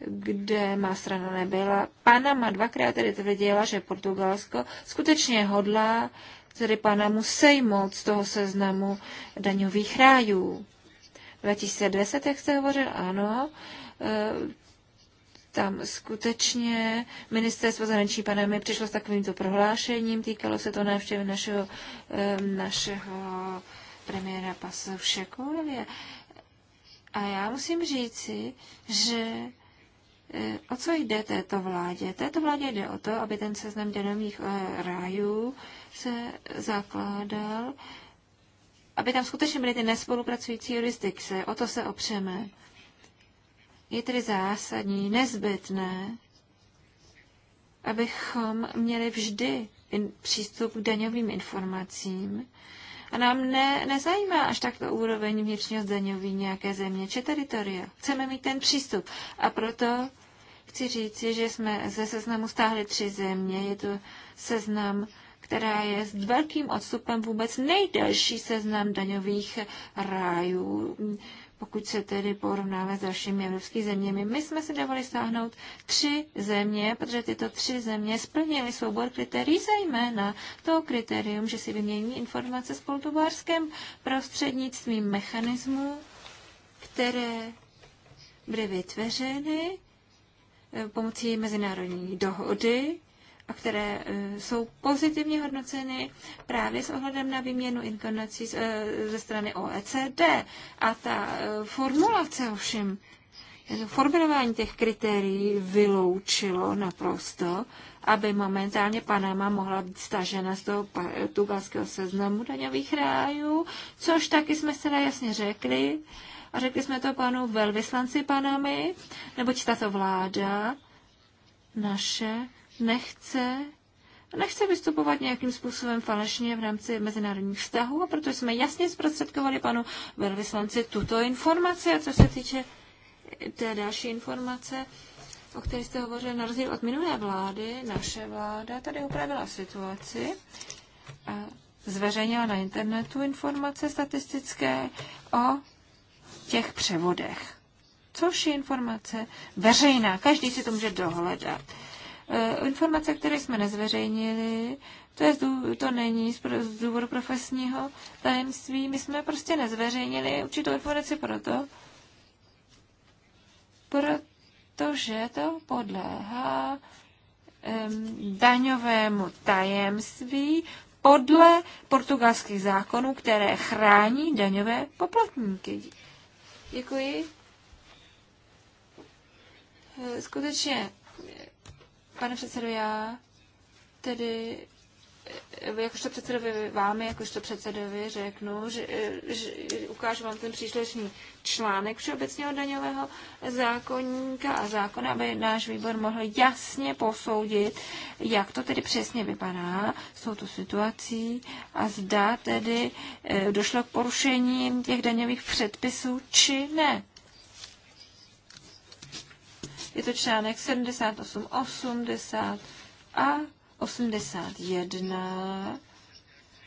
A: kde má strana nebyla. Panama dvakrát tedy tvrdila, že Portugalsko skutečně hodlá tedy Panamu sejmout z toho seznamu daňových rájů. 2010, jak jste hovořil, ano, e, tam skutečně ministerstvo zahraničí pana mi přišlo s takovýmto prohlášením, týkalo se to návštěvy našeho, našeho premiéra Pasovšeku, Kovalia. A já musím říci, že e, o co jde této vládě? Této vládě jde o to, aby ten seznam děnových e, rájů se zakládal aby tam skutečně byly ty nespolupracující jurisdikce. O to se opřeme. Je tedy zásadní, nezbytné, abychom měli vždy in, přístup k daňovým informacím. A nám ne, nezajímá až tak to úroveň vnitřního zdaňový nějaké země či teritoria. Chceme mít ten přístup. A proto chci říci, že jsme ze seznamu stáhli tři země. Je to seznam která je s velkým odstupem vůbec nejdelší seznam daňových rájů, pokud se tedy porovnáme s dalšími evropskými zeměmi. My jsme si dovolili stáhnout tři země, protože tyto tři země splnily soubor kritérií, zejména to kritérium, že si vymění informace s poltubářském prostřednictvím mechanismů, které byly vytvořeny eh, pomocí mezinárodní dohody a které eh, jsou pozitivně hodnoceny právě s ohledem na výměnu informací eh, ze strany OECD. A ta eh, formulace ovšem, formulování těch kritérií vyloučilo naprosto, aby momentálně Panama mohla být stažena z toho portugalského seznamu daňových rájů, což taky jsme se jasně řekli. A řekli jsme to panu velvyslanci Panamy, neboť tato vláda naše nechce nechce vystupovat nějakým způsobem falešně v rámci mezinárodních vztahů, a proto jsme jasně zprostředkovali panu velvyslanci tuto informaci. A co se týče té další informace, o které jste hovořil, na rozdíl od minulé vlády, naše vláda tady upravila situaci a zveřejnila na internetu informace statistické o těch převodech. Což je informace veřejná, každý si to může dohledat. Eh, informace, které jsme nezveřejnili, to, je, to není z důvodu profesního tajemství. My jsme prostě nezveřejnili určitou informaci proto, protože to podléhá um, daňovému tajemství podle portugalských zákonů, které chrání daňové poplatníky. Děkuji. Eh, skutečně Pane předsedo, já tedy jakožto předsedovi vám, jakožto předsedovi řeknu, že, že ukážu vám ten příslušný článek Všeobecného daňového zákonníka a zákona, aby náš výbor mohl jasně posoudit, jak to tedy přesně vypadá s touto situací a zda tedy eh, došlo k porušení těch daňových předpisů, či ne. Je to článek 78, 80 a 81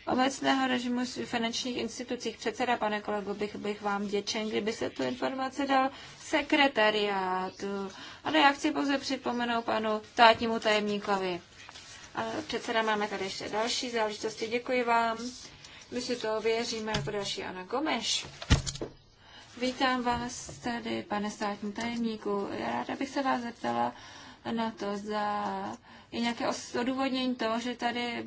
A: obecného režimu finančních institucích. Předseda, pane kolego, bych, bych vám děčen, kdyby se tu informace dal sekretariátu. Ano, já chci pouze připomenout panu státnímu tajemníkovi. A předseda, máme tady ještě další záležitosti. Děkuji vám. My si to věříme jako další Ana Gomeš. Vítám vás tady, pane státní tajemníku. Ráda bych se vás zeptala na to, za je nějaké odůvodnění toho, že tady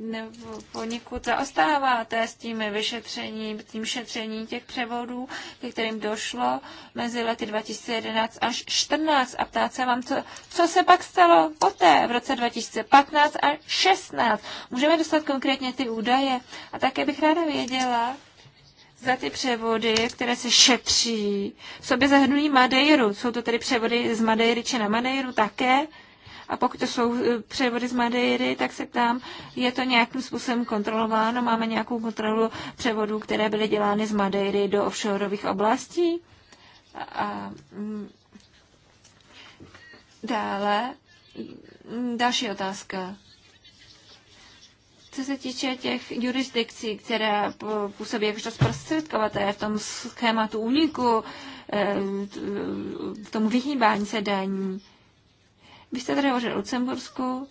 A: poněkud zaostáváte s tím vyšetřením, tím šetřením těch převodů, ke kterým došlo mezi lety 2011 až 2014 a ptát se vám, co, co se pak stalo poté v roce 2015 a 16. Můžeme dostat konkrétně ty údaje a také bych ráda věděla, za ty převody, které se šetří, v sobě zahrnují Madeiru. Jsou to tedy převody z Madeiry či na Madeiru také. A pokud to jsou eh, převody z Madeiry, tak se ptám, je to nějakým způsobem kontrolováno? Máme nějakou kontrolu převodů, které byly dělány z Madeiry do offshoreových oblastí? A, a mm, dále, další otázka. Co se týče těch jurisdikcí, které působí jakožto zprostředkovatelé v tom schématu úniku, eh, v tom vyhýbání se daní. Vy jste tady hovořil o Lucembursku,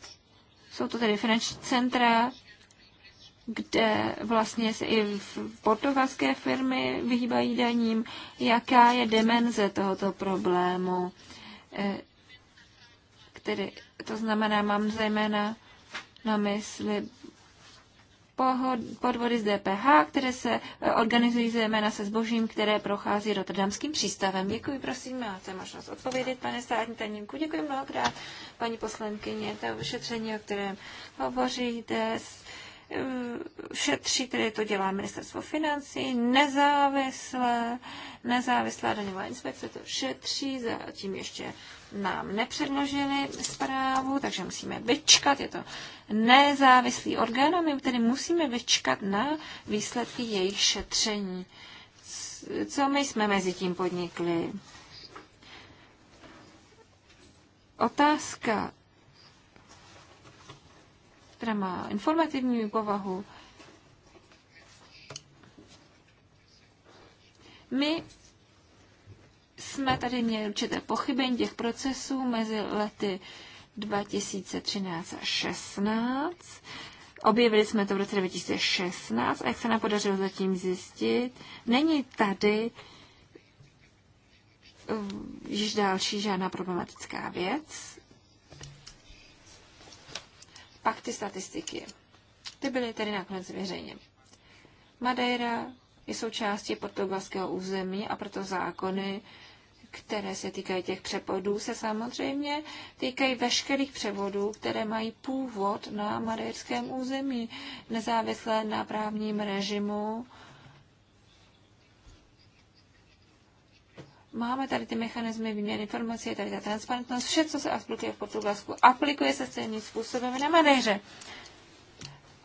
A: jsou to tedy finanční centra, kde vlastně se i portugalské firmy vyhýbají daním. Jaká je demenze tohoto problému? Který, eh, to znamená, mám zejména na mysli podvody z DPH, které se eh, organizují zejména se zbožím, které prochází Rotterdamským přístavem. Děkuji, prosím, máte možnost odpovědět, pane státní tajemníku. Děkuji mnohokrát, paní poslankyně, to vyšetření, o kterém hovoříte, eh, šetří, tedy to dělá ministerstvo financí, nezávislé, nezávislá daňová inspekce to šetří, zatím ještě nám nepředložili zprávu, takže musíme vyčkat, je to nezávislý orgán a my tedy musíme vyčkat na výsledky jejich šetření. Co my jsme mezi tím podnikli? Otázka, která má informativní povahu, my jsme tady měli určité pochybení těch procesů mezi lety 2013 a 16. Objevili jsme to v roce 2016 a jak se nám podařilo zatím zjistit, není tady eh, již další žádná problematická věc. Pak ty statistiky. Ty byly tedy nakonec zveřejněny. Madeira je součástí portugalského území a proto zákony které se týkají těch převodů, se samozřejmě týkají veškerých převodů, které mají původ na madejrském území, nezávisle na právním režimu. Máme tady ty mechanizmy výměny informací, tady ta transparentnost, vše, co se aplikuje v Portugalsku, aplikuje se stejným způsobem na Madeře.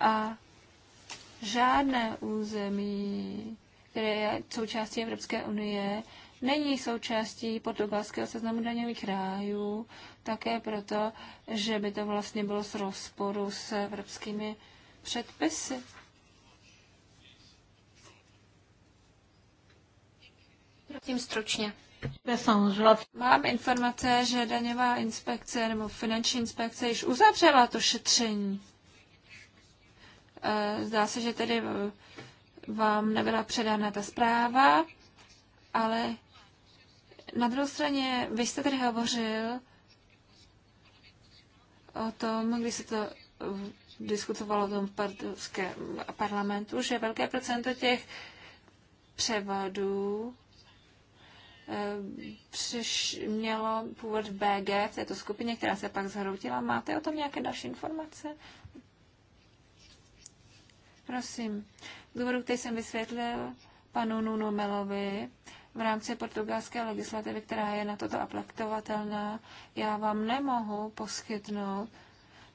A: A žádné území, které je součástí Evropské unie, není součástí portugalského seznamu daňových rájů, také proto, že by to vlastně bylo s rozporu s evropskými předpisy. Tím stručně. Mám informace, že daňová inspekce nebo finanční inspekce již uzavřela to šetření. Eh, zdá se, že tedy eh, vám nebyla předána ta zpráva, ale na druhou straně, vy jste tedy hovořil o tom, když se to diskutovalo o tom parlamentu, že velké procento těch převadů eh, přiš, mělo původ BG v této skupině, která se pak zhroutila. Máte o tom nějaké další informace? Prosím. Z důvodu, který jsem vysvětlil panu Nuno Melovi, v rámci portugalské legislativy, která je na toto aplektovatelná. Já vám nemohu poskytnout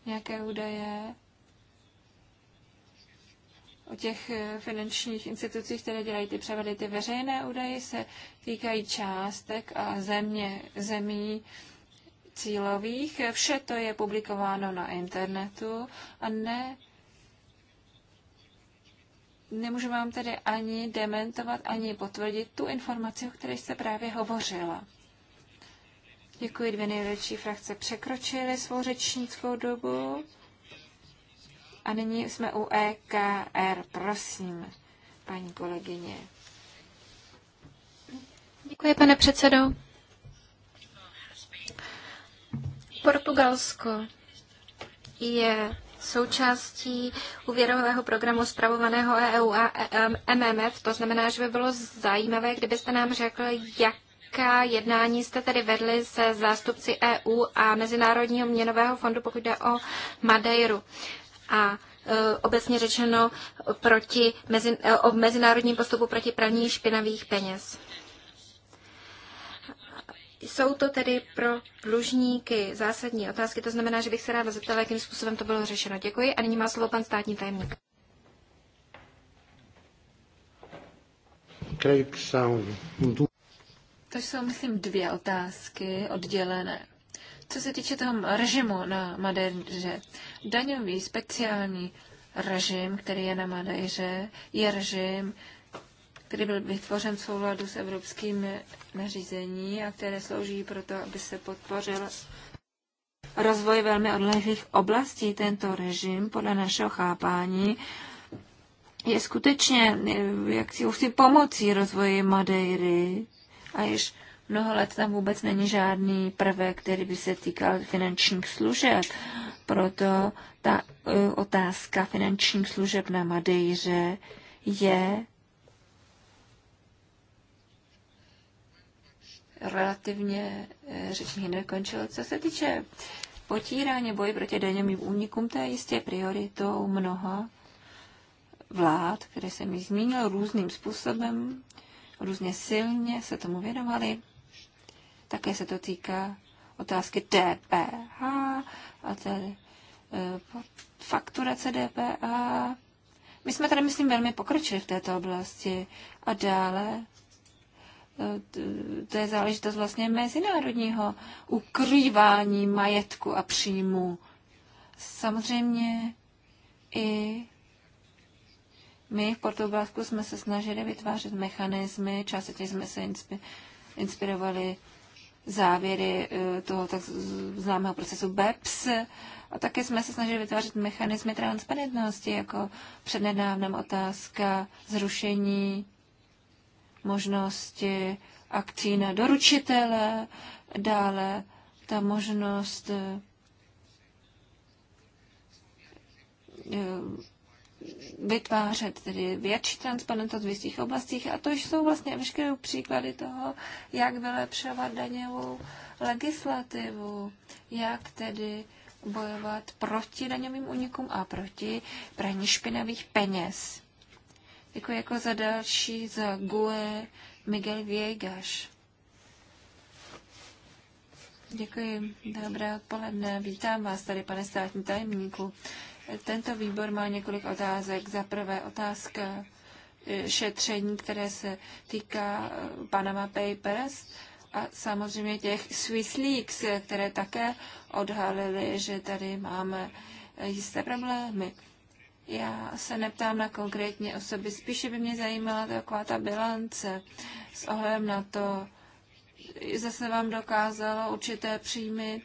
A: nějaké údaje o těch eh, finančních institucích, které dělají ty převody. Ty veřejné údaje se týkají částek a země, zemí cílových. Vše to je publikováno na internetu a ne nemůžu vám tedy ani dementovat, ani potvrdit tu informaci, o které jste právě hovořila. Děkuji, dvě největší frakce překročily svou řečnickou dobu. A nyní jsme u EKR. Prosím, paní kolegyně. Děkuji, pane předsedo. Portugalsko je součástí úvěrového programu spravovaného EU a e MMF. To znamená, že by bylo zajímavé, kdybyste nám řekl, jak jaká jednání jste tedy vedli se zástupci EU a Mezinárodního měnového fondu, pokud jde o Madeiru? A e, obecně řečeno proti mezi, e, o mezinárodním postupu proti praní špinavých peněz. Jsou to tedy pro dlužníky zásadní otázky, to znamená, že bych se ráda zeptala, jakým způsobem to bylo řešeno. Děkuji a nyní má slovo pan státní tajemník. To jsou, myslím, dvě otázky oddělené. Co se týče toho režimu na Madeiře, daňový speciální režim, který je na Madeiře, je režim, který byl vytvořen v souladu s evropským nařízení a které slouží pro to, aby se podpořil rozvoj velmi odlehlých oblastí. Tento režim, podle našeho chápání, je skutečně eh, jak si si pomocí rozvoji Madeiry a již mnoho let tam vůbec není žádný prvek, který by se týkal finančních služeb. Proto ta eh, otázka finančních služeb na Madejře je relativně eh, řečník nedokončil. Co se týče potírání boji proti daňovým únikům, to je jistě prioritou mnoha vlád, které jsem mi zmínil různým způsobem, různě silně se tomu věnovali. Také se to týká otázky DPH a té eh, fakturace DPH. My jsme tady, myslím, velmi pokročili v této oblasti a dále to je záležitost vlastně mezinárodního ukrývání majetku a příjmu Samozřejmě i my v Portugalsku jsme se snažili vytvářet mechanismy, částečně jsme se inspirovali závěry e, toho tak známého procesu BEPS a také jsme se snažili vytvářet mechanismy transparentnosti, jako přednedávnem otázka zrušení možnosti akcí na doručitele, dále ta možnost eh, vytvářet tedy větší transparentnost v jistých oblastích. A to jsou vlastně veškeré příklady toho, jak vylepšovat daňovou legislativu, jak tedy bojovat proti daňovým unikům a proti praní špinavých peněz. Jako, jako za další za GUE Miguel Viegas. Děkuji. Dobré odpoledne. Vítám vás tady, pane státní tajemníku. Tento výbor má několik otázek. Za prvé otázka e, šetření, které se týká e, Panama Papers a samozřejmě těch Swiss Leaks, které také odhalily, že tady máme jisté problémy. Já se neptám na konkrétní osoby, spíše by mě zajímala taková ta bilance s ohledem na to, zase vám dokázalo určité příjmy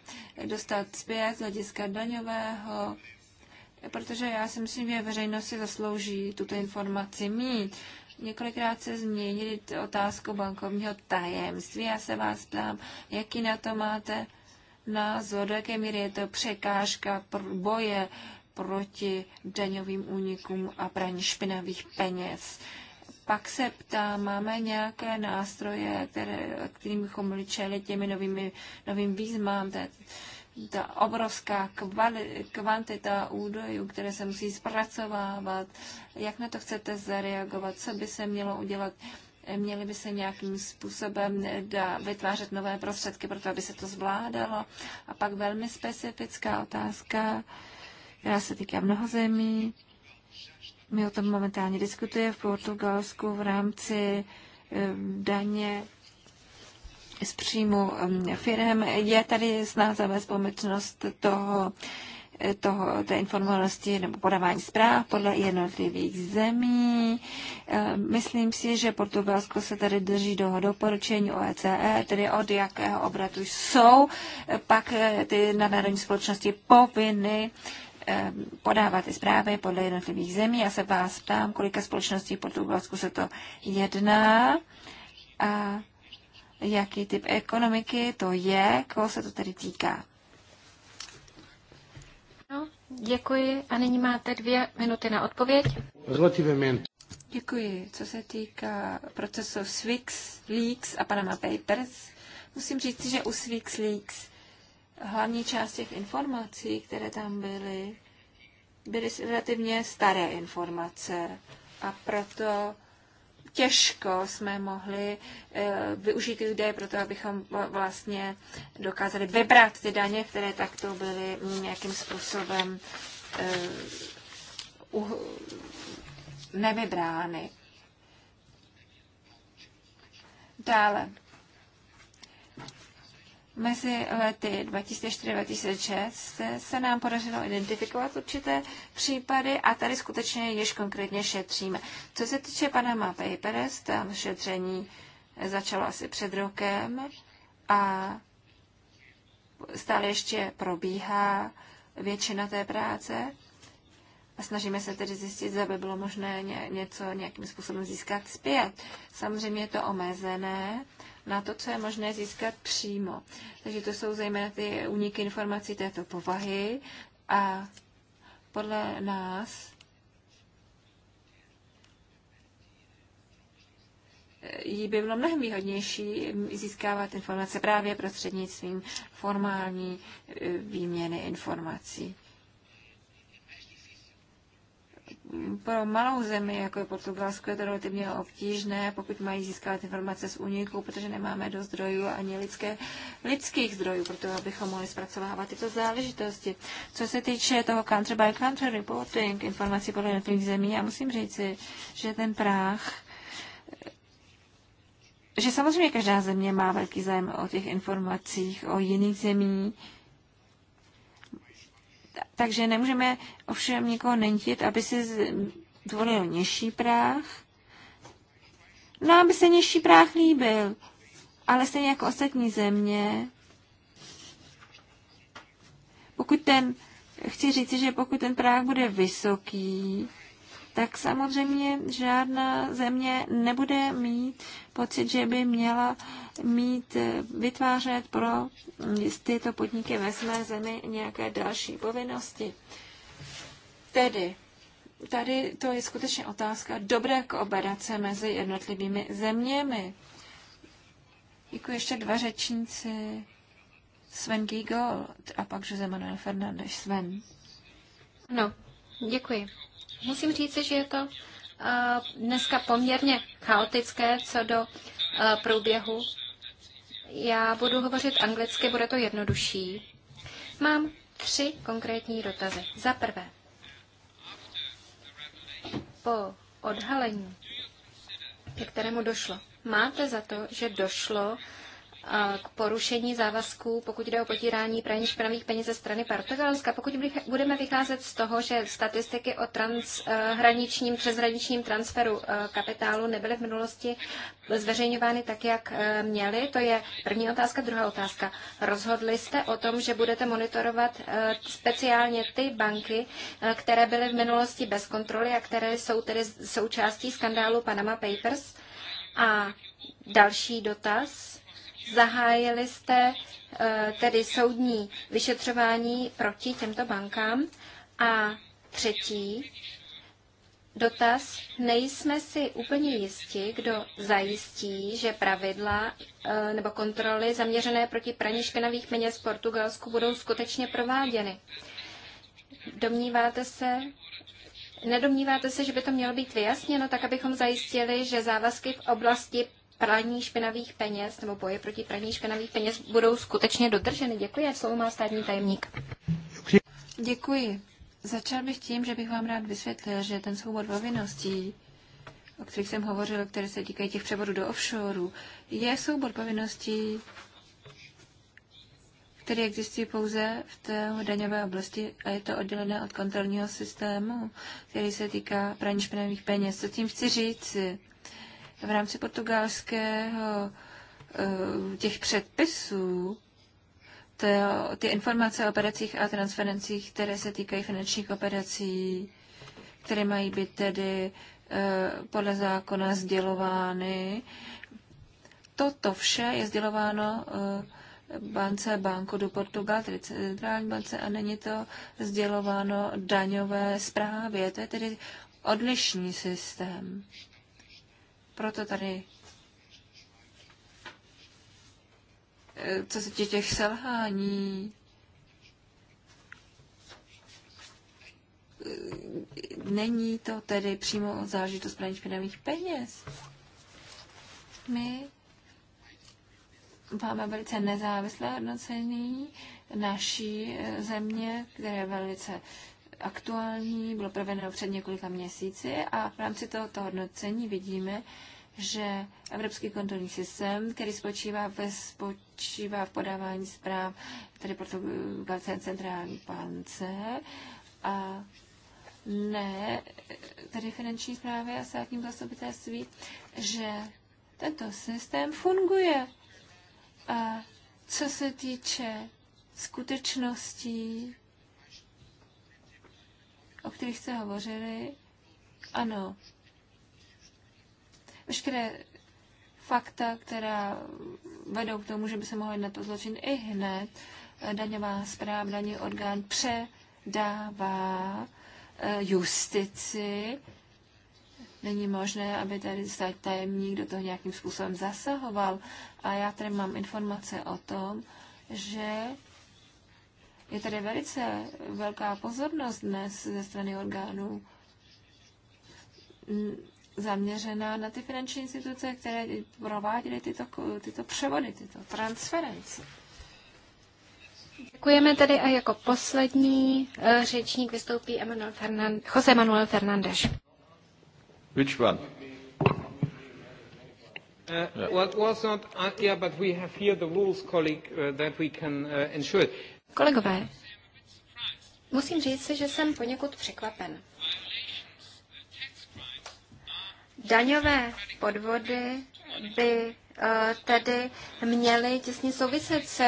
A: dostat zpět z hlediska daňového, protože já si myslím, že veřejnost si zaslouží tuto informaci mít. Několikrát se změnili otázku bankovního tajemství. Já se vás ptám, jaký na to máte názor, do jaké míry je to překážka boje proti daňovým únikům a praní špinavých peněz. Pak se ptá, máme nějaké nástroje, které, kterým bychom mohli čelit těmi novými, novým výzvám, ta, ta obrovská kvali, kvantita údajů, které se musí zpracovávat, jak na to chcete zareagovat, co by se mělo udělat, měly by se nějakým způsobem eh, da, vytvářet nové prostředky pro to, aby se to zvládalo. A pak velmi specifická otázka, která se týká mnoha zemí. My o tom momentálně diskutujeme v Portugalsku v rámci eh, daně z příjmu eh, firm. Je tady snad zavést pomyčnost toho, eh, toho, té informovanosti nebo podávání zpráv podle jednotlivých zemí. Myslím si, že Portugalsko se tady drží do doporučení OECE, e, tedy od jakého obratu jsou pak ty nadnárodní společnosti povinny Ehm, podávat ty zprávy podle jednotlivých zemí. Já se vás ptám, kolika společností v Portugalsku se to jedná a jaký typ ekonomiky to je, koho se to tedy týká. No, děkuji a nyní máte dvě minuty na odpověď. Děkuji. Co se týká procesu Swix, Leaks a Panama Papers, musím říct, že u Swix, Leaks hlavní část těch informací, které tam byly, byly relativně staré informace a proto těžko jsme mohli eh, využít ty údaje pro to, abychom vlastně dokázali vybrat ty daně, které takto byly nějakým způsobem eh, nevybrány. Dále. Mezi lety 2004-2006 se nám podařilo identifikovat určité případy a tady skutečně již konkrétně šetříme. Co se týče Panama Papers, tam šetření začalo asi před rokem a stále ještě probíhá většina té práce a snažíme se tedy zjistit, zda by bylo možné něco nějakým způsobem získat zpět. Samozřejmě je to omezené, na to, co je možné získat přímo. Takže to jsou zejména ty úniky informací této povahy a podle nás eh, jí by bylo mnohem výhodnější mm, získávat informace právě prostřednictvím formální eh, výměny informací. pro malou zemi, jako je Portugalsko, je to relativně obtížné, pokud mají získat informace z úniku, protože nemáme dost zdrojů ani lidské, lidských zdrojů, proto abychom mohli zpracovávat tyto záležitosti. Co se týče toho country by country reporting, informací podle jednotlivých zemí, já musím říci, že ten práh že samozřejmě každá země má velký zájem o těch informacích o jiných zemích, takže nemůžeme ovšem někoho nentit, aby si zvolil nižší práh. No, aby se nižší práh líbil. Ale stejně jako ostatní země, pokud ten, chci říct, že pokud ten práh bude vysoký, tak samozřejmě žádná země nebude mít pocit, že by měla uh, mít, eh, vytvářet pro eh, tyto podniky ve své zemi nějaké další povinnosti. Tedy, tady to je skutečně otázka dobré kooperace mezi jednotlivými zeměmi. Děkuji jako ještě dva řečníci. Sven Giegel a pak Jose Manuel Fernández Sven. No, děkuji. Musím říct, že je to uh, dneska poměrně chaotické co do uh, průběhu já budu hovořit anglicky, bude to jednodušší. Mám tři konkrétní dotazy. Za prvé, po odhalení, ke kterému došlo, máte za to, že došlo k porušení závazků, pokud jde o potírání praní špinavých peněz ze strany Portugalska. Pokud budeme vycházet z toho, že statistiky o transhraničním, přeshraničním transferu eh, kapitálu nebyly v minulosti zveřejňovány tak, jak eh, měly, to je první otázka. Druhá otázka. Rozhodli jste o tom, že budete monitorovat eh, speciálně ty banky, které byly v minulosti bez kontroly a které jsou tedy součástí skandálu Panama Papers? A další dotaz Zahájili jste eh, tedy soudní vyšetřování proti těmto bankám. A třetí dotaz. Nejsme si úplně jisti, kdo zajistí, že pravidla eh, nebo kontroly zaměřené proti praní špinavých peněz v Portugalsku budou skutečně prováděny. Domníváte se, Nedomníváte se, že by to mělo být vyjasněno, tak abychom zajistili, že závazky v oblasti praní špinavých peněz nebo boje proti praní špinavých peněz budou skutečně dodrženy. Děkuji a slovo má státní tajemník. Děkuji. Začal bych tím, že bych vám rád vysvětlil, že ten soubor povinností, o kterých jsem hovořil, které se týkají těch převodů do offshoreu, je soubor povinností, který existují pouze v té daňové oblasti a je to oddělené od kontrolního systému, který se týká praní špinavých peněz. Co tím chci říct? v rámci portugalského eh, těch předpisů to, ty informace o operacích a transferencích, které se týkají finančních operací, které mají být tedy eh, podle zákona sdělovány. Toto vše je sdělováno eh, bance banku do Portugal, tedy centrální bance, a není to sdělováno daňové správě. To je tedy odlišný systém. Proto tady, eh, co se tě těch selhání, eh, není to tedy přímo zážitost praní špinavých peněz. My máme velice nezávislé hodnocení naší eh, země, které je velice aktuální, bylo provedeno před několika měsíci a v rámci tohoto hodnocení vidíme, že Evropský kontrolní systém, který spočívá, ve, spočívá v podávání zpráv, tedy proto eh, centrální pance, a ne, eh, tedy finanční zprávy a státním zastupitelství, že tento systém funguje. A co se týče skutečností, o kterých jste hovořili, ano, veškeré fakta, která vedou k tomu, že by se mohlo jednat o zločin i hned, eh, daňová zpráva, daní orgán předává eh, justici. Není možné, aby tady stát tajemník do toho nějakým způsobem zasahoval. A já tady mám informace o tom, že je tady velice velká pozornost dnes ze strany orgánů zaměřená na ty finanční instituce, které prováděly tyto, tyto převody, tyto transference. Děkujeme tedy a jako poslední eh, řečník vystoupí Emmanuel Fernand, Jose Manuel Fernández.
B: Which one? Uh, What was not, uh, yeah, but we have here the rules, colleague, uh, that we can uh, ensure.
A: Kolegové, musím říct, že jsem poněkud překvapen. Daňové podvody by eh, tedy měly těsně souviset s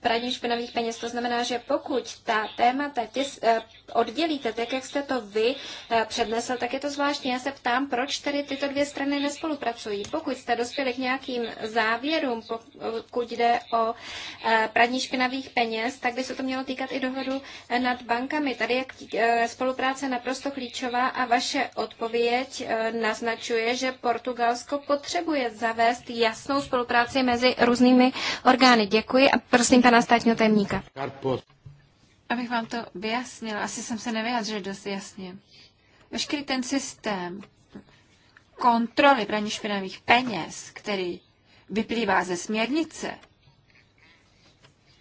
A: praní špinavých peněz. To znamená, že pokud ta témata těs, eh, oddělíte, tak jak jste to vy eh, přednesl, tak je to zvláštní. Já se ptám, proč tedy tyto dvě strany nespolupracují. Pokud jste dospěli k nějakým závěrům, pokud jde o eh, praní špinavých peněz, tak by se to mělo týkat i dohodu nad bankami. Tady je spolupráce naprosto klíčová a vaše odpověď naznačuje, že Portugalsko potřebuje zavést jasnou spolupráci mezi různými orgány. Děkuji a Prosím pana státního tajemníka. Abych vám to vyjasnil, asi jsem se nevyjadřil dost jasně. Veškerý ten systém kontroly praní špinavých peněz, který vyplývá ze směrnice,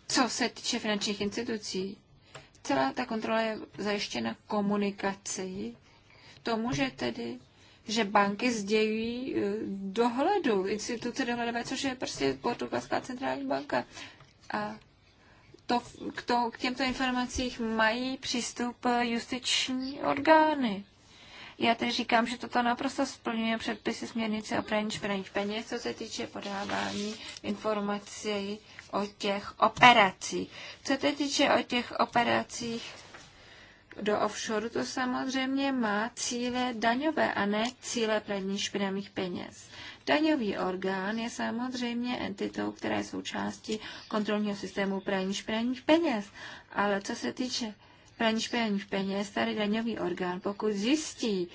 A: co se týče finančních institucí, celá ta kontrola je zajištěna komunikací. To může tedy, že banky sdělují eh, dohledu, instituce dohledové, což je prostě portugalská centrální banka. A to, k, to, k těmto informacích mají přístup justiční orgány. Já tedy říkám, že toto naprosto splňuje předpisy směrnice o praní špinavých peněz, co se týče podávání informací o těch operacích. Co se týče o těch operacích do offshore, to samozřejmě má cíle daňové a ne cíle praní špinavých peněz. Daňový orgán je samozřejmě entitou, která je součástí kontrolního systému praní špinavých peněz. Ale co se týče praní špinavých peněz, tady daňový orgán, pokud zjistí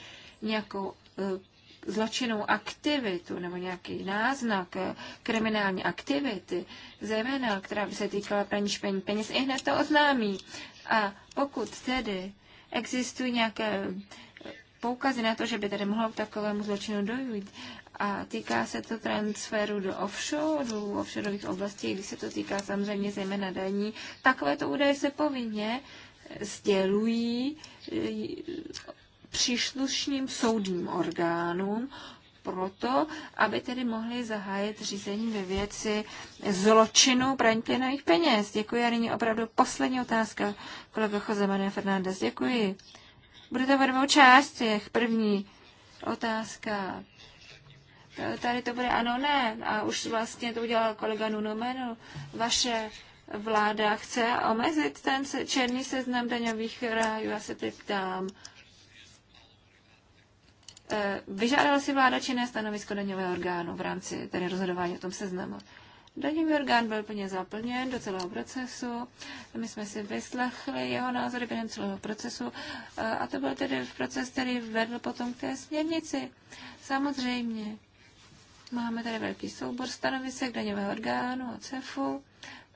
A: nějakou eh, zločinnou aktivitu nebo nějaký náznak eh, kriminální aktivity, zejména která by se týkala praní špinavých peněz, i hned to oznámí. A pokud tedy existují nějaké poukazy na to, že by tady mohlo k takovému zločinu dojít, a týká se to transferu do offshore, do offshoreových oblastí, když se to týká samozřejmě zejména daní, takovéto údaje se povinně sdělují e, příslušným soudním orgánům, proto, aby tedy mohli zahájit řízení ve věci zločinu praní plynových peněz. Děkuji a nyní opravdu poslední otázka. Kolega Jose Maria Fernández, děkuji. Bude to ve dvou částech. První otázka. Tady to bude ano, ne. A už vlastně to udělal kolega Menu. Vaše vláda chce omezit ten černý seznam daňových rájů. Já se teď ptám, Eh, vyžádala si vláda činné stanovisko daňového orgánu v rámci tedy rozhodování o tom seznamu. Daňový orgán byl plně zaplněn do celého procesu. My jsme si vyslechli jeho názory během celého procesu eh, a to byl tedy proces, který vedl potom k té směrnici. Samozřejmě. Máme tady velký soubor stanovisek daňového orgánu a CEFu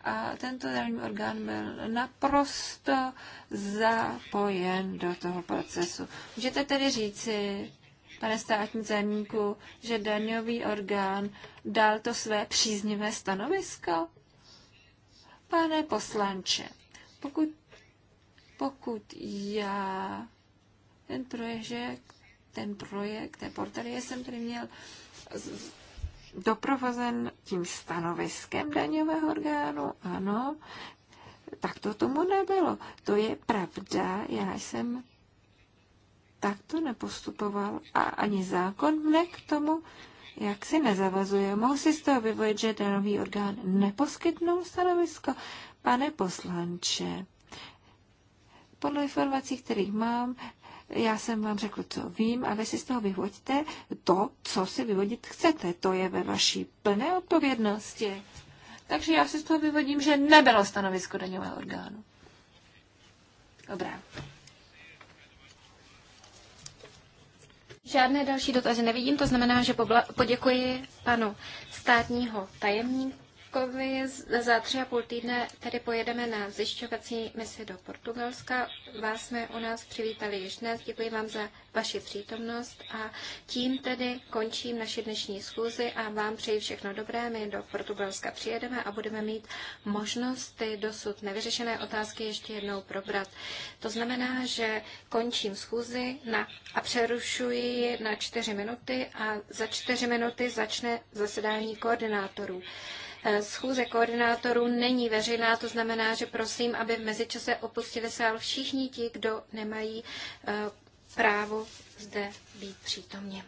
A: a tento daňový orgán byl naprosto zapojen do toho procesu. Můžete tedy říci, pane státní zemníku, že daňový orgán dal to své příznivé stanovisko? Pane poslanče, pokud, pokud já ten projekt, ten projekt té já jsem tady měl doprovozen tím stanoviskem daňového orgánu, ano, tak to tomu nebylo. To je pravda, já jsem takto nepostupoval a ani zákon mne k tomu jak si nezavazuje. Mohu si z toho vyvojit, že danový orgán neposkytnul stanovisko. Pane poslanče, podle informací, kterých mám, já jsem vám řekl, co vím, a vy si z toho vyvoďte to, co si vyvodit chcete. To je ve vaší plné odpovědnosti. Takže já si z toho vyvodím, že nebylo stanovisko daňového orgánu. Dobrá. Žádné další dotazy nevidím, to znamená, že poděkuji panu státního tajemníka. Kovi za tři a půl týdne tedy pojedeme na zjišťovací misi do Portugalska. Vás jsme u nás přivítali již dnes. Děkuji vám za vaši přítomnost a tím tedy končím naši dnešní schůzi a vám přeji všechno dobré. My do Portugalska přijedeme a budeme mít možnost ty dosud nevyřešené otázky ještě jednou probrat. To znamená, že končím schůzi na, a přerušuji ji na čtyři minuty a za čtyři minuty začne zasedání koordinátorů. Eh, schůze koordinátorů není veřejná, to znamená, že prosím, aby v mezičase opustili sál všichni ti,
B: kdo nemají eh, právo zde být přítomně.